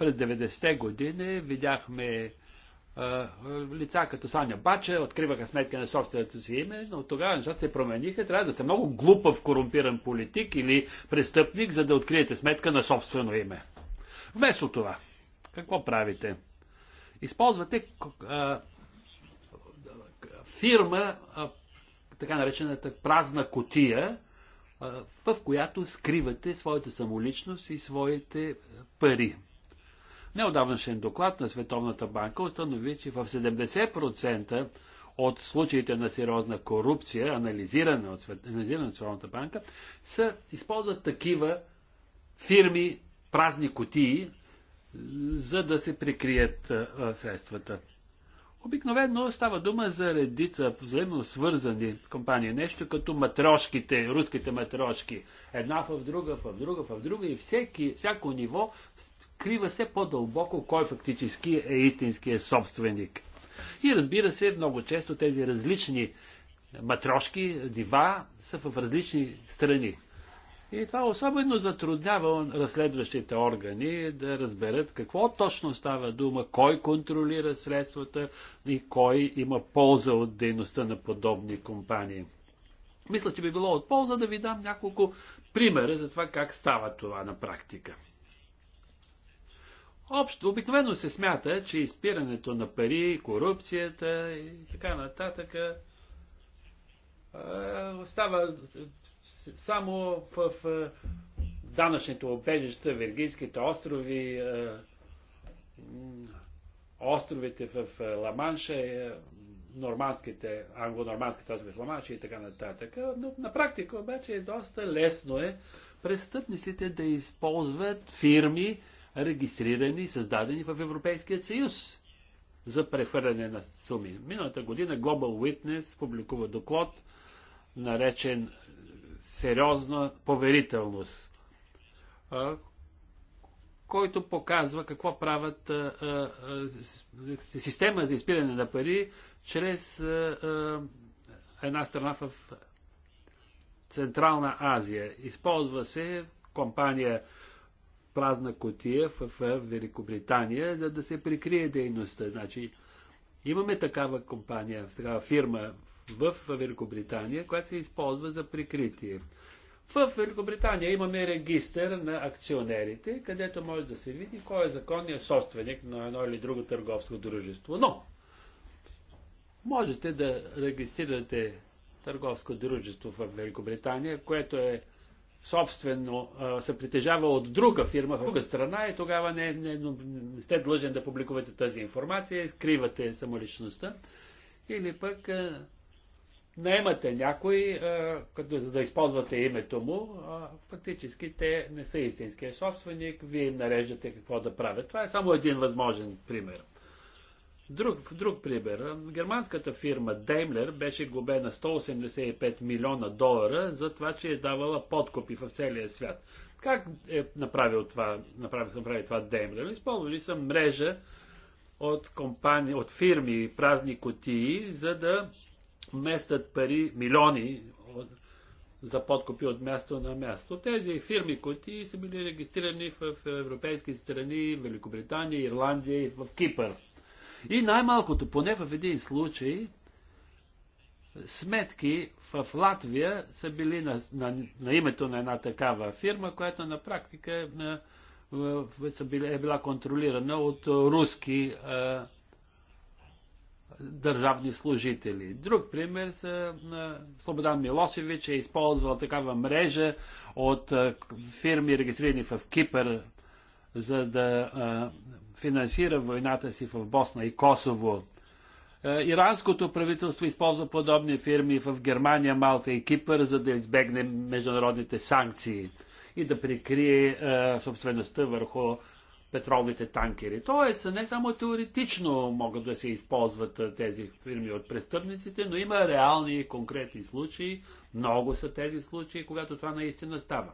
Speaker 5: През 90-те години видяхме лица като Саня Баче откриваха сметки на собственото си име, но тогава нещата се промениха. Трябва да сте много глупав, корумпиран политик или престъпник, за да откриете сметка на собствено име. Вместо това, какво правите? Използвате а, фирма, а, така наречената празна котия, а, в която скривате своята самоличност и своите пари. Неодавнашен доклад на Световната банка установи, че в 70% от случаите на сериозна корупция, анализирана от, анализирана от Световната банка, са, използват такива фирми, празни котии, за да се прикрият а, средствата. Обикновено става дума за редица взаимно свързани компании. Нещо като матрошките, руските матрошки. Една в друга, в друга, в друга и всеки, всяко ниво скрива се по-дълбоко кой фактически е истинският собственик. И разбира се, много често тези различни матрошки, дива са в различни страни. И това особено затруднява разследващите органи да разберат какво точно става дума, кой контролира средствата и кой има полза от дейността на подобни компании. Мисля, че би било от полза да ви дам няколко примера за това как става това на практика. Общо, обикновено се смята, че изпирането на пари, корупцията и така нататък остава само в данъчните обежища, Вергийските острови, островите в Ламанша, е, нормандските, англо-нормандските острови в Ламанша и така нататък. Но на практика обаче е доста лесно е престъпниците да използват фирми, регистрирани, и създадени в Европейския съюз за прехвърляне на суми. Миналата година Global Witness публикува доклад, наречен сериозна поверителност, който показва какво правят система за изпиране на пари чрез една страна в Централна Азия. Използва се компания празна котия в, Великобритания, за да се прикрие дейността. Значи, имаме такава компания, такава фирма в Великобритания, която се използва за прикритие. В Великобритания имаме регистър на акционерите, където може да се види кой е законният собственик на едно или друго търговско дружество. Но, можете да регистрирате търговско дружество в Великобритания, което е собствено, се притежава от друга фирма в друга страна и тогава не, не, не сте длъжен да публикувате тази информация, скривате самоличността. Или пък наемате някой, а, като, за да използвате името му, а, фактически те не са истинския собственик, вие им нареждате какво да правят. Това е само един възможен пример. Друг, друг пример. Германската фирма Daimler беше губена 185 милиона долара за това, че е давала подкопи в целия свят. Как е направил това, направил, направил това Daimler? Използвали са мрежа от, компани, от фирми, празни котии, за да местят пари, милиони от, за подкупи от място на място. Тези фирми котии са били регистрирани в европейски страни, Великобритания, Ирландия и в Кипър. И най-малкото, поне в един случай, сметки в Латвия са били на, на, на името на една такава фирма, която на практика е, на, е, била, е била контролирана от руски е, държавни служители. Друг пример са на е, Слободан Милосевич е използвал такава мрежа от е, фирми, регистрирани в Кипър, за да е, финансира войната си в Босна и Косово. Е, иранското правителство използва подобни фирми в Германия, Малта и Кипър, за да избегне международните санкции и да прикрие е, собствеността върху петролните танкери. Тоест, не само теоретично могат да се използват е, тези фирми от престъпниците, но има реални и конкретни случаи. Много са тези случаи, когато това наистина става.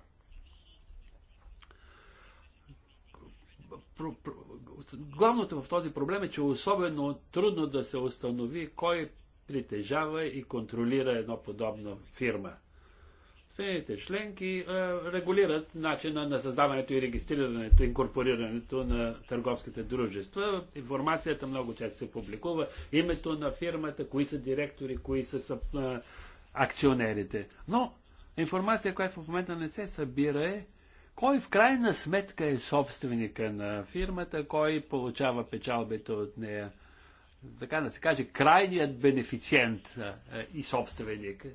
Speaker 5: главното в този проблем е, че е особено трудно да се установи кой притежава и контролира едно подобно фирма. Съединените членки е, регулират начина на създаването и регистрирането, инкорпорирането на търговските дружества. Информацията много често се публикува. Името на фирмата, кои са директори, кои са, са е, акционерите. Но информация, която в момента не се събира е кой в крайна сметка е собственика на фирмата, кой получава печалбите от нея? Така да се каже, крайният бенефициент и собственик.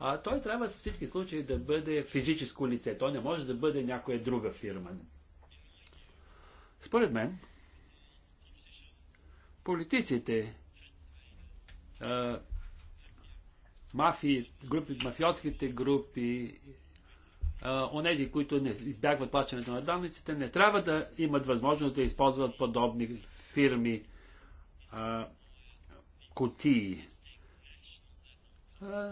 Speaker 5: А той трябва в всички случаи да бъде физическо лице. Той не може да бъде някоя друга фирма. Според мен, политиците, а, мафии, групи, мафиотските групи онези, които не избягват плащането на данниците, не трябва да имат възможност да използват подобни фирми, а, кутии. А,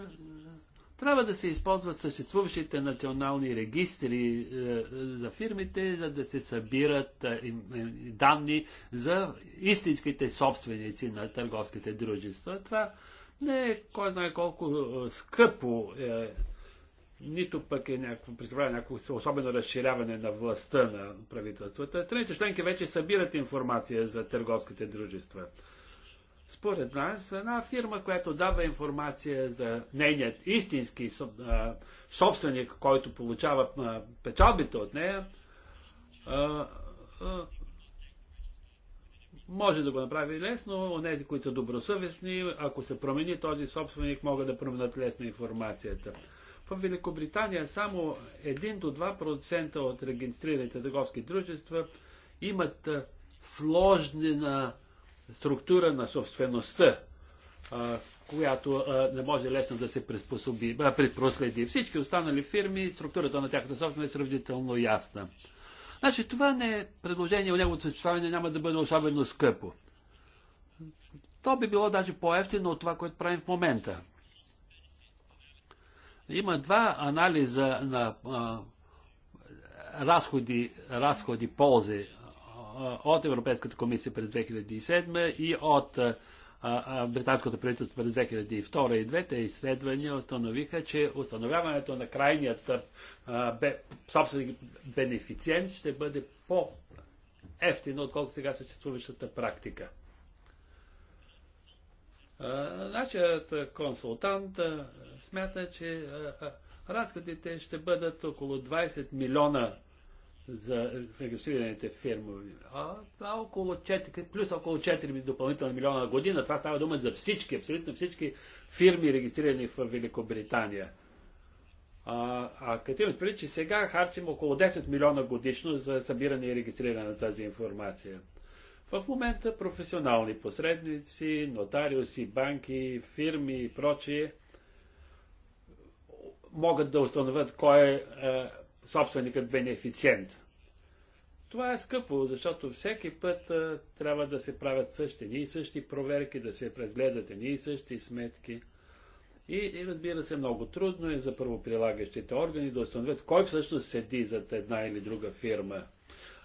Speaker 5: трябва да се използват съществуващите национални регистри а, е, е, за фирмите, за да се събират е, е, данни за истинските собственици на търговските дружества. Това не е кой знае колко е, скъпо нито пък е някакво, представлява някакво особено разширяване на властта на правителствата. Страните членки вече събират информация за търговските дружества. Според нас, една фирма, която дава информация за нейният истински собственик, който получава печалбите от нея, може да го направи лесно, онези, които са добросъвестни, ако се промени този собственик, могат да променят лесно информацията. В Великобритания само 1 до 2% от регистрираните търговски дружества имат сложнена структура на собствеността, която не може лесно да се приспособи, предпроследи. Всички останали фирми, структурата на тяхната собственост е сравнително ясна. Значи това не е предложение, неговото съчетаване няма да бъде особено скъпо. То би било даже по-ефтино от това, което правим в момента. Има два анализа на разходи, разходи ползи от Европейската комисия през 2007 и от британското правителство през 2002 и двете изследвания установиха, че установяването на крайният собственик бенефициент ще бъде по-ефтино, отколкото сега съществуващата практика. Нашият консултант смята, че разходите ще бъдат около 20 милиона за регистрираните фирми. А това е около 4, плюс около 4 допълнителни милиона година. Това става дума за всички, абсолютно всички фирми, регистрирани в Великобритания. А, а като имат преди, че сега харчим около 10 милиона годишно за събиране и регистриране на тази информация. В момента професионални посредници, нотариуси, банки, фирми и прочие могат да установят кой е, е собственикът бенефициент. Това е скъпо, защото всеки път е, трябва да се правят същи и същи проверки, да се прегледат ни и същи сметки. И, и разбира се, много трудно е за първоприлагащите органи да установят кой всъщност седи зад една или друга фирма.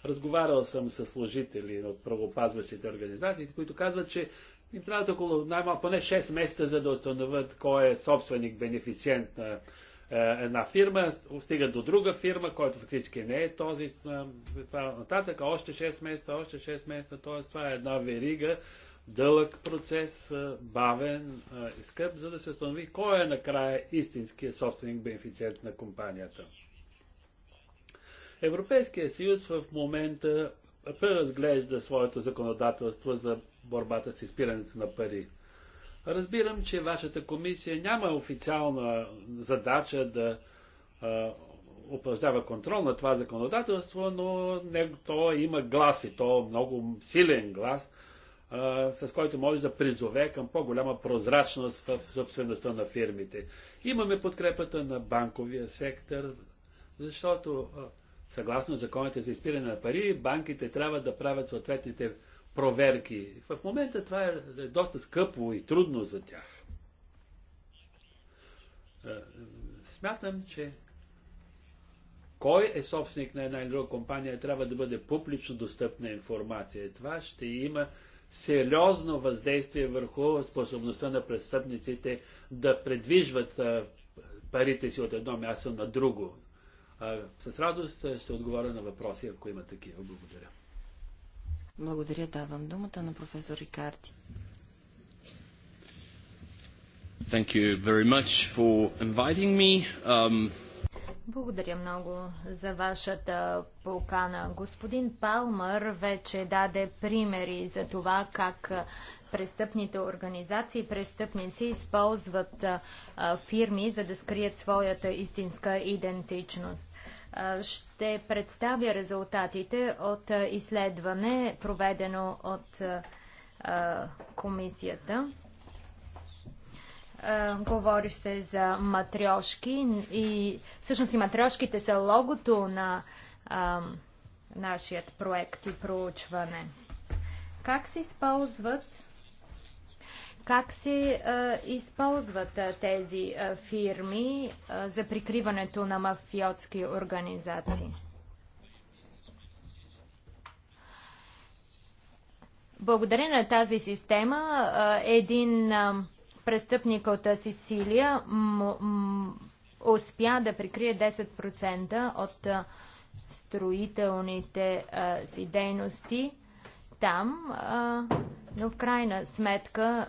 Speaker 5: Разговарял съм с служители от правопазващите организации, които казват, че им трябва около най-малко поне 6 месеца, за да установят кой е собственик, бенефициент на е, една фирма, стигат до друга фирма, който фактически не е този, е, това нататък, още 6 месеца, още 6 месеца, т.е. това е една верига, дълъг процес, е, бавен е, и скъп, за да се установи кой е накрая истинският собственик бенефициент на компанията. Европейския съюз в момента преразглежда своето законодателство за борбата с изпирането на пари. Разбирам, че вашата комисия няма официална задача да а, упражнява контрол на това законодателство, но не, то има глас и то много силен глас, а, с който може да призове към по-голяма прозрачност в собствеността на фирмите. Имаме подкрепата на банковия сектор, защото Съгласно законите за изпиране на пари, банките трябва да правят съответните проверки. В момента това е доста скъпо и трудно за тях. Е, смятам, че кой е собственик на една или друга компания, трябва да бъде публично достъпна информация. Това ще има сериозно въздействие върху способността на престъпниците да предвижват е, парите си от едно място на друго. С радост ще отговоря на въпроси, ако има такива. Благодаря.
Speaker 2: Благодаря. Давам думата
Speaker 1: на професор Рикарти.
Speaker 5: Thank you very much for inviting me. Um...
Speaker 1: Благодаря много за вашата покана. Господин Палмър вече даде примери за това как престъпните организации, престъпници използват фирми, за да скрият своята истинска идентичност ще представя резултатите от изследване, проведено от комисията. Говори се за матрешки и всъщност и матрешките са логото на а, нашият проект и проучване. Как се използват как се а, използват а, тези а, фирми а, за прикриването на мафиотски организации? Благодаря на тази система а, един а, престъпник от Сицилия успя да прикрие 10% от а, строителните а, си дейности там, а, но в крайна сметка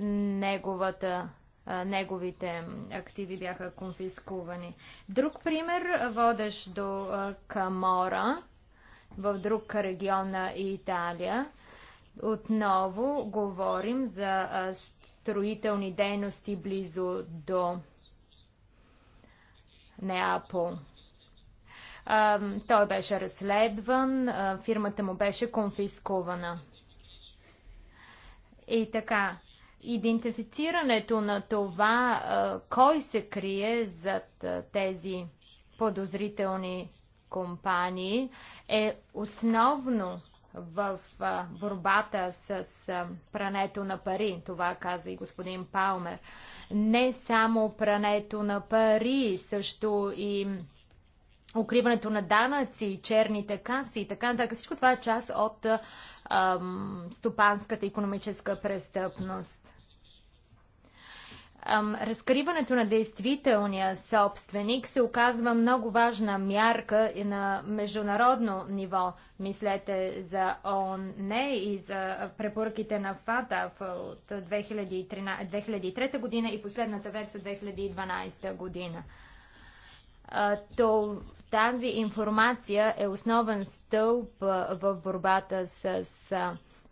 Speaker 1: неговата неговите активи бяха конфискувани. Друг пример, водещ до Камора, в друг регион на Италия. Отново говорим за строителни дейности близо до Неапол. Той беше разследван, фирмата му беше конфискувана. И така, идентифицирането на това кой се крие зад тези подозрителни компании е основно в борбата с прането на пари. Това каза и господин Палмер. Не само прането на пари, също и укриването на данъци, черните каси и така нататък. Всичко това е част от стопанската економическа престъпност. Разкриването на действителния собственик се оказва много важна мярка и на международно ниво. Мислете за ООН и за препоръките на ФАТА от 2013, 2003 година и последната версия от 2012 година. То, тази информация е основен стълб в борбата с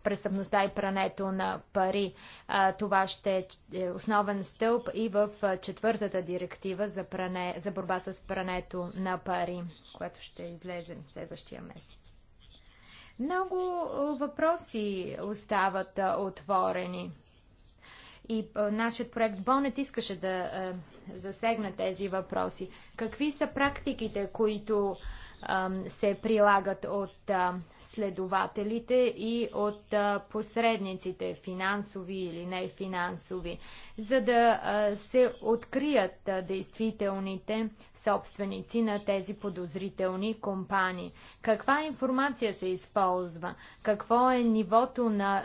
Speaker 1: престъпността и прането на пари. Това ще е основен стълб и в четвъртата директива за, пране, за борба с прането на пари, което ще излезе в следващия месец. Много въпроси остават отворени. И нашият проект Бонет искаше да засегне тези въпроси. Какви са практиките, които се прилагат от следователите и от посредниците, финансови или не финансови, за да се открият действителните собственици на тези подозрителни компании. Каква информация се използва? Какво е нивото на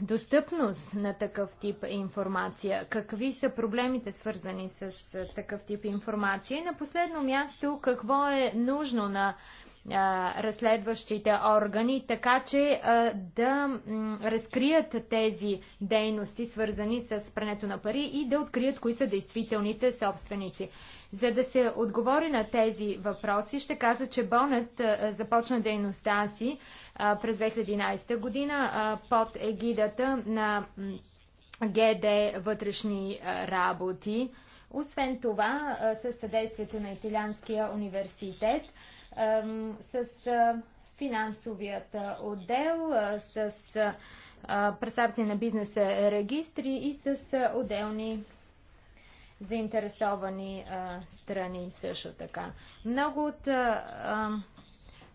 Speaker 1: достъпност на такъв тип информация? Какви са проблемите свързани с такъв тип информация? И на последно място, какво е нужно на разследващите органи, така че да разкрият тези дейности, свързани с прането на пари и да открият кои са действителните собственици. За да се отговори на тези въпроси, ще кажа, че Бонът започна дейността си през 2011 година под егидата на ГД вътрешни работи. Освен това, със съдействието на Италианския университет – с финансовият отдел, с представители на бизнеса регистри и с отделни заинтересовани страни също така. Много от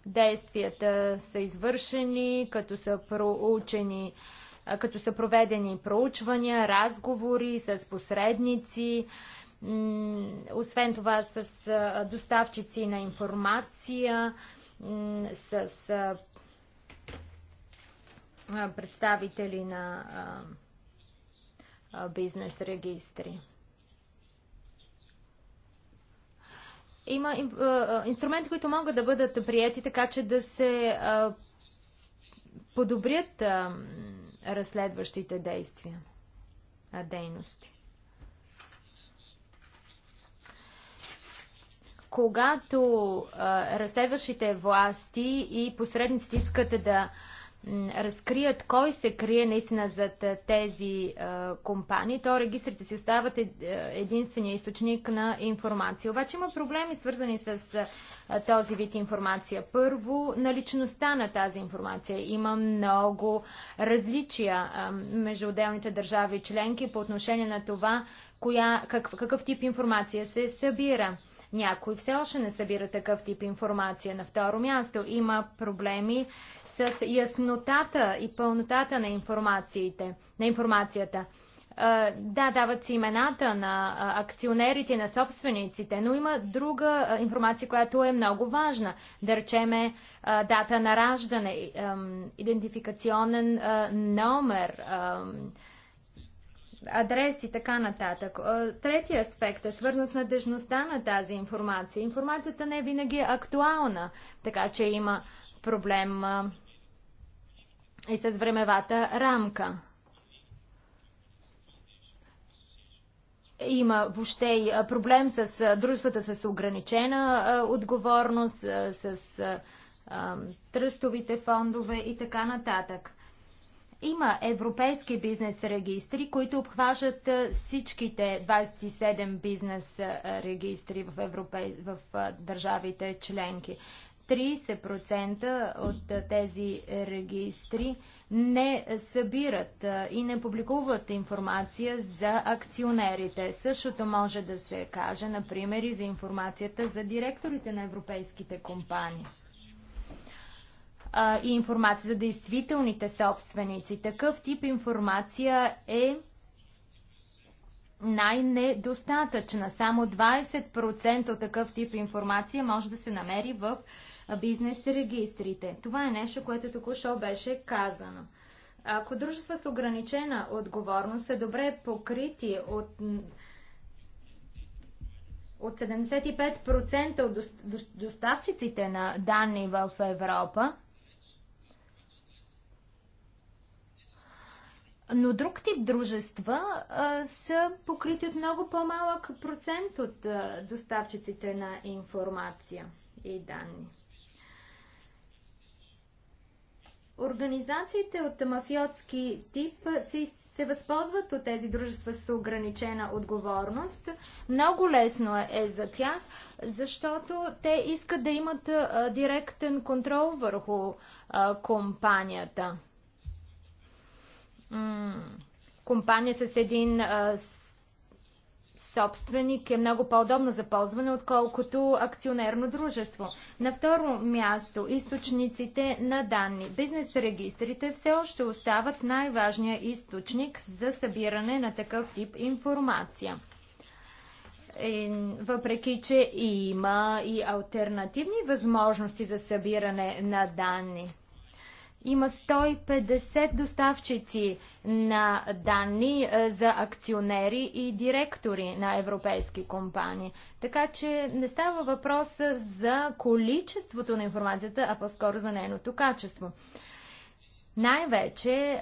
Speaker 1: действията са извършени, като са проучени като са проведени проучвания, разговори с посредници, освен това с доставчици на информация, с представители на бизнес регистри. Има инструменти, които могат да бъдат прияти така, че да се подобрят разследващите действия, дейности. Когато а, разследващите власти и посредниците искат да разкрият кой се крие наистина зад тези а, компании, то регистрите си остават е, е, единствения източник на информация. Обаче има проблеми свързани с а, този вид информация. Първо, наличността на тази информация. Има много различия а, между отделните държави и членки по отношение на това коя, как, какъв тип информация се събира. Някои все още не събират такъв тип информация. На второ място има проблеми с яснотата и пълнотата на, информациите, на информацията. Да, дават си имената на акционерите, на собствениците, но има друга информация, която е много важна. Да речеме дата на раждане, идентификационен номер, адрес и така нататък. Е, Третия аспект е свързан с надежността на тази информация. Информацията не е винаги актуална, така че има проблем е, и с времевата рамка. Има въобще и е, проблем с дружествата с ограничена отговорност, с тръстовите фондове и така нататък. Има европейски бизнес регистри, които обхващат всичките 27 бизнес регистри в, европе... в държавите членки. 30% от тези регистри не събират и не публикуват информация за акционерите. Същото може да се каже, например, и за информацията за директорите на европейските компании а, и информация за действителните собственици. Такъв тип информация е най-недостатъчна. Само 20% от такъв тип информация може да се намери в бизнес регистрите. Това е нещо, което току-що беше казано. Ако дружества с ограничена отговорност са добре покрити от от 75% от доставчиците на данни в Европа, Но друг тип дружества а, са покрити от много по-малък процент от а, доставчиците на информация и данни. Организациите от мафиотски тип се, се възползват от тези дружества с ограничена отговорност. Много лесно е, е за тях, защото те искат да имат а, директен контрол върху а, компанията компания с един а, собственик е много по-удобна за ползване, отколкото акционерно дружество. На второ място, източниците на данни. Бизнес регистрите все още остават най-важния източник за събиране на такъв тип информация. И, е, въпреки, че има и альтернативни възможности за събиране на данни. Има 150 доставчици на данни е, за акционери и директори на европейски компании. Така че не става въпрос за количеството на информацията, а по-скоро за нейното качество. Най-вече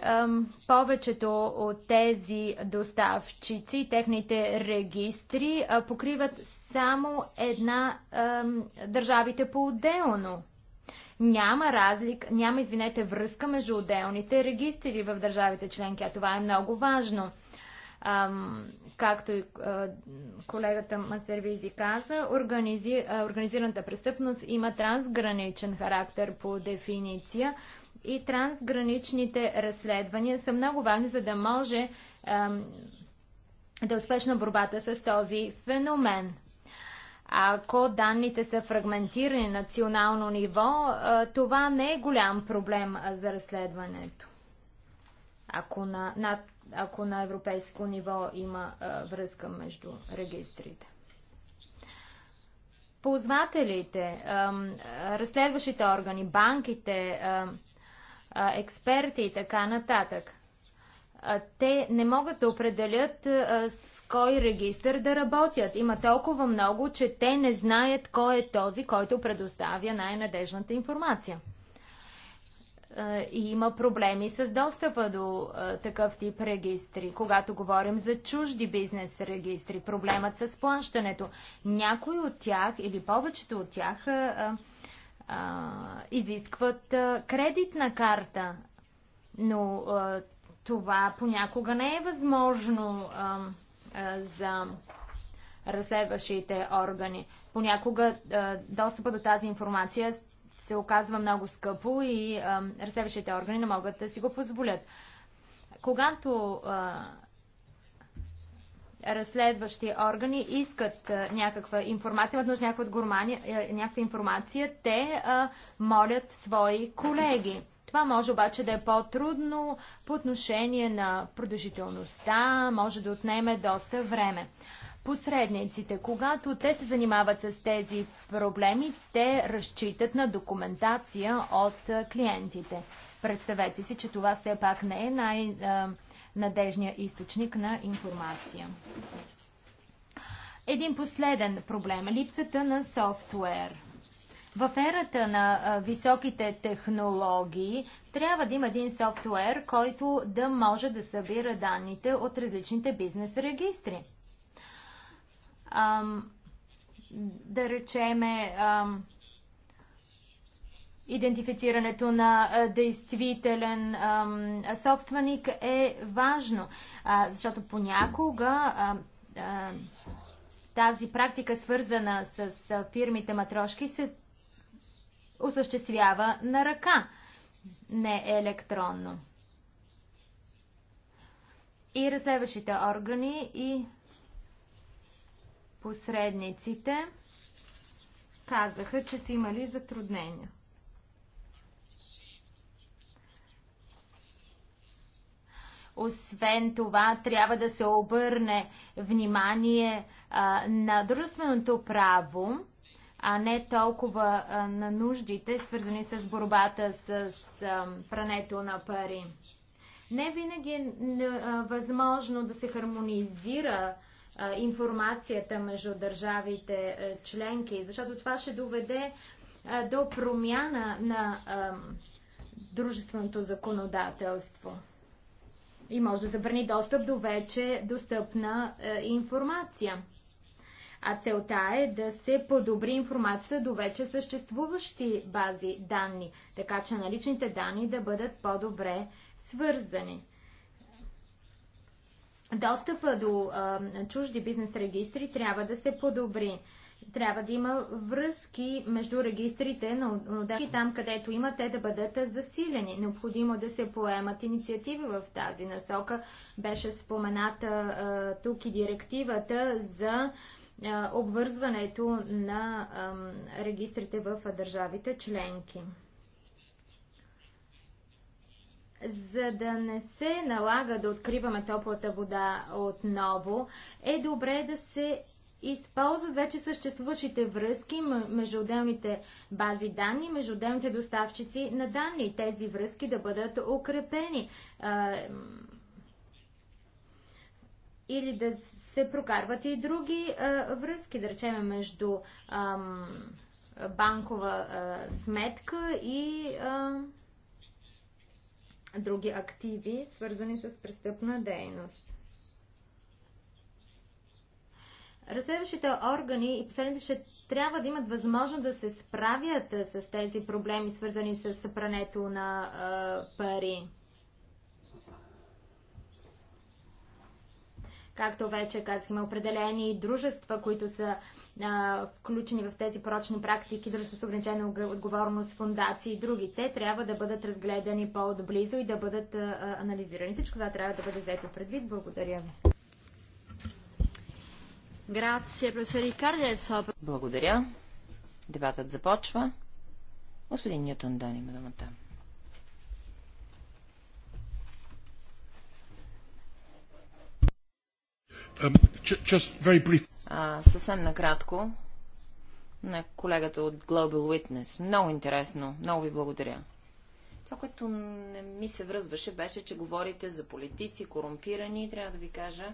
Speaker 1: повечето от тези доставчици, техните регистри покриват само една държавите по-отделно. Няма разлик, няма, извинете, връзка между отделните регистри в държавите членки, а това е много важно. Ам, както и е, а, колегата Масервизи каза, организи, а, е, организираната престъпност има трансграничен характер по дефиниция и трансграничните разследвания са много важни, за да може ам, да е успешна борбата с този феномен. Ако данните са фрагментирани национално ниво, това не е голям проблем за разследването. Ако на, на, ако на европейско ниво има връзка между регистрите. Ползвателите, разследващите органи, банките, експерти и така нататък. Те не могат да определят кой регистър да работят. Има толкова много, че те не знаят кой е този, който предоставя най-надежната информация. Е, и има проблеми с достъпа до е, такъв тип регистри. Когато говорим за чужди бизнес регистри, проблемът с плащането. Някои от тях или повечето от тях е, изискват кредитна карта, но това понякога не е възможно за разследващите органи. Понякога достъпа до тази информация се оказва много скъпо и разследващите органи не могат да си го позволят. Когато разследващи органи искат някаква информация, имат нужда някаква, е, някаква информация, те а, молят свои колеги. Това може обаче да е по-трудно по отношение на продължителността, може да отнеме доста време. Посредниците, когато те се занимават с тези проблеми, те разчитат на документация от клиентите. Представете си, че това все пак не е най-надежният източник на информация. Един последен проблем – липсата на софтуер – в ерата на високите технологии трябва да има един софтуер, който да може да събира данните от различните бизнес регистри. Ам, да речеме ам, идентифицирането на действителен ам, собственик е важно, а, защото понякога тази практика, свързана с фирмите матрошки, се осъществява на ръка, не електронно. И разследващите органи и посредниците казаха, че са имали затруднения. Освен това, трябва да се обърне внимание а, на дружественото право, а не толкова а, на нуждите, свързани с борбата с, с а, прането на пари. Не винаги е а, възможно да се хармонизира информацията между държавите членки, защото това ще доведе до промяна на дружественото законодателство и може да забрани достъп до вече достъпна информация а целта е да се подобри информация до вече съществуващи бази данни, така че наличните данни да бъдат по-добре свързани. Достъпа до а, чужди бизнес регистри трябва да се подобри. Трябва да има връзки между регистрите на отделки там, където има, те да бъдат засилени. Необходимо да се поемат инициативи в тази насока. Беше спомената а, тук и директивата за обвързването на регистрите в държавите членки. За да не се налага да откриваме топлата вода отново, е добре да се използват вече съществуващите връзки между отделните бази данни, между отделните доставчици на данни. Тези връзки да бъдат укрепени. Или да се прокарват и други а, връзки, да речем, между а, банкова а, сметка и а, други активи, свързани с престъпна дейност. Разследващите органи и последните ще трябва да имат възможност да се справят с тези проблеми, свързани с прането на а, пари. Както вече казахме, определени дружества, които са а, включени в тези порочни практики, дружества с ограничена отговорност, фундации и други, те трябва да бъдат разгледани по-отблизо и да бъдат а, анализирани. Всичко това трябва да бъде взето предвид. Благодаря ви.
Speaker 2: Благодаря. Дебатът започва. Господин Ньютон Дан има думата.
Speaker 3: Um,
Speaker 2: съвсем накратко на колегата от Global Witness. Много интересно. Много ви благодаря. Това, което не ми се връзваше, беше, че говорите за политици, корумпирани. Трябва да ви кажа,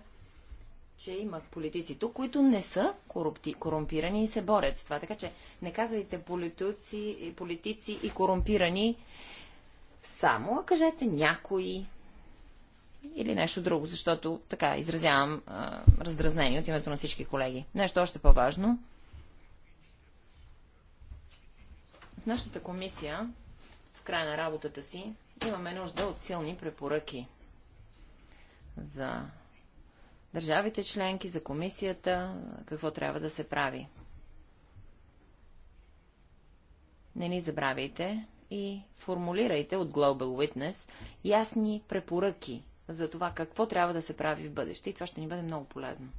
Speaker 2: че има политици тук, които не са корупти, корумпирани и се борят с това. Така че не казвайте политици, политици и корумпирани само, а кажете някои или нещо друго, защото така изразявам а, раздразнение от името на всички колеги. Нещо още по-важно. В нашата комисия, в края на работата си, имаме нужда от силни препоръки за държавите членки, за комисията, какво трябва да се прави. Не ни забравяйте и формулирайте от Global Witness ясни препоръки за това какво трябва да се прави в бъдеще и това ще ни бъде много полезно.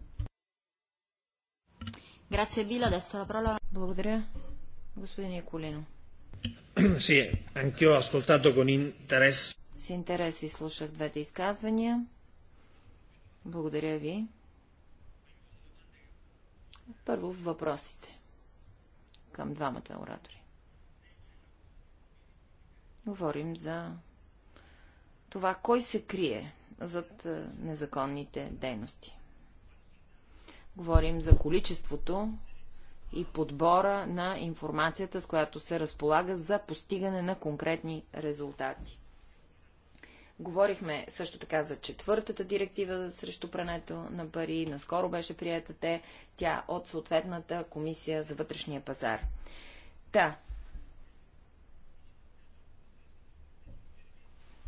Speaker 2: Благодаря, господин Яколино. (clears throat) С интерес слушах двете изказвания. Благодаря ви. Първо въпросите към двамата оратори. Говорим за това, кой се крие зад е, незаконните дейности. Говорим за количеството и подбора на информацията, с която се разполага за постигане на конкретни резултати. Говорихме също така за четвъртата директива срещу прането на пари. Наскоро беше приета те, тя от съответната комисия за вътрешния пазар. Та,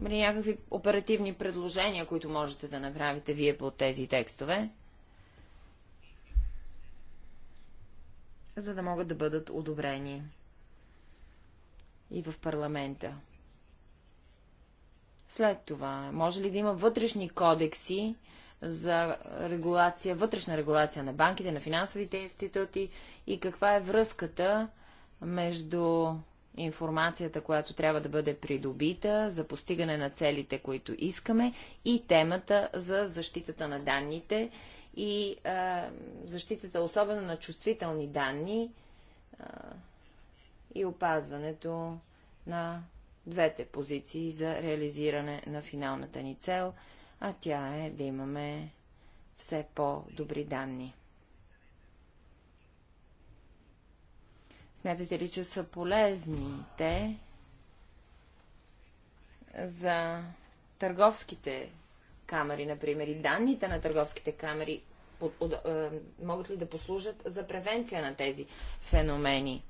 Speaker 2: Има някакви оперативни предложения, които можете да направите вие по тези текстове? За да могат да бъдат одобрени и в парламента. След това, може ли да има вътрешни кодекси за регулация, вътрешна регулация на банките, на финансовите институти и каква е връзката между информацията, която трябва да бъде придобита за постигане на целите, които искаме и темата за защитата на данните и а, защитата особено на чувствителни данни а, и опазването на двете позиции за реализиране на финалната ни цел, а тя е да имаме все по-добри данни. Смятате ли, че са полезни те за търговските камери, например, и данните на търговските камери под, е, могат ли да послужат за превенция на тези феномени?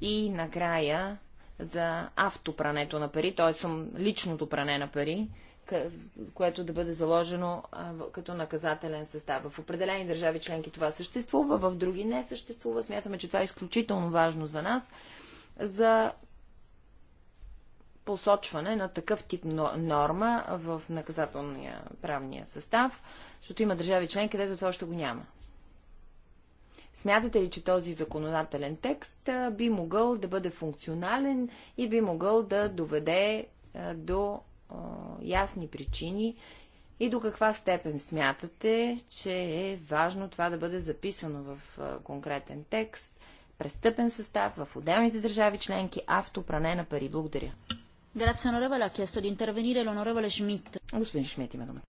Speaker 2: И накрая за автопрането на пари, т.е. личното пране на пари, което да бъде заложено като наказателен състав. В определени държави членки това съществува, в други не съществува. Смятаме, че това е изключително важно за нас, за посочване на такъв тип норма в наказателния правния състав, защото има държави членки, където това още го няма. Смятате ли, че този законодателен текст би могъл да бъде функционален и би могъл да доведе до ясни причини и до каква степен смятате, че е важно това да бъде записано в конкретен текст, престъпен състав в отделните държави членки, автопране на пари. Благодаря.
Speaker 4: Grazie onorevole, ha chiesto di
Speaker 2: intervenire l'onorevole Schmidt. Господин Шмидт има дума.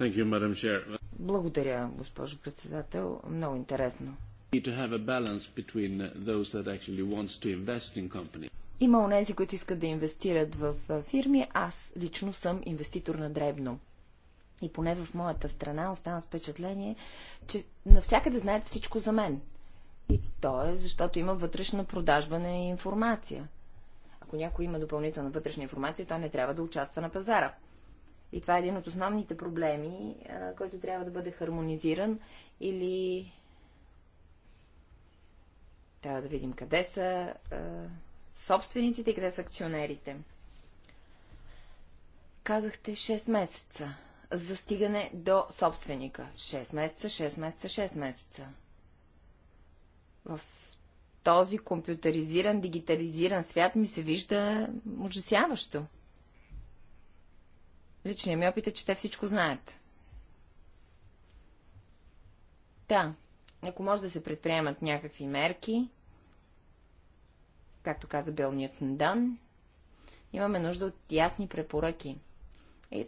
Speaker 5: You,
Speaker 2: Благодаря, госпожо председател. Много интересно.
Speaker 5: In
Speaker 2: има онези, които искат да инвестират в фирми. Аз лично съм инвеститор на дребно. И поне в моята страна остана с впечатление, че навсякъде знаят всичко за мен. И то е, защото има вътрешна продажба на информация. Ако някой има допълнителна вътрешна информация, той не трябва да участва на пазара. И това е един от основните проблеми, който трябва да бъде хармонизиран или трябва да видим къде са собствениците и къде са акционерите. Казахте 6 месеца за стигане до собственика. 6 месеца, 6 месеца, 6 месеца. В този компютъризиран, дигитализиран свят ми се вижда ужасяващо. Личният ми опит е, че те всичко знаят. Да, ако може да се предприемат някакви мерки, както каза Бил Ньютон Дън, имаме нужда от ясни препоръки,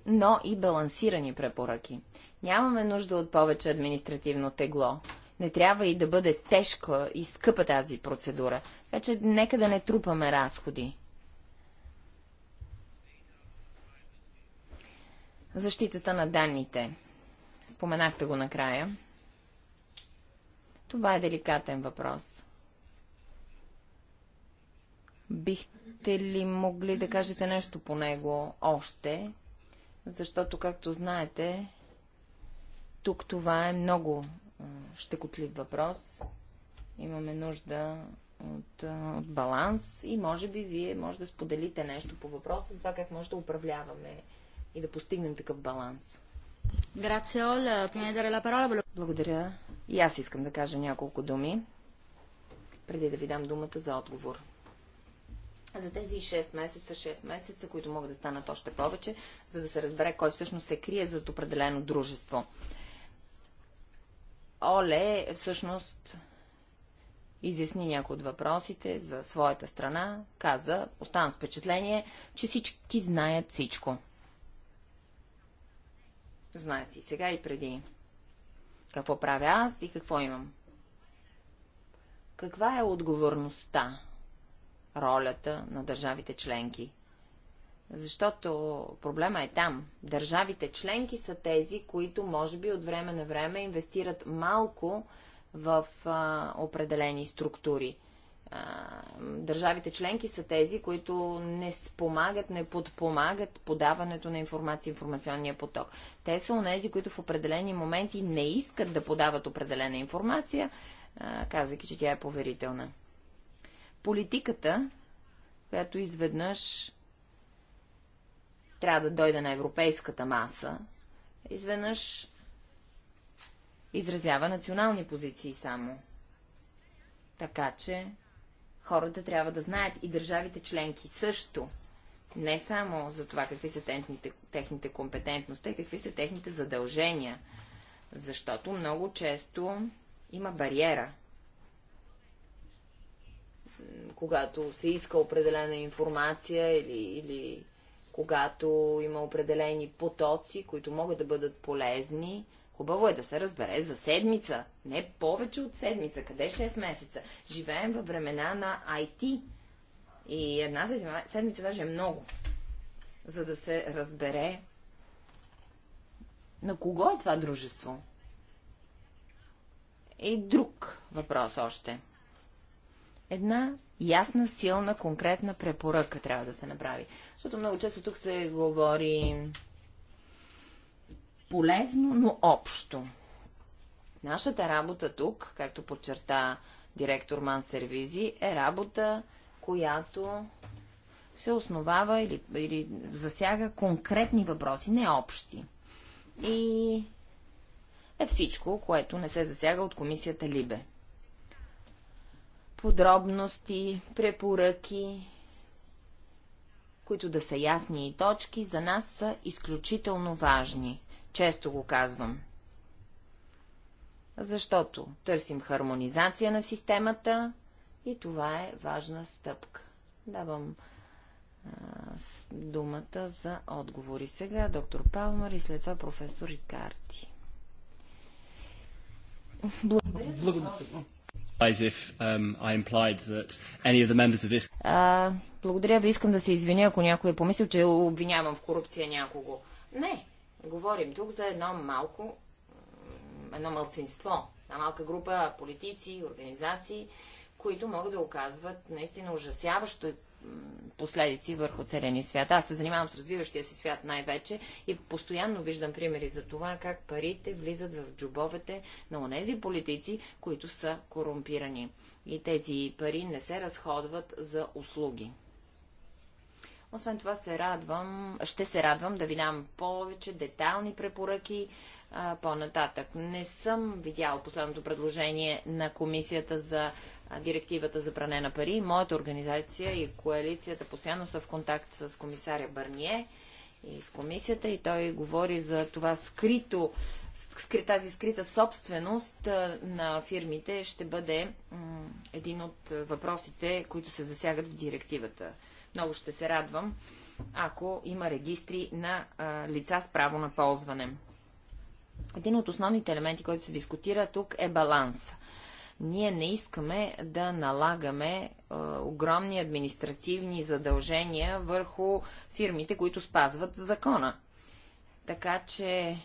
Speaker 2: но и балансирани препоръки. Нямаме нужда от повече административно тегло. Не трябва и да бъде тежка и скъпа тази процедура. Така че нека да не трупаме разходи. Защитата на данните. Споменахте го накрая. Това е деликатен въпрос. Бихте ли могли да кажете нещо по него още? Защото, както знаете, тук това е много щекотлив въпрос. Имаме нужда от, от баланс и може би вие може да споделите нещо по въпроса за това как може да управляваме и да постигнем такъв баланс. Благодаря. И аз искам да кажа няколко думи, преди да ви дам думата за отговор за тези 6 месеца, 6 месеца, които могат да станат още повече, за да се разбере кой всъщност се крие зад определено дружество. Оле всъщност изясни някои от въпросите за своята страна, каза, остана с впечатление, че всички знаят всичко. Знае си сега и преди. Какво правя аз и какво имам? Каква е отговорността? ролята на държавите членки. Защото проблема е там. Държавите членки са тези, които може би от време на време инвестират малко в а, определени структури. А, държавите членки са тези, които не спомагат, не подпомагат подаването на информация, информационния поток. Те са онези, които в определени моменти не искат да подават определена информация, а, казвайки, че тя е поверителна политиката, която изведнъж трябва да дойде на европейската маса, изведнъж изразява национални позиции само. Така че хората трябва да знаят и държавите членки също, не само за това какви са техните, техните компетентности, какви са техните задължения, защото много често има бариера когато се иска определена информация или, или когато има определени потоци, които могат да бъдат полезни, хубаво е да се разбере за седмица, не повече от седмица, къде 6 е месеца. Живеем във времена на IT и една седмица даже е много, за да се разбере на кого е това дружество. И друг въпрос още – една ясна, силна, конкретна препоръка трябва да се направи. Защото много често тук се говори полезно, но общо. Нашата работа тук, както подчерта директор Ман Сервизи, е работа, която се основава или, или засяга конкретни въпроси, не общи. И е всичко, което не се засяга от комисията Либе подробности, препоръки, които да са ясни и точки, за нас са изключително важни. Често го казвам. Защото търсим хармонизация на системата и това е важна стъпка. Давам а, думата за отговори сега доктор Палмар и след това професор Рикарти.
Speaker 5: Благодаря. Благодаря.
Speaker 4: Um,
Speaker 2: а, благодаря ви, искам да се извиня, ако някой е помислил, че обвинявам в корупция някого. Не, говорим тук за едно малко, едно мълцинство, една малка група политици, организации, които могат да оказват наистина ужасяващо последици върху целения свят. Аз се занимавам с развиващия се свят най-вече и постоянно виждам примери за това, как парите влизат в джобовете на онези политици, които са корумпирани. И тези пари не се разходват за услуги. Освен това се радвам, ще се радвам да ви дам повече детални препоръки по-нататък. Не съм видял последното предложение на комисията за директивата за пране на пари. Моята организация и коалицията постоянно са в контакт с комисаря Барние и с комисията и той говори за това скрито, скри, тази скрита собственост на фирмите ще бъде един от въпросите, които се засягат в директивата. Много ще се радвам, ако има регистри на а, лица с право на ползване. Един от основните елементи, който се дискутира тук е баланс. Ние не искаме да налагаме е, огромни административни задължения върху фирмите, които спазват закона. Така че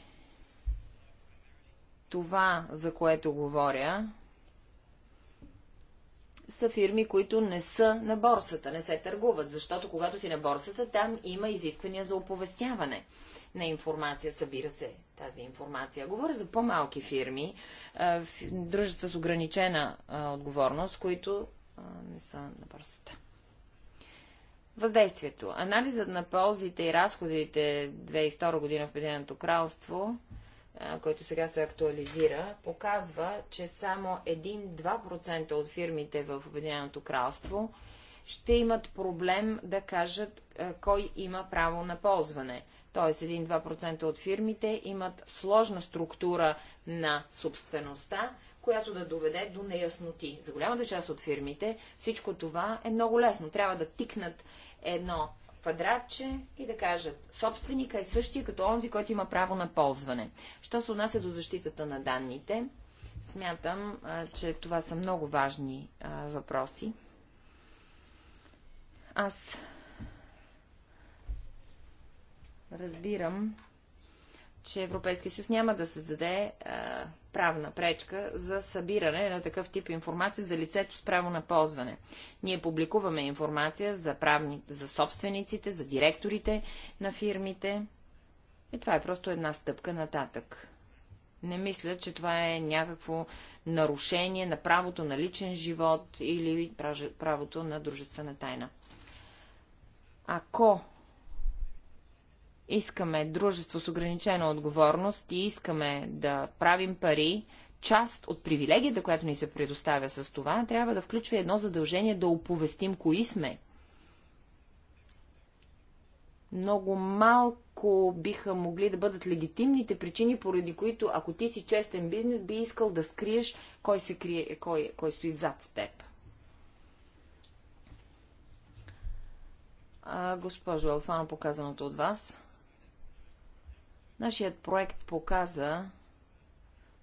Speaker 2: това, за което говоря, са фирми, които не са на борсата, не се търгуват, защото когато си на борсата, там има изисквания за оповестяване на информация. Събира се тази информация. Говоря за по-малки фирми, дружества с ограничена отговорност, които не са на борсата. Въздействието. Анализът на ползите и разходите 2002 година в Обединеното кралство, който сега се актуализира, показва, че само 1-2% от фирмите в Обединеното кралство ще имат проблем да кажат кой има право на ползване т.е. 1-2% от фирмите имат сложна структура на собствеността, която да доведе до неясноти. За голямата част от фирмите всичко това е много лесно. Трябва да тикнат едно квадратче и да кажат, собственика е същия като онзи, който има право на ползване. Що се отнася до защитата на данните, смятам, че това са много важни въпроси. Аз Разбирам, че Европейския съюз няма да създаде а, е, правна пречка за събиране на такъв тип информация за лицето с право на ползване. Ние публикуваме информация за, правни, за собствениците, за директорите на фирмите. И това е просто една стъпка нататък. Не мисля, че това е някакво нарушение на правото на личен живот или правото на дружествена тайна. Ако искаме дружество с ограничена отговорност и искаме да правим пари, част от привилегията, която ни се предоставя с това, трябва да включва едно задължение да оповестим кои сме. Много малко биха могли да бъдат легитимните причини, поради които, ако ти си честен бизнес, би искал да скриеш кой, се крие, кой, кой стои зад теб. А, госпожо Алфано, показаното от вас. Нашият проект показа,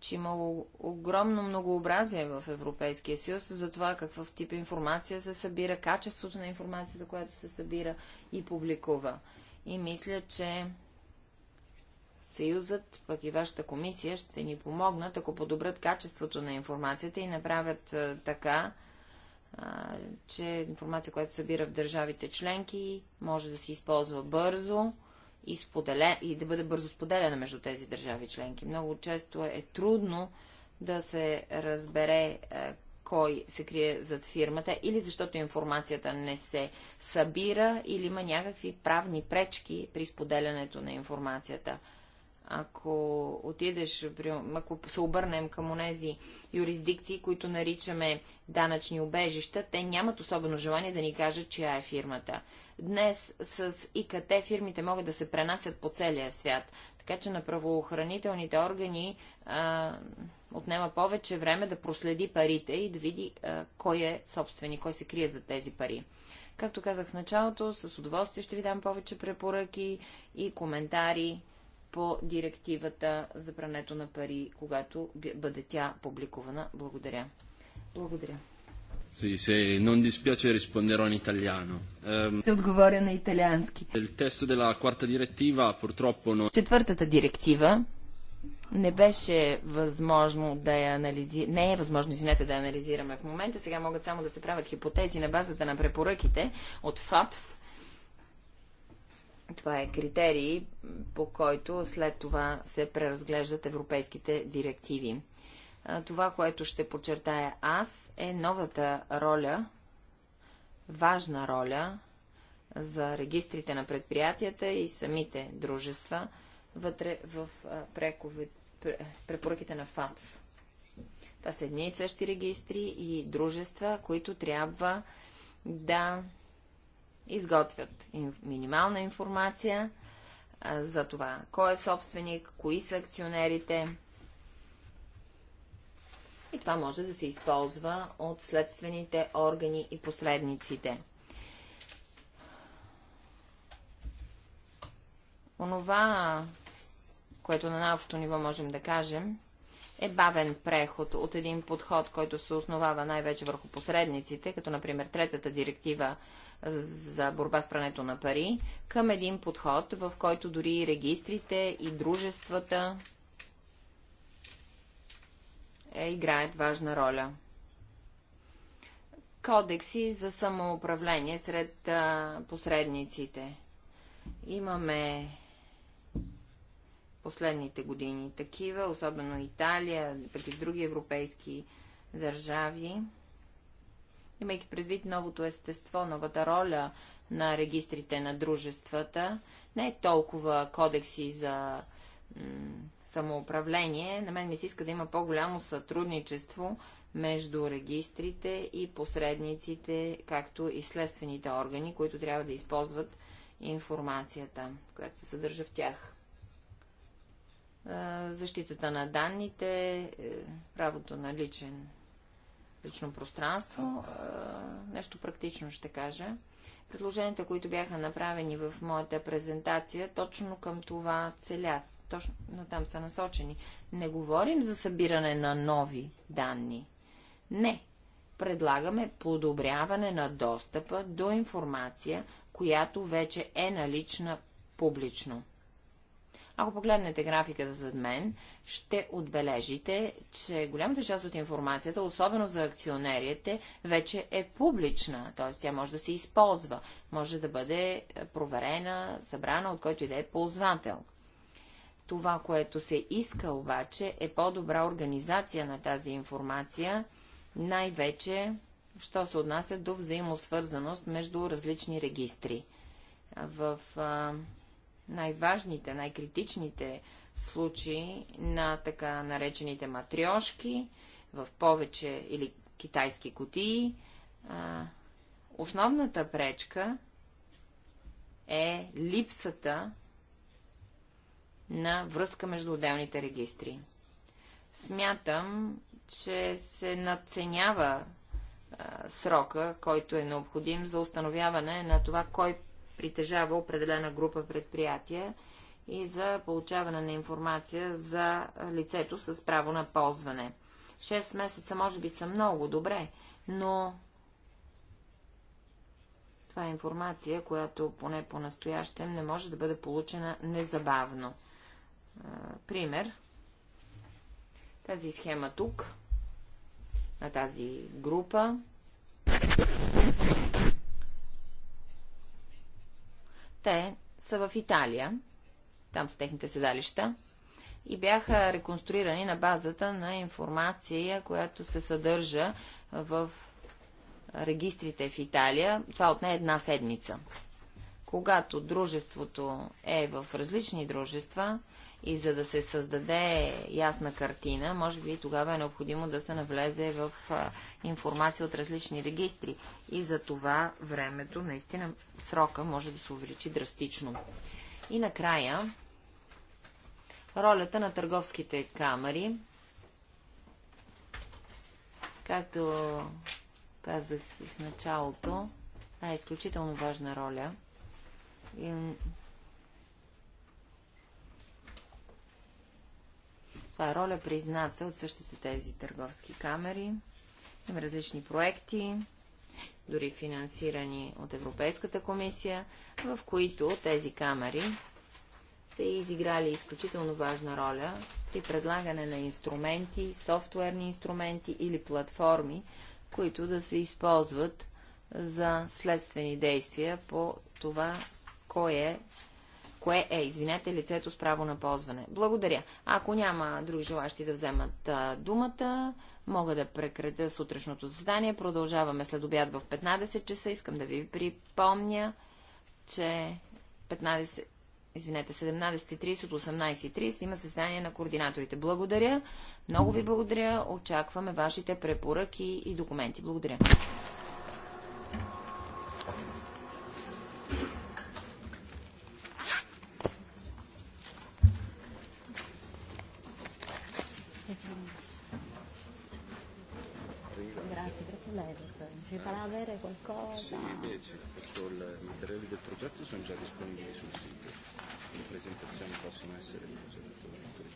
Speaker 2: че има огромно многообразие в Европейския съюз за това какъв тип информация се събира, качеството на информацията, която се събира и публикува. И мисля, че Съюзът, пък и вашата комисия ще ни помогнат, ако подобрят качеството на информацията и направят така, че информация, която се събира в държавите членки, може да се използва бързо и, споделен, и да бъде бързо споделена между тези държави членки. Много често е, е трудно да се разбере е, кой се крие зад фирмата, или защото информацията не се събира, или има някакви правни пречки при споделянето на информацията. Ако отидеш, ако се обърнем към онези юрисдикции, които наричаме данъчни убежища, те нямат особено желание да ни кажат, чия е фирмата. Днес с ИКТ фирмите могат да се пренасят по целия свят. Така че на правоохранителните органи а, отнема повече време да проследи парите и да види а, кой е собственик, кой се крие за тези пари. Както казах в началото, с удоволствие ще ви дам повече препоръки и коментари по директивата за прането на пари, когато бъде тя публикувана. Благодаря. Благодаря.
Speaker 5: Sì, se non dispiace risponderò in italiano. Ehm,
Speaker 2: отговоря на италиански.
Speaker 5: Il testo della
Speaker 2: quarta direttiva purtroppo non... Четвъртата директива не беше възможно да я анализираме. Не е възможно, извинете, да я анализираме в момента. Сега могат само да се правят хипотези на базата на препоръките от ФАТФ. Това е критерий, по който след това се преразглеждат европейските директиви. Това, което ще подчертая аз, е новата роля, важна роля за регистрите на предприятията и самите дружества вътре в препоръките на ФАТВ. Това са едни и същи регистри и дружества, които трябва да изготвят минимална информация за това, кой е собственик, кои са акционерите, и това може да се използва от следствените органи и посредниците. Онова, което на наобщо ниво можем да кажем, е бавен преход от един подход, който се основава най-вече върху посредниците, като например третата директива за борба с прането на пари, към един подход, в който дори и регистрите, и дружествата, е, играят важна роля. Кодекси за самоуправление сред а, посредниците. Имаме последните години такива, особено Италия, пък и други европейски държави. Имайки предвид новото естество, новата роля на регистрите на дружествата, не е толкова кодекси за самоуправление, на мен ми се иска да има по-голямо сътрудничество между регистрите и посредниците, както и следствените органи, които трябва да използват информацията, която се съдържа в тях. Защитата на данните, е, правото на личен, лично пространство, нещо практично ще кажа. Предложенията, които бяха направени в моята презентация, точно към това целят точно на там са насочени. Не говорим за събиране на нови данни. Не. Предлагаме подобряване на достъпа до информация, която вече е налична публично. Ако погледнете графиката зад мен, ще отбележите, че голямата част от информацията, особено за акционерите, вече е публична, т.е. тя може да се използва, може да бъде проверена, събрана от който и да е ползвател. Това, което се иска обаче, е по-добра организация на тази информация, най-вече, що се отнася до взаимосвързаност между различни регистри. В най-важните, най-критичните случаи на така наречените матриошки, в повече или китайски кутии, а, основната пречка е липсата на връзка между отделните регистри. Смятам, че се надценява а, срока, който е необходим за установяване на това, кой притежава определена група предприятия и за получаване на информация за лицето с право на ползване. 6 месеца може би са много добре, но това е информация, която поне по-настоящем не може да бъде получена незабавно пример. Тази схема тук, на тази група. Те са в Италия, там с техните седалища, и бяха реконструирани на базата на информация, която се съдържа в регистрите в Италия. Това отне една седмица. Когато дружеството е в различни дружества, и за да се създаде ясна картина, може би тогава е необходимо да се навлезе в информация от различни регистри. И за това времето, наистина, срока може да се увеличи драстично. И накрая, ролята на търговските камери. Както казах и в началото, е изключително важна роля. Това е роля призната от същите тези търговски камери. Има различни проекти, дори финансирани от Европейската комисия, в които тези камери са изиграли изключително важна роля при предлагане на инструменти, софтуерни инструменти или платформи, които да се използват за следствени действия по това, кой е кое е, извинете, лицето с право на ползване. Благодаря. Ако няма други желащи да вземат а, думата, мога да прекратя сутрешното заседание. Продължаваме след обяд в 15 часа. Искам да ви припомня, че 15 извинете, 17.30 от 18.30 има състояние на координаторите. Благодаря. Много ви благодаря. Очакваме вашите препоръки и документи. Благодаря.
Speaker 5: avere
Speaker 1: qualcosa? Sì,
Speaker 5: invece, perché i materiali del progetto sono già disponibili sul sito,
Speaker 3: le presentazioni possono essere progetto.